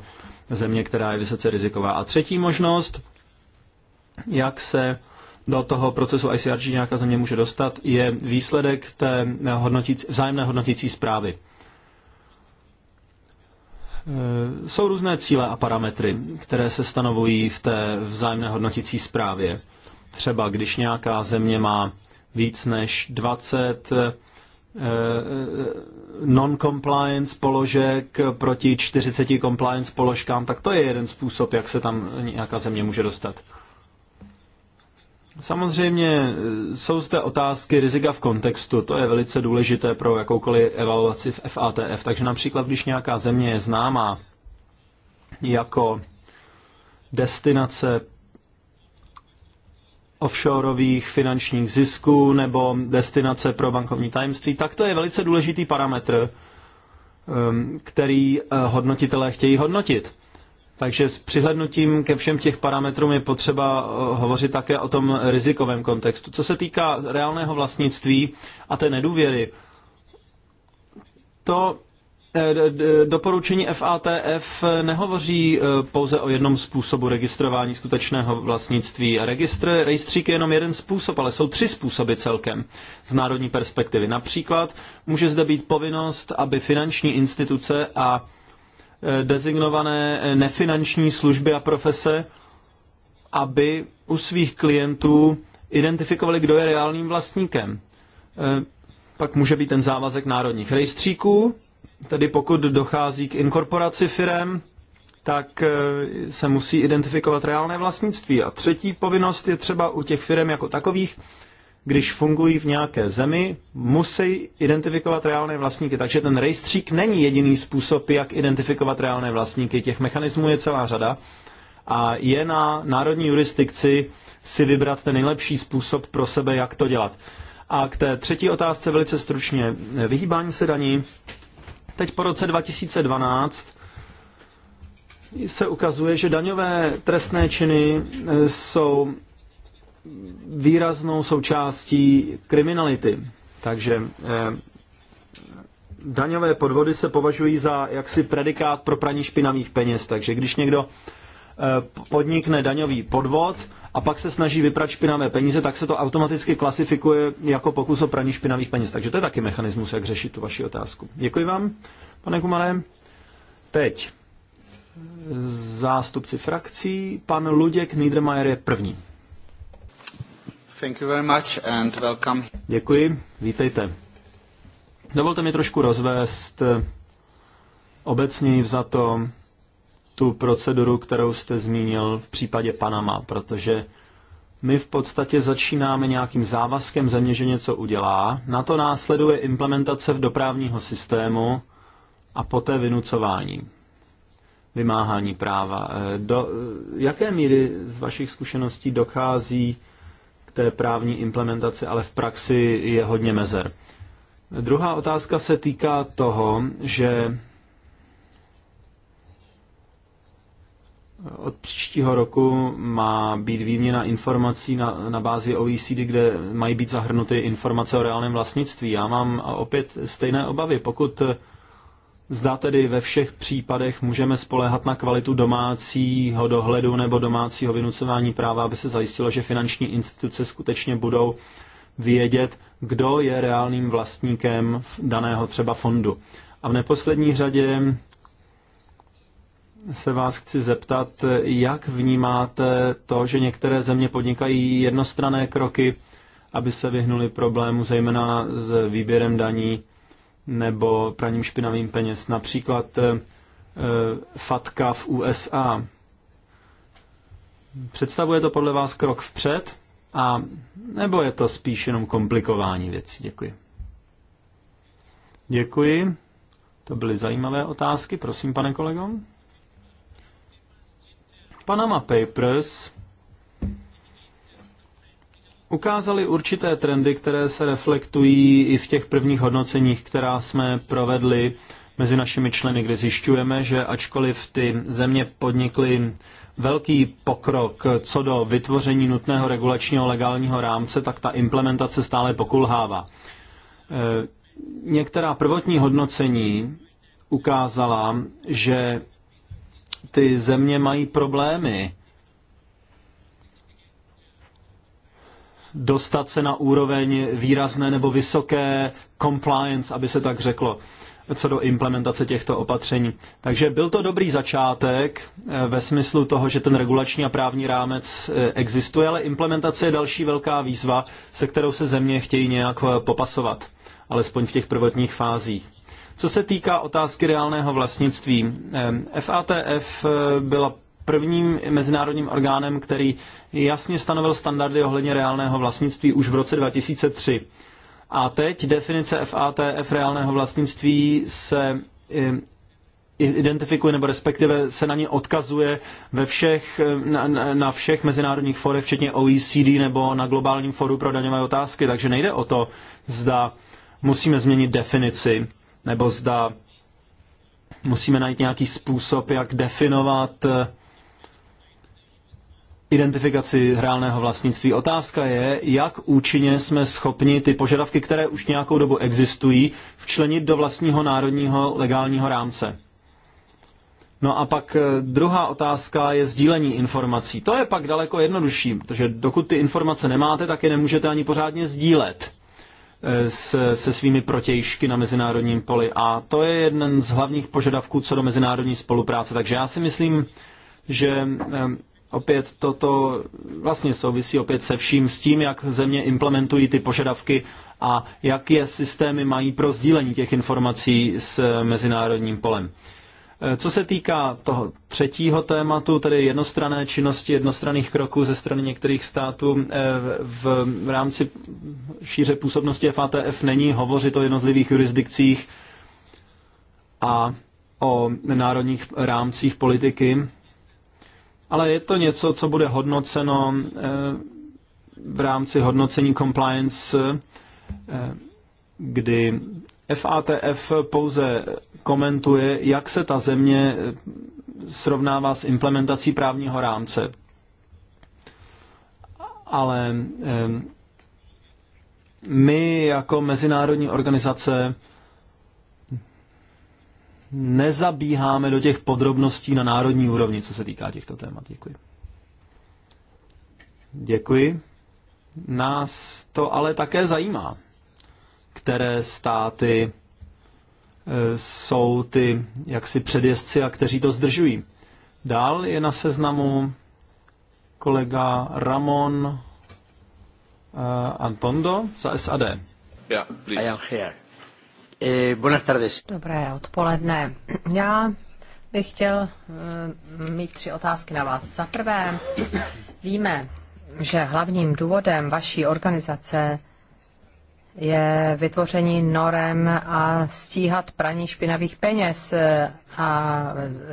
Speaker 4: země, která je vysoce riziková. A třetí možnost, jak se do toho procesu ICRG nějaká země může dostat, je výsledek té hodnotící, vzájemné hodnotící zprávy. Eh, jsou různé cíle a parametry, které se stanovují v té vzájemné hodnotící zprávě. Třeba když nějaká země má víc než 20 eh, eh, non-compliance položek proti 40 compliance položkám, tak to je jeden způsob, jak se tam nějaká země může dostat. Samozřejmě e, jsou zde otázky rizika v kontextu, to je velice důležité pro jakoukoliv evaluaci v FATF, takže například, když nějaká země je známá jako destinace offshoreových finančních zisků nebo destinace pro bankovní tajemství, tak to je velice důležitý parametr, e, který e, hodnotitelé chtějí hodnotit. Takže s přihlednutím ke všem těch parametrům je potřeba eh, hovořit také o tom rizikovém kontextu. Co se týká reálného vlastnictví a té nedůvěry, to eh, doporučení FATF nehovoří eh, pouze o jednom způsobu registrování skutečného vlastnictví. Registr, rejstřík je jenom jeden způsob, ale jsou tři způsoby celkem z národní perspektivy. Například může zde být povinnost, aby finanční instituce a dezignované nefinanční služby a profese, aby u svých klientů identifikovali, kdo je reálným vlastníkem. E, pak může být ten závazek národních rejstříků, tedy pokud dochází k inkorporaci firem, tak e, se musí identifikovat reálné vlastnictví. A třetí povinnost je třeba u těch firm jako takových když fungují v nějaké zemi, musí identifikovat reálné vlastníky. Takže ten rejstřík není jediný způsob, jak identifikovat reálné vlastníky. Těch mechanismů je celá řada a je na národní jurisdikci si vybrat ten nejlepší způsob pro sebe, jak to dělat. A k té třetí otázce velice stručně. Vyhýbání se daní. Teď po roce 2012 se ukazuje, že daňové trestné činy eh, jsou výraznou součástí kriminality. Takže eh, daňové podvody se považují za jaksi predikát pro praní špinavých peněz. Takže když někdo eh, podnikne daňový podvod a pak se snaží vyprat špinavé peníze, tak se to automaticky klasifikuje jako pokus o praní špinavých peněz. Takže to je taky mechanismus, jak řešit tu vaši otázku. Děkuji vám, pane Kumare. Teď zástupci frakcí. Pan Luděk Niedermayer je první.
Speaker 3: Thank you very much and welcome.
Speaker 4: Děkuji, vítejte. Dovolte mi trošku rozvést eh, obecně vzato tu proceduru, kterou jste zmínil v případě Panama, protože my v podstatě začínáme nějakým závazkem země, že něco udělá, na to následuje implementace v dopravního systému a poté vynucování, vymáhání práva. Eh, do eh, jaké míry z vašich zkušeností dochází té právní implementaci, ale v praxi je hodně mezer. Druhá otázka se týká toho, že Od příštího roku má být výměna informací na, na bázi OECD, kde mají být zahrnuty informace o reálném vlastnictví. Já mám opět stejné obavy. Pokud Zda tedy ve všech případech můžeme spoléhat na kvalitu domácího dohledu nebo domácího vynucování práva, aby se zajistilo, že finanční instituce skutečně budou vědět, kdo je reálným vlastníkem daného třeba fondu. A v neposlední řadě se vás chci zeptat, jak vnímáte to, že některé země podnikají jednostrané kroky, aby se vyhnuli problému, zejména s výběrem daní nebo praním špinavým peněz. Například eh, eh, FATKA v USA. Představuje to podle vás krok vpřed? A nebo je to spíš jenom komplikování věcí? Děkuji. Děkuji. To byly zajímavé otázky. Prosím, pane kolego. Panama Papers ukázaly určité trendy, které se reflektují i v těch prvních hodnoceních, která jsme provedli mezi našimi členy, kde zjišťujeme, že ačkoliv ty země podnikly velký pokrok co do vytvoření nutného regulačního legálního rámce, tak ta implementace stále pokulhává. E, některá prvotní hodnocení ukázala, že ty země mají problémy dostat se na úroveň výrazné nebo vysoké compliance, aby se tak řeklo, co do implementace těchto opatření. Takže byl to dobrý začátek eh, ve smyslu toho, že ten regulační a právní rámec eh, existuje, ale implementace je další velká výzva, se kterou se země chtějí nějak eh, popasovat, alespoň v těch prvotních fázích. Co se týká otázky reálného vlastnictví, FATF byla prvním mezinárodním orgánem, který jasně stanovil standardy ohledně reálného vlastnictví už v roce 2003. A teď definice FATF reálného vlastnictví se eh, identifikuje nebo respektive se na ně odkazuje ve všech, eh, na, na všech mezinárodních forech, včetně OECD nebo na globálním foru pro daňové otázky. Takže nejde o to, zda musíme změnit definici nebo zda musíme najít nějaký způsob, jak definovat eh, identifikaci reálného vlastnictví. Otázka je, jak účinně jsme schopni ty požadavky, které už nějakou dobu existují, včlenit do vlastního národního legálního rámce. No a pak eh, druhá otázka je sdílení informací. To je pak daleko jednodušší, protože dokud ty informace nemáte, tak je nemůžete ani pořádně sdílet eh, se, se svými protějšky na mezinárodním poli. A to je jeden z hlavních požadavků co do mezinárodní spolupráce. Takže já si myslím, že eh, opět toto vlastně souvisí opět se vším s tím, jak země implementují ty požadavky a jaké systémy mají pro sdílení těch informací s mezinárodním polem. Eh, co se týká toho třetího tématu, tedy jednostrané činnosti, jednostranných kroků ze strany některých států eh, v, v rámci šíře působnosti FATF není hovořit o jednotlivých jurisdikcích a o národních rámcích politiky, ale je to něco, co bude hodnoceno eh, v rámci hodnocení compliance, eh, kdy FATF pouze komentuje, jak se ta země eh, srovnává s implementací právního rámce. Ale my jako mezinárodní organizace nezabíháme do těch podrobností na národní úrovni, co se týká těchto témat. Děkuji. Děkuji. Nás to ale také zajímá, které státy e, jsou ty jaksi předjezdci a kteří to zdržují. Dál je na seznamu kolega Ramon uh, Antondo za SAD. Yeah, please. I am here. Eh,
Speaker 2: Dobré odpoledne. Já bych chtěl eh, mít tři otázky na vás. Za prvé, víme, že hlavním důvodem vaší organizace je vytvoření norem a stíhat praní špinavých peněz eh, a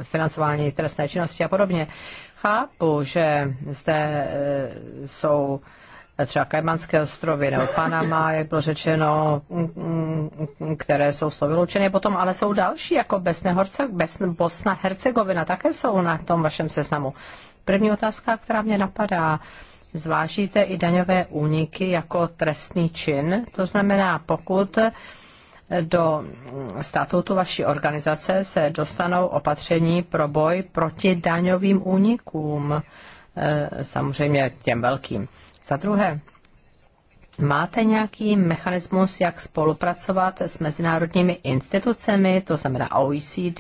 Speaker 2: financování trestné činnosti a podobně. Chápu, že zde jsou třeba Kajmanské ostrovy nebo Panama, jak bylo řečeno, mm, mm, které jsou z toho vyloučeny. Potom ale jsou další, jako Bosna, Hercegovina, také jsou na tom vašem seznamu. První otázka, která mě napadá, zvážíte i daňové úniky jako trestný čin? To znamená, pokud do statutu vaší organizace se dostanou opatření pro boj proti daňovým únikům, e, samozřejmě těm velkým. Za druhé, Máte nějaký mechanismus, jak spolupracovat s mezinárodními institucemi, to znamená OECD,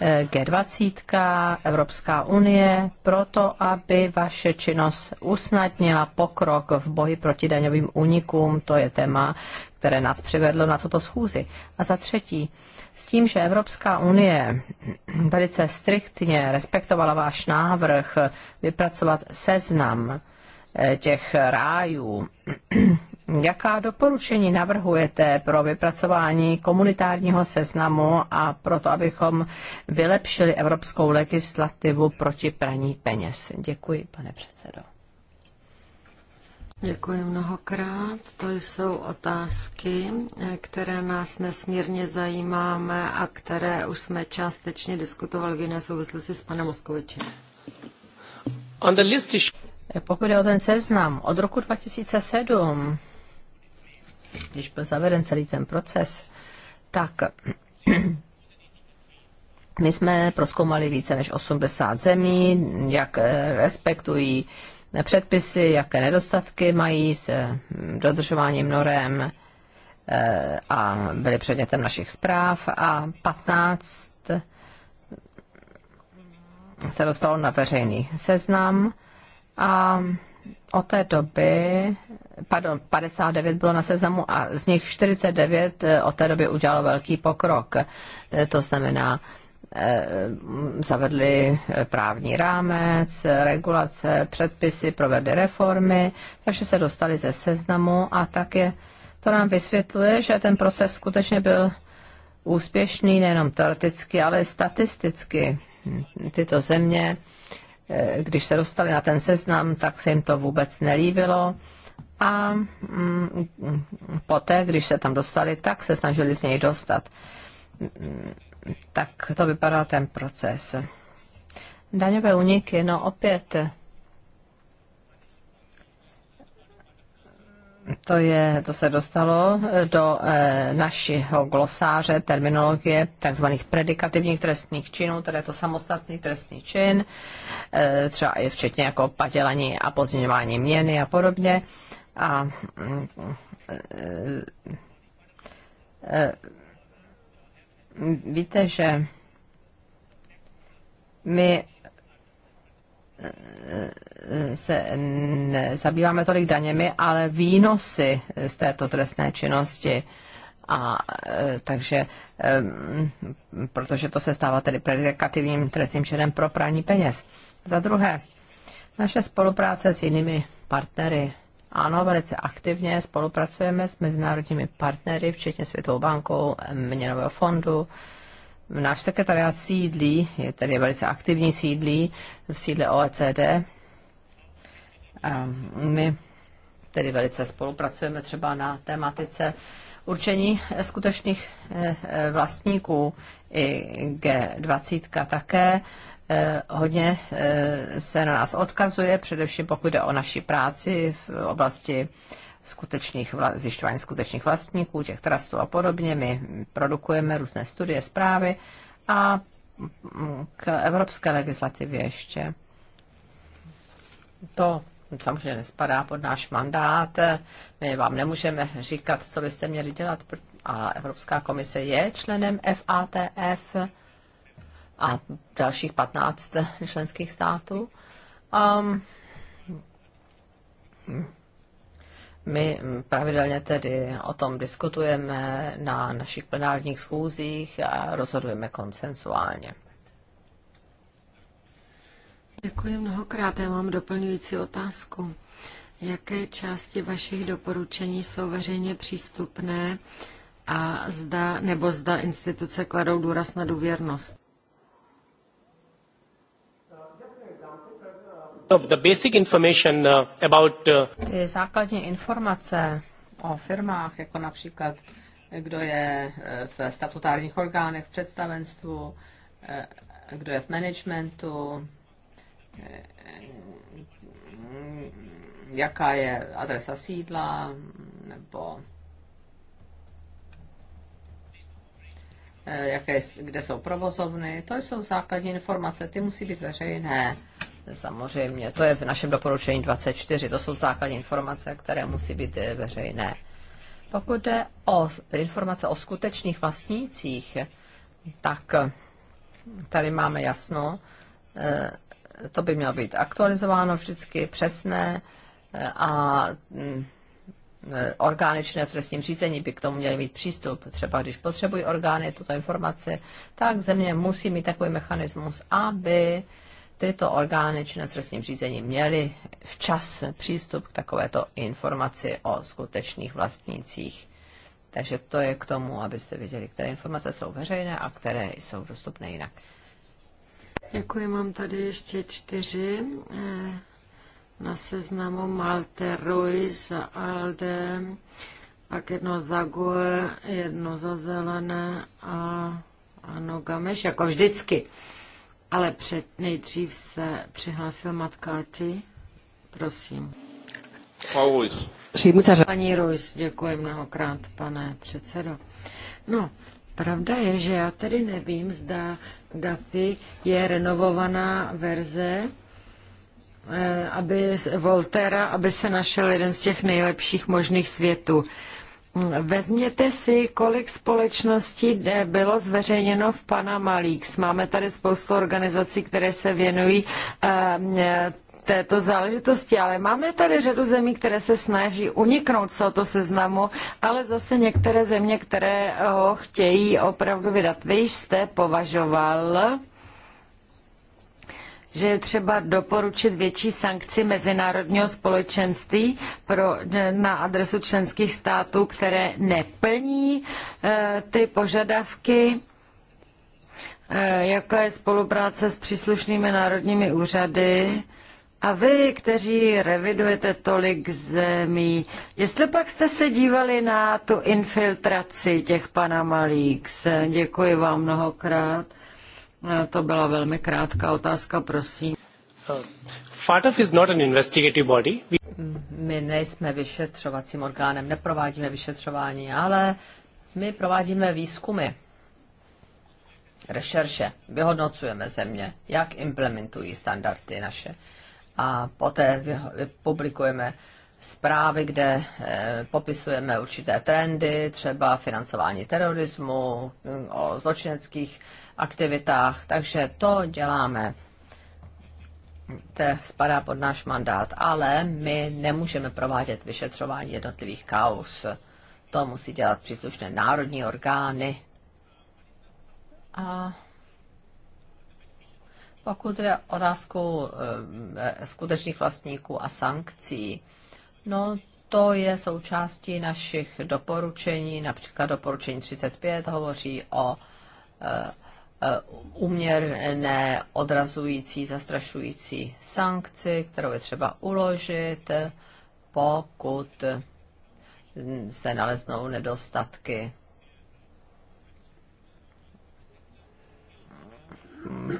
Speaker 2: eh, G20, Evropská unie, proto, aby vaše činnost usnadnila pokrok v boji proti daňovým únikům, to je téma, které nás přivedlo na tuto schůzi. A za třetí, s tím, že Evropská unie velice striktně respektovala váš návrh vypracovat seznam těch rájů. *clears throat* Jaká doporučení navrhujete pro vypracování komunitárního seznamu a proto, abychom vylepšili evropskou legislativu proti praní peněz? Děkuji, pane předsedo.
Speaker 1: Děkuji mnohokrát. To jsou otázky, které nás nesmírně zajímáme a které už jsme částečně diskutovali v jiné souvislosti s panem Moskovičem.
Speaker 2: On pokud je o ten seznam, od roku 2007, když byl zaveden celý ten proces, tak *clears throat* my jsme proskoumali více než 80 zemí, jak eh, respektují předpisy, jaké nedostatky mají s eh, dodržováním norem eh, a byly předmětem našich zpráv a 15 se dostalo na veřejný seznam a od té doby, pardon, 59 bylo na seznamu a z nich 49 eh, od té doby udělalo velký pokrok. Eh, to znamená, eh, zavedli právní rámec, regulace, předpisy, provedli reformy, takže se dostali ze seznamu a tak je, to nám vysvětluje, že ten proces skutečně byl úspěšný nejenom teoreticky, ale statisticky. Tyto země Eh, když se dostali na ten seznam, tak se jim to vůbec nelíbilo. A mm, poté, když se tam dostali, tak se snažili z něj dostat. Mm, tak to vypadal ten proces. Daňové uniky, no opět to, je, to se dostalo eh, do e, našeho glosáře terminologie tzv. predikativních trestných činů, tedy je to samostatný trestný čin, e, třeba i včetně jako padělaní a pozměňování měny a podobně. A e, víte, že my se nezabýváme tolik daněmi, ale výnosy z této trestné činnosti. A e, takže, e, protože to se stává tedy predikativním trestným činem pro praní peněz. Za druhé, naše spolupráce s jinými partnery. Ano, velice aktivně spolupracujeme s mezinárodními partnery, včetně Světovou bankou, Měnového fondu. Náš sekretariat sídlí, je tedy velice aktivní sídlí v sídle OECD my tedy velice spolupracujeme třeba na tématice určení skutečných eh, eh, vlastníků. I G20 také eh, hodně se na nás odkazuje, především pokud jde o naši práci v oblasti skutečných, zjišťování skutečných vlastníků, těch trustů a podobně. My produkujeme různé studie, zprávy a k evropské legislativě ještě. To samozřejmě nespadá pod náš mandát, my vám nemůžeme říkat, co byste měli dělat, ale Evropská komise je členem FATF a dalších 15 členských států. Um, my pravidelně tedy o tom diskutujeme na našich plenárních schůzích a rozhodujeme konsensuálně.
Speaker 1: Děkuji mnohokrát. Já mám doplňující otázku. Jaké části vašich doporučení jsou veřejně přístupné a zda nebo zda instituce kladou důraz na důvěrnost?
Speaker 3: The basic information uh, about...
Speaker 2: Uh, Ty základní informace o firmách, jako například kdo je eh, v statutárních orgánech, v představenstvu, eh, kdo je v managementu, jaká je adresa sídla, nebo eh, jaké, kde jsou provozovny. To jsou základní informace, ty musí být veřejné. Samozřejmě, to je v našem doporučení 24, to jsou základní informace, které musí být eh, veřejné. Pokud jde o informace o skutečných vlastnících, tak eh, tady máme jasno, to by mělo být aktualizováno vždycky přesné eh, a mm, eh, orgány činné v trestním řízení by k tomu měly mít přístup. Třeba když potřebují orgány tuto informaci, tak země musí mít takový mechanismus, aby tyto orgány činné v trestním řízení měly včas přístup k takovéto informaci o skutečných vlastnících. Takže to je k tomu, abyste věděli, které informace jsou veřejné a které jsou dostupné jinak. Děkuji, mám tady ještě
Speaker 1: čtyři. Eh, na seznamu Malte Ruiz a Alde, pak jedno za GUE, jedno za Zelené a ano, Gameš, jako vždycky. Ale před nejdřív se přihlásil Matkarty. Prosím. Paní Ruiz, děkuji mnohokrát, pane předsedo. No, Pravda je, že já tedy nevím, zda Daffy je renovovaná verze eh, aby Voltera, aby se našel jeden z těch nejlepších možných světů. Vezměte si, kolik společností eh, bylo zveřejněno v Panama Leaks. Máme tady spoustu organizací, které se věnují eh, této záležitosti, ale máme tady řadu zemí, které se snaží uniknout z tohoto seznamu, ale zase některé země, které ho chtějí opravdu vydat. Vy jste považoval že je třeba doporučit větší sankci mezinárodního společenství pro, na adresu členských států, které neplní e, ty požadavky, e, eh, jaká je spolupráce s příslušnými národními úřady a vy, kteří revidujete tolik zemí, jestli pak jste se dívali na tu infiltraci těch Panama Leaks, děkuji vám mnohokrát. To byla velmi krátká otázka, prosím.
Speaker 3: Uh, FATF is not an investigative body.
Speaker 2: My nejsme vyšetřovacím orgánem, neprovádíme vyšetřování, ale my provádíme výzkumy, rešerše, vyhodnocujeme země, jak implementují standardy naše a poté publikujeme zprávy, kde eh, popisujeme určité trendy, třeba financování terorismu, mm, o zločineckých aktivitách, takže to děláme. To spadá pod náš mandát, ale my nemůžeme provádět vyšetřování jednotlivých kaus. To musí dělat příslušné národní orgány. A pokud jde otázku eh, skutečných vlastníků a sankcí, no to je součástí našich doporučení, například doporučení 35 hovoří o eh, eh, uměrné, odrazující, zastrašující sankci, kterou je třeba uložit, pokud se naleznou nedostatky.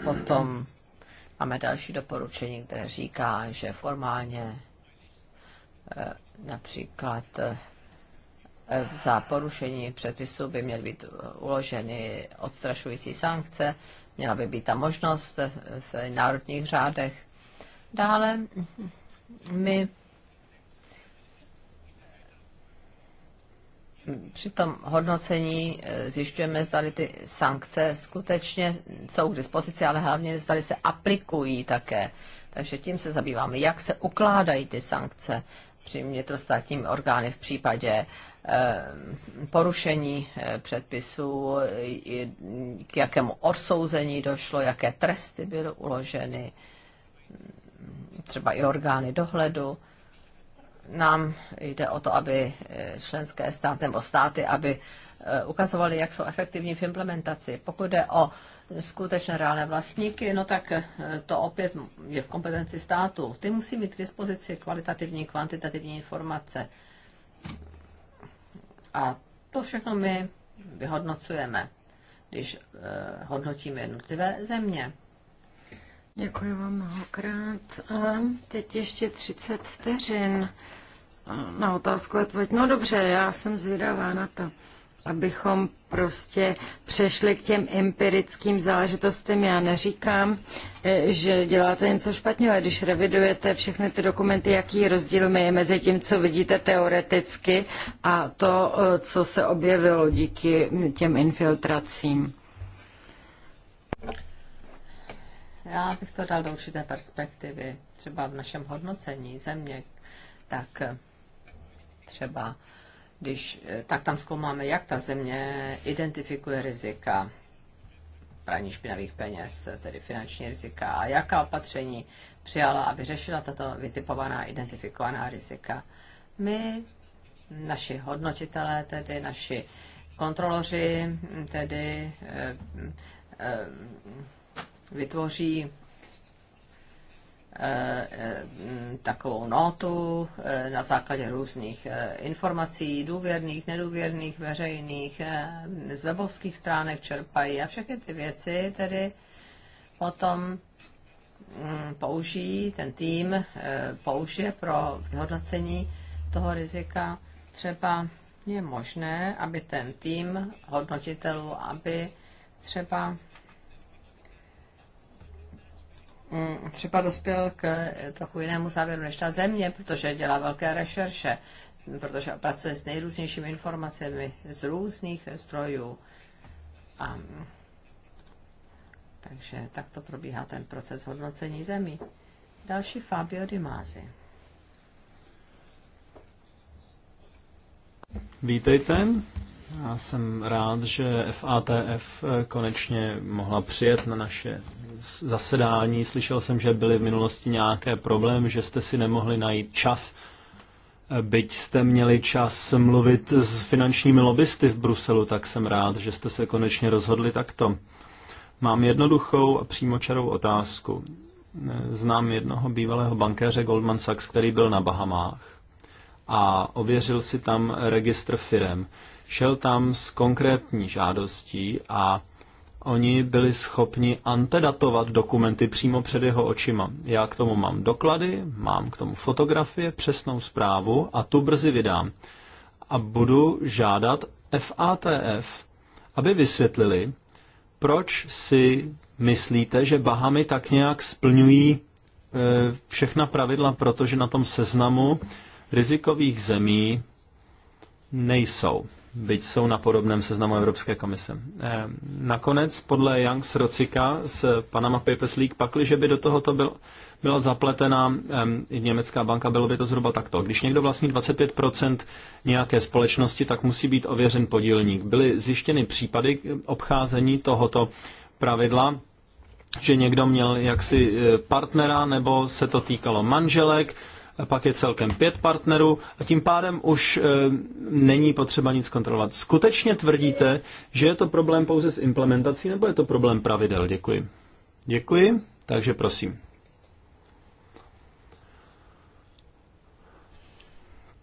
Speaker 2: Potom Máme další doporučení, které říká, že formálně eh, například eh, za porušení předpisu by měly být uloženy odstrašující sankce, měla by být ta možnost v národních řádech. Dále my při tom hodnocení eh, zjišťujeme, zdali ty sankce skutečně jsou k dispozici, ale hlavně zdali se aplikují také. Takže tím se zabýváme, jak se ukládají ty sankce při vnitrostátním orgány v případě eh, porušení eh, předpisů, k jakému odsouzení došlo, jaké tresty byly uloženy, třeba i orgány dohledu nám jde o to, aby eh, členské státy nebo státy, aby eh, ukazovali, jak jsou efektivní v implementaci. Pokud jde o skutečné reálné vlastníky, no tak eh, to opět je v kompetenci státu. Ty musí mít k dispozici kvalitativní, kvantitativní informace. A to všechno my vyhodnocujeme, když hodnotíme jednotlivé země. Děkuji vám mnohokrát.
Speaker 1: A teď ještě 30 vteřin
Speaker 2: na otázku
Speaker 1: odpověď. No dobře, já jsem zvědavá na to, abychom prostě přešli k těm empirickým záležitostem. Já neříkám, eh, že děláte něco špatně, ale když revidujete všechny ty dokumenty, jaký rozdíl je mezi tím, co vidíte teoreticky a to, eh, co se objevilo díky těm infiltracím.
Speaker 2: Já bych to dal do určité perspektivy. Třeba v našem hodnocení země, tak třeba, když, eh, tak tam zkoumáme, jak ta země identifikuje rizika praní špinavých peněz, tedy finanční rizika, a jaká opatření přijala, aby řešila tato vytipovaná, identifikovaná rizika. My, naši hodnotitelé, tedy naši kontroloři, tedy eh, eh, vytvoří Eh, takovou notu eh, na základě různých eh, informací, důvěrných, nedůvěrných, veřejných, z webovských stránek čerpají a všechny ty věci tedy potom mm, použijí, ten tým použije pro vyhodnocení toho rizika. Třeba je možné, aby ten tým hodnotitelů, aby třeba Mm, třeba dospěl k eh, trochu jinému závěru než ta země, protože dělá velké rešerše, protože pracuje s nejrůznějšími informacemi z různých zdrojů. A, mm, takže takto probíhá ten proces hodnocení zemí. Další Fabio Di Masi.
Speaker 4: Vítejte. Já jsem rád, že FATF eh, konečně mohla přijet na naše zasedání. Slyšel jsem, že byly v minulosti nějaké problémy, že jste si nemohli najít čas, eh, byť jste měli čas mluvit s finančními lobbysty v Bruselu, tak jsem rád, že jste se konečně rozhodli takto. Mám jednoduchou a přímočarou otázku. Eh, znám jednoho bývalého bankéře Goldman Sachs, který byl na Bahamách a ověřil si tam registr firem. Šel tam s konkrétní žádostí a oni byli schopni antedatovat dokumenty přímo před jeho očima. Já k tomu mám doklady, mám k tomu fotografie, přesnou zprávu a tu brzy vydám. A budu žádat FATF, aby vysvětlili, proč si myslíte, že Bahamy tak nějak splňují e, všechna pravidla, protože na tom seznamu rizikových zemí nejsou byť jsou na podobném seznamu Evropské komise. Eh, nakonec podle Youngs Rocika z Panama Papers League pakli, že by do tohoto byl, byla zapletena i německá banka, bylo by to zhruba takto. Když někdo vlastní 25% nějaké společnosti, tak musí být ověřen podílník. Byly zjištěny případy obcházení tohoto pravidla, že někdo měl jaksi eh, partnera, nebo se to týkalo manželek, pak je celkem pět partnerů a tím pádem už eh, není potřeba nic kontrolovat. Skutečně tvrdíte, že je to problém pouze s implementací nebo je to problém pravidel? Děkuji. Děkuji, takže prosím.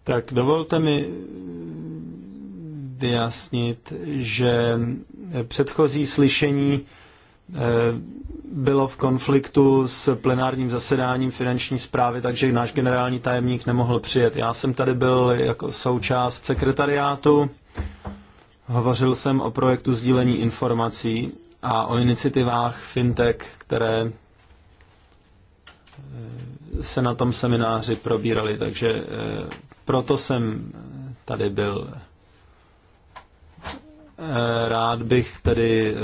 Speaker 4: Tak dovolte mi eh, vyjasnit, že eh, předchozí slyšení Eh, bylo v konfliktu s plenárním zasedáním finanční zprávy, takže náš generální tajemník nemohl přijet. Já jsem tady byl jako součást sekretariátu, hovořil jsem o projektu sdílení informací a o iniciativách fintech, které eh, se na tom semináři probírali, takže eh, proto jsem tady byl. Rád bych tedy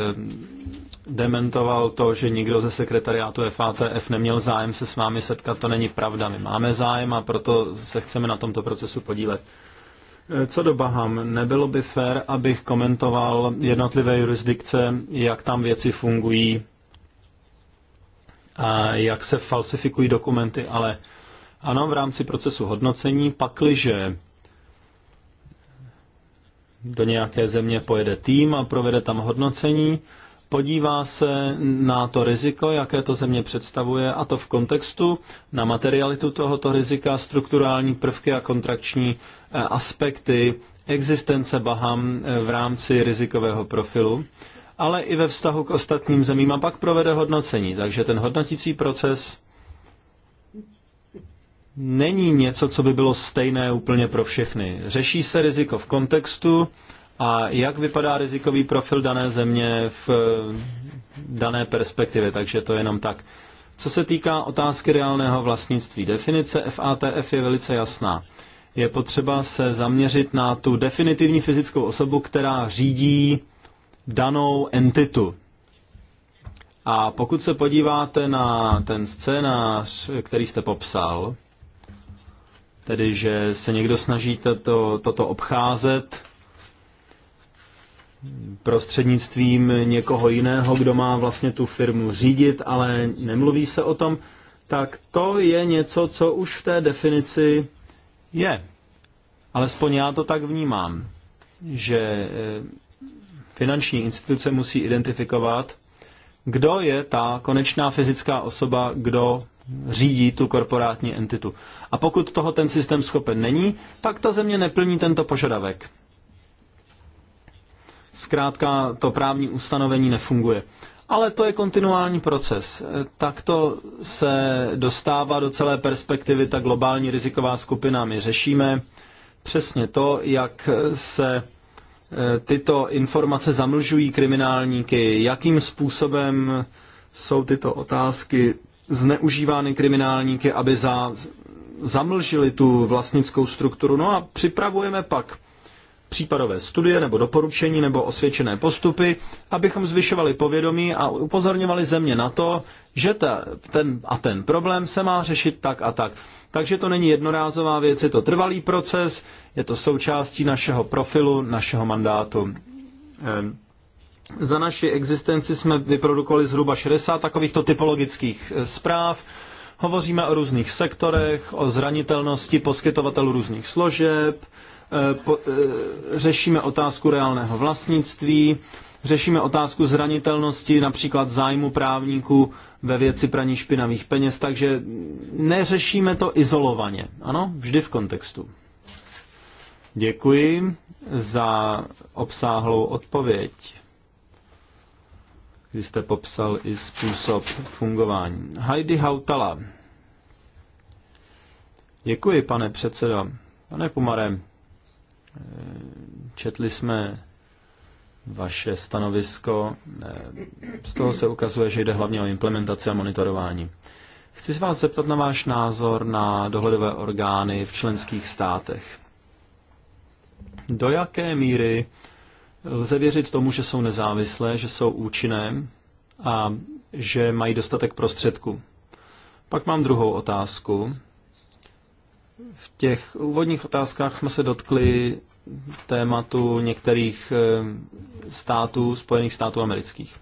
Speaker 4: dementoval to, že nikdo ze sekretariátu FATF neměl zájem se s vámi setkat, to není pravda. My máme zájem a proto se chceme na tomto procesu podílet. E, co do Baham, nebylo by fér, abych komentoval jednotlivé jurisdikce, jak tam věci fungují a jak se falsifikují dokumenty, ale ano, v rámci procesu hodnocení, pakliže do nějaké země pojede tým a provede tam hodnocení, podívá se na to riziko, jaké to země představuje, a to v kontextu na materialitu tohoto rizika, strukturální prvky a kontrakční e, aspekty existence Baham e, v rámci rizikového profilu, ale i ve vztahu k ostatním zemím a pak provede hodnocení. Takže ten hodnotící proces není něco, co by bylo stejné úplně pro všechny. Řeší se riziko v kontextu, a jak vypadá rizikový profil dané země v eh, dané perspektivě, takže to je jenom tak. Co se týká otázky reálného vlastnictví, definice FATF je velice jasná. Je potřeba se zaměřit na tu definitivní fyzickou osobu, která řídí danou entitu. A pokud se podíváte na ten scénář, který jste popsal, tedy že se někdo snaží to, toto obcházet, prostřednictvím někoho jiného, kdo má vlastně tu firmu řídit, ale nemluví se o tom, tak to je něco, co už v té definici je. Alespoň já to tak vnímám, že eh, finanční instituce musí identifikovat, kdo je ta konečná fyzická osoba, kdo řídí tu korporátní entitu. A pokud toho ten systém schopen není, tak ta země neplní tento požadavek. Zkrátka to právní ustanovení nefunguje. Ale to je kontinuální proces. Takto se dostává do celé perspektivy ta globální riziková skupina. My řešíme přesně to, jak se eh, tyto informace zamlžují kriminálníky, jakým způsobem jsou tyto otázky zneužívány kriminálníky, aby za, zamlžili tu vlastnickou strukturu. No a připravujeme pak případové studie nebo doporučení nebo osvědčené postupy, abychom zvyšovali povědomí a upozorňovali země na to, že ta, ten a ten problém se má řešit tak a tak. Takže to není jednorázová věc, je to trvalý proces, je to součástí našeho profilu, našeho mandátu. Ehm, za naši existenci jsme vyprodukovali zhruba 60 takovýchto typologických eh, zpráv. Hovoříme o různých sektorech, o zranitelnosti poskytovatelů různých složeb, Eh, po, eh, řešíme otázku reálného vlastnictví, řešíme otázku zranitelnosti, například zájmu právníků ve věci praní špinavých peněz, takže neřešíme to izolovaně. Ano, vždy v kontextu. Děkuji za obsáhlou odpověď. Vy jste popsal i způsob fungování. Heidi Hautala. Děkuji, pane předsedo. Pane Pumare. Eh, četli jsme vaše stanovisko. Eh, z toho se ukazuje, že jde hlavně o implementaci a monitorování. Chci se vás zeptat na váš názor na dohledové orgány v členských státech. Do jaké míry lze věřit tomu, že jsou nezávislé, že jsou účinné a že mají dostatek prostředků? Pak mám druhou otázku v těch úvodních otázkách jsme se dotkli tématu některých eh, států, Spojených států amerických.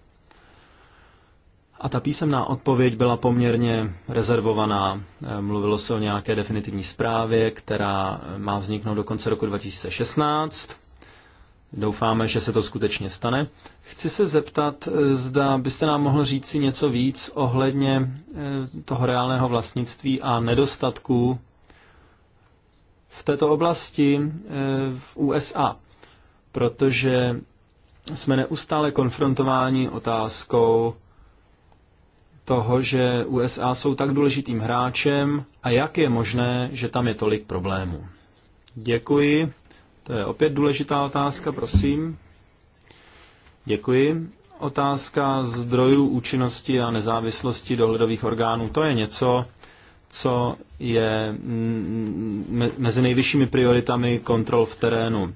Speaker 4: A ta písemná odpověď byla poměrně rezervovaná. Eh, mluvilo se o nějaké definitivní zprávě, která eh, má vzniknout do konce roku 2016. Doufáme, že se to skutečně stane. Chci se zeptat, zda byste nám mohl říci něco víc ohledně toho reálného vlastnictví a nedostatků v této oblasti eh, v USA, protože jsme neustále konfrontováni otázkou toho, že USA jsou tak důležitým hráčem a jak je možné, že tam je tolik problémů. Děkuji. To je opět důležitá otázka, prosím. Děkuji. Otázka zdrojů účinnosti a nezávislosti dohledových orgánů, to je něco, co je mezi nejvyššími prioritami kontrol v terénu.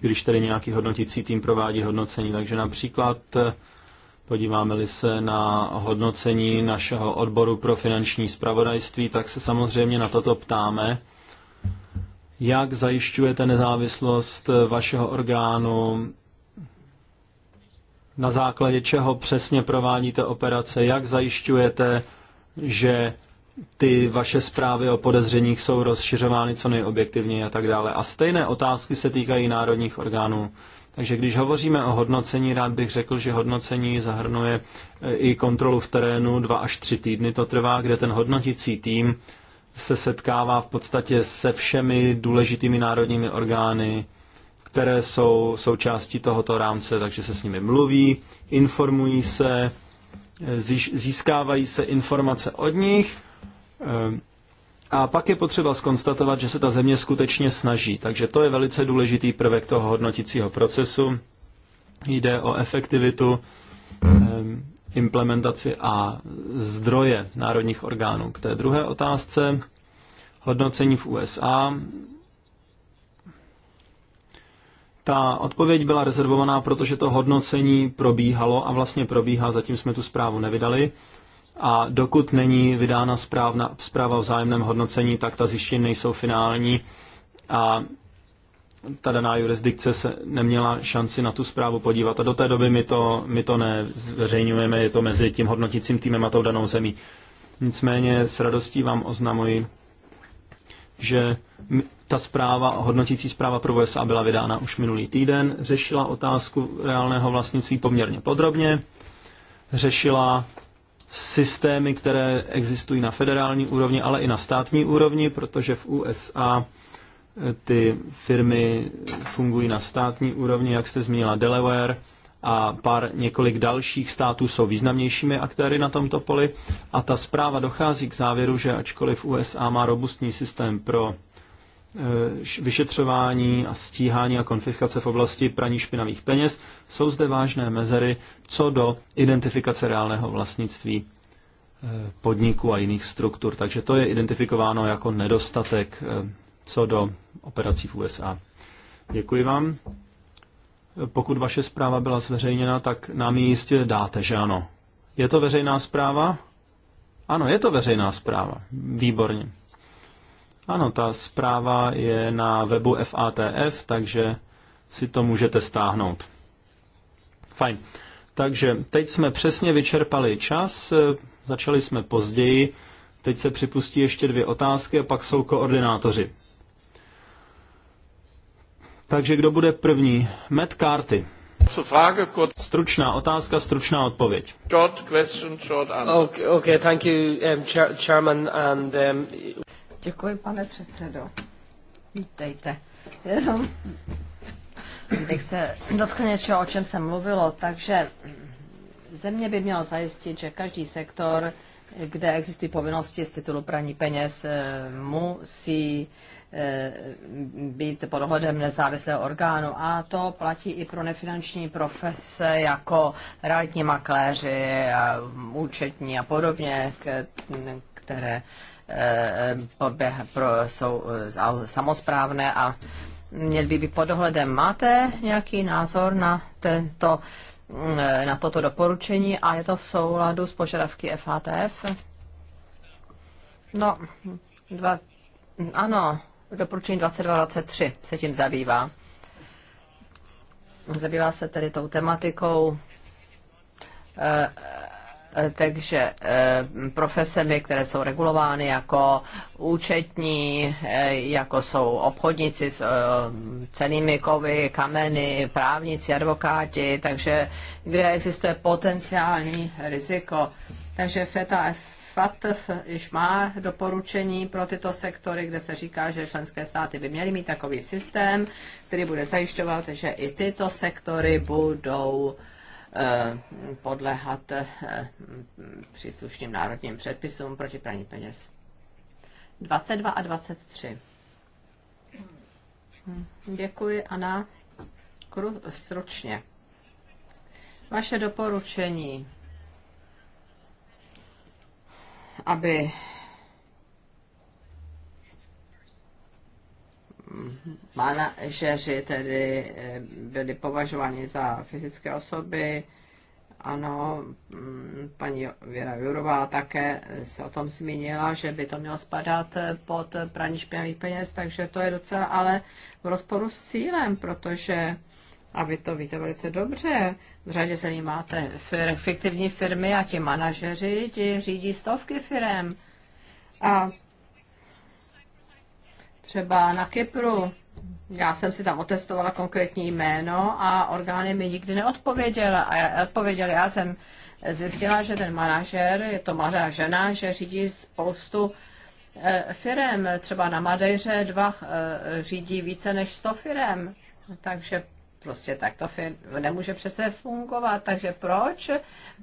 Speaker 4: Když tedy nějaký hodnotící tým provádí hodnocení, takže například eh, Podíváme-li se na hodnocení našeho odboru pro finanční spravodajství, tak se samozřejmě na toto ptáme. Jak zajišťujete nezávislost eh, vašeho orgánu? Na základě čeho přesně provádíte operace? Jak zajišťujete že ty vaše zprávy o podezřeních jsou rozšiřovány co nejobjektivněji a tak dále. A stejné otázky se týkají národních orgánů. Takže když hovoříme o hodnocení, rád bych řekl, že hodnocení zahrnuje eh, i kontrolu v terénu, dva až tři týdny to trvá, kde ten hodnotící tým se setkává v podstatě se všemi důležitými národními orgány, které jsou součástí tohoto rámce, takže se s nimi mluví, informují se, získávají se informace od nich ehm, a pak je potřeba skonstatovat, že se ta země skutečně snaží. Takže to je velice důležitý prvek toho hodnotícího procesu. Jde o efektivitu, ehm, implementaci a zdroje národních orgánů. K té druhé otázce, hodnocení v USA, ta odpověď byla rezervovaná, protože to hodnocení probíhalo a vlastně probíhá, zatím jsme tu zprávu nevydali. A dokud není vydána správna, zpráva o vzájemném hodnocení, tak ta zjištění nejsou finální a ta daná jurisdikce se neměla šanci na tu zprávu podívat. A do té doby my to, my to nezveřejňujeme, je to mezi tím hodnotícím týmem a tou danou zemí. Nicméně s radostí vám oznamuji, že ta zpráva, hodnotící zpráva pro USA byla vydána už minulý týden, řešila otázku reálného vlastnictví poměrně podrobně, řešila systémy, které existují na federální úrovni, ale i na státní úrovni, protože v USA eh, ty firmy fungují na státní úrovni, jak jste zmínila Delaware a pár několik dalších států jsou významnějšími aktéry na tomto poli a ta zpráva dochází k závěru, že ačkoliv USA má robustní systém pro Eh, vyšetřování a stíhání a konfiskace v oblasti praní špinavých peněz, jsou zde vážné mezery co do identifikace reálného vlastnictví eh, podniků a jiných struktur. Takže to je identifikováno jako nedostatek eh, co do operací v USA. Děkuji vám. Pokud vaše zpráva byla zveřejněna, tak nám ji jistě dáte, že ano. Je to veřejná zpráva? Ano, je to veřejná zpráva. Výborně. Ano, ta zpráva je na webu FATF, takže si to můžete stáhnout. Fajn. Takže teď jsme přesně vyčerpali čas, začali jsme později, teď se připustí ještě dvě otázky a pak jsou koordinátoři. Takže kdo bude první? Matt Carty. Stručná otázka, stručná odpověď.
Speaker 3: Short question, short answer.
Speaker 4: Okay, okay thank you, um, chairman, and um... Děkuji, pane předsedo.
Speaker 2: Vítejte. Jenom bych se dotkl něčeho, o čem se mluvilo, takže země by mělo zajistit, že každý sektor, kde existují povinnosti z titulu praní peněz, eh, musí eh, být pod dohledem nezávislého orgánu. A to platí i pro nefinanční profese jako realitní makléři, a účetní a podobně, které pro, jsou eh, samozprávné a měl by být pod dohledem. Máte nějaký názor na tento eh, na toto doporučení a je to v souladu s požadavky FATF? No, dva, ano, doporučení 2223 se tím zabývá. Zabývá se tedy tou tematikou eh, Eh, takže eh, profesemi, které jsou regulovány jako účetní, eh, jako jsou obchodníci s cenými kovy, kameny, právníci, advokáti, takže kde existuje potenciální riziko. Takže FETA FATF již má doporučení pro tyto sektory, kde se říká, že členské státy by měly mít takový systém, který bude zajišťovat, že i tyto sektory budou uh, Eh, podléhat eh, příslušným národním předpisům proti praní peněz. 22 a 23. Hm, děkuji, Ana. Kru, stručně. Vaše doporučení, aby manažeři tedy eh, byli považováni za fyzické osoby. Ano, mm, paní Věra Jurová také se o tom zmínila, že by to mělo spadat eh, pod praní špinavých peněz, takže to je docela ale v rozporu s cílem, protože a vy to víte velice dobře. V řadě zemí máte fir, fiktivní firmy a ti manažeři ti řídí stovky firm. A Třeba na Kypru. Já jsem si tam otestovala konkrétní jméno a orgány mi nikdy neodpověděly. A já, odpověděli. já jsem zjistila, že ten manažer, je to mladá žena, že řídí spoustu e, firem. Třeba na Madejře dva e, řídí více než sto firem. Takže prostě tak to nemůže přece fungovat. Takže proč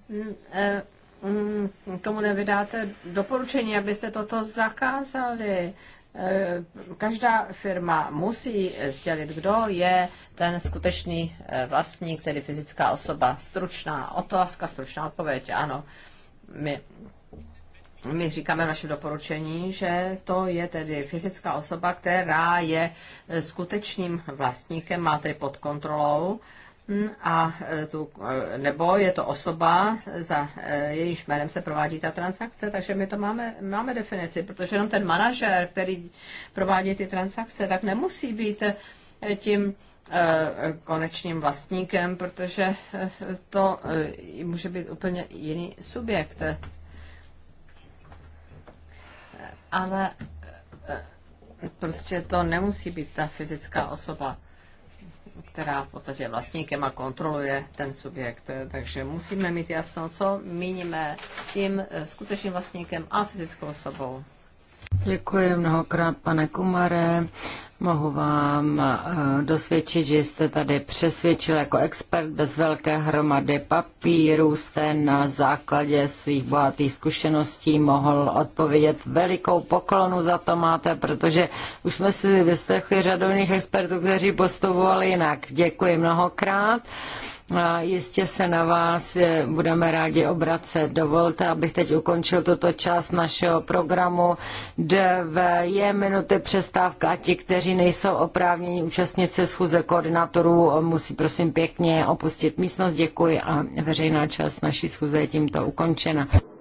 Speaker 2: mm, e, mm, tomu nevydáte doporučení, abyste toto zakázali? Eh, každá firma musí sdělit, kdo je ten skutečný eh, vlastník, tedy fyzická osoba. Stručná otázka, stručná odpověď, ano. My, my říkáme naše doporučení, že to je tedy fyzická osoba, která je eh, skutečným vlastníkem, má tedy pod kontrolou Hmm, a e, tu, e, nebo je to osoba, za e, jejíž jménem se provádí ta transakce, takže my to máme, máme definici, protože jenom ten manažer, který provádí ty transakce, tak nemusí být tím konečným vlastníkem, protože to může být úplně jiný subjekt. Ale prostě to nemusí být ta fyzická osoba která v podstatě je vlastníkem a kontroluje ten subjekt. Takže musíme mít jasno, co míníme tím eh, skutečným vlastníkem a fyzickou osobou.
Speaker 1: Děkuji mnohokrát, pane Kumare. Mohu vám eh, dosvědčit, že jste tady přesvědčil jako expert bez velké hromady papíru. Jste na základě svých bohatých zkušeností mohl odpovědět velikou poklonu za to máte, protože už jsme si vyslechli řadovných expertů, kteří postupovali jinak. Děkuji mnohokrát a jistě se na vás eh, budeme rádi obracet. Dovolte, abych teď ukončil tuto část našeho programu. Dvě minuty přestávka a ti, kteří nejsou oprávněni účastnice schůze koordinátorů, musí prosím pěkně opustit místnost. Děkuji a
Speaker 3: veřejná část naší schůze je tímto ukončena.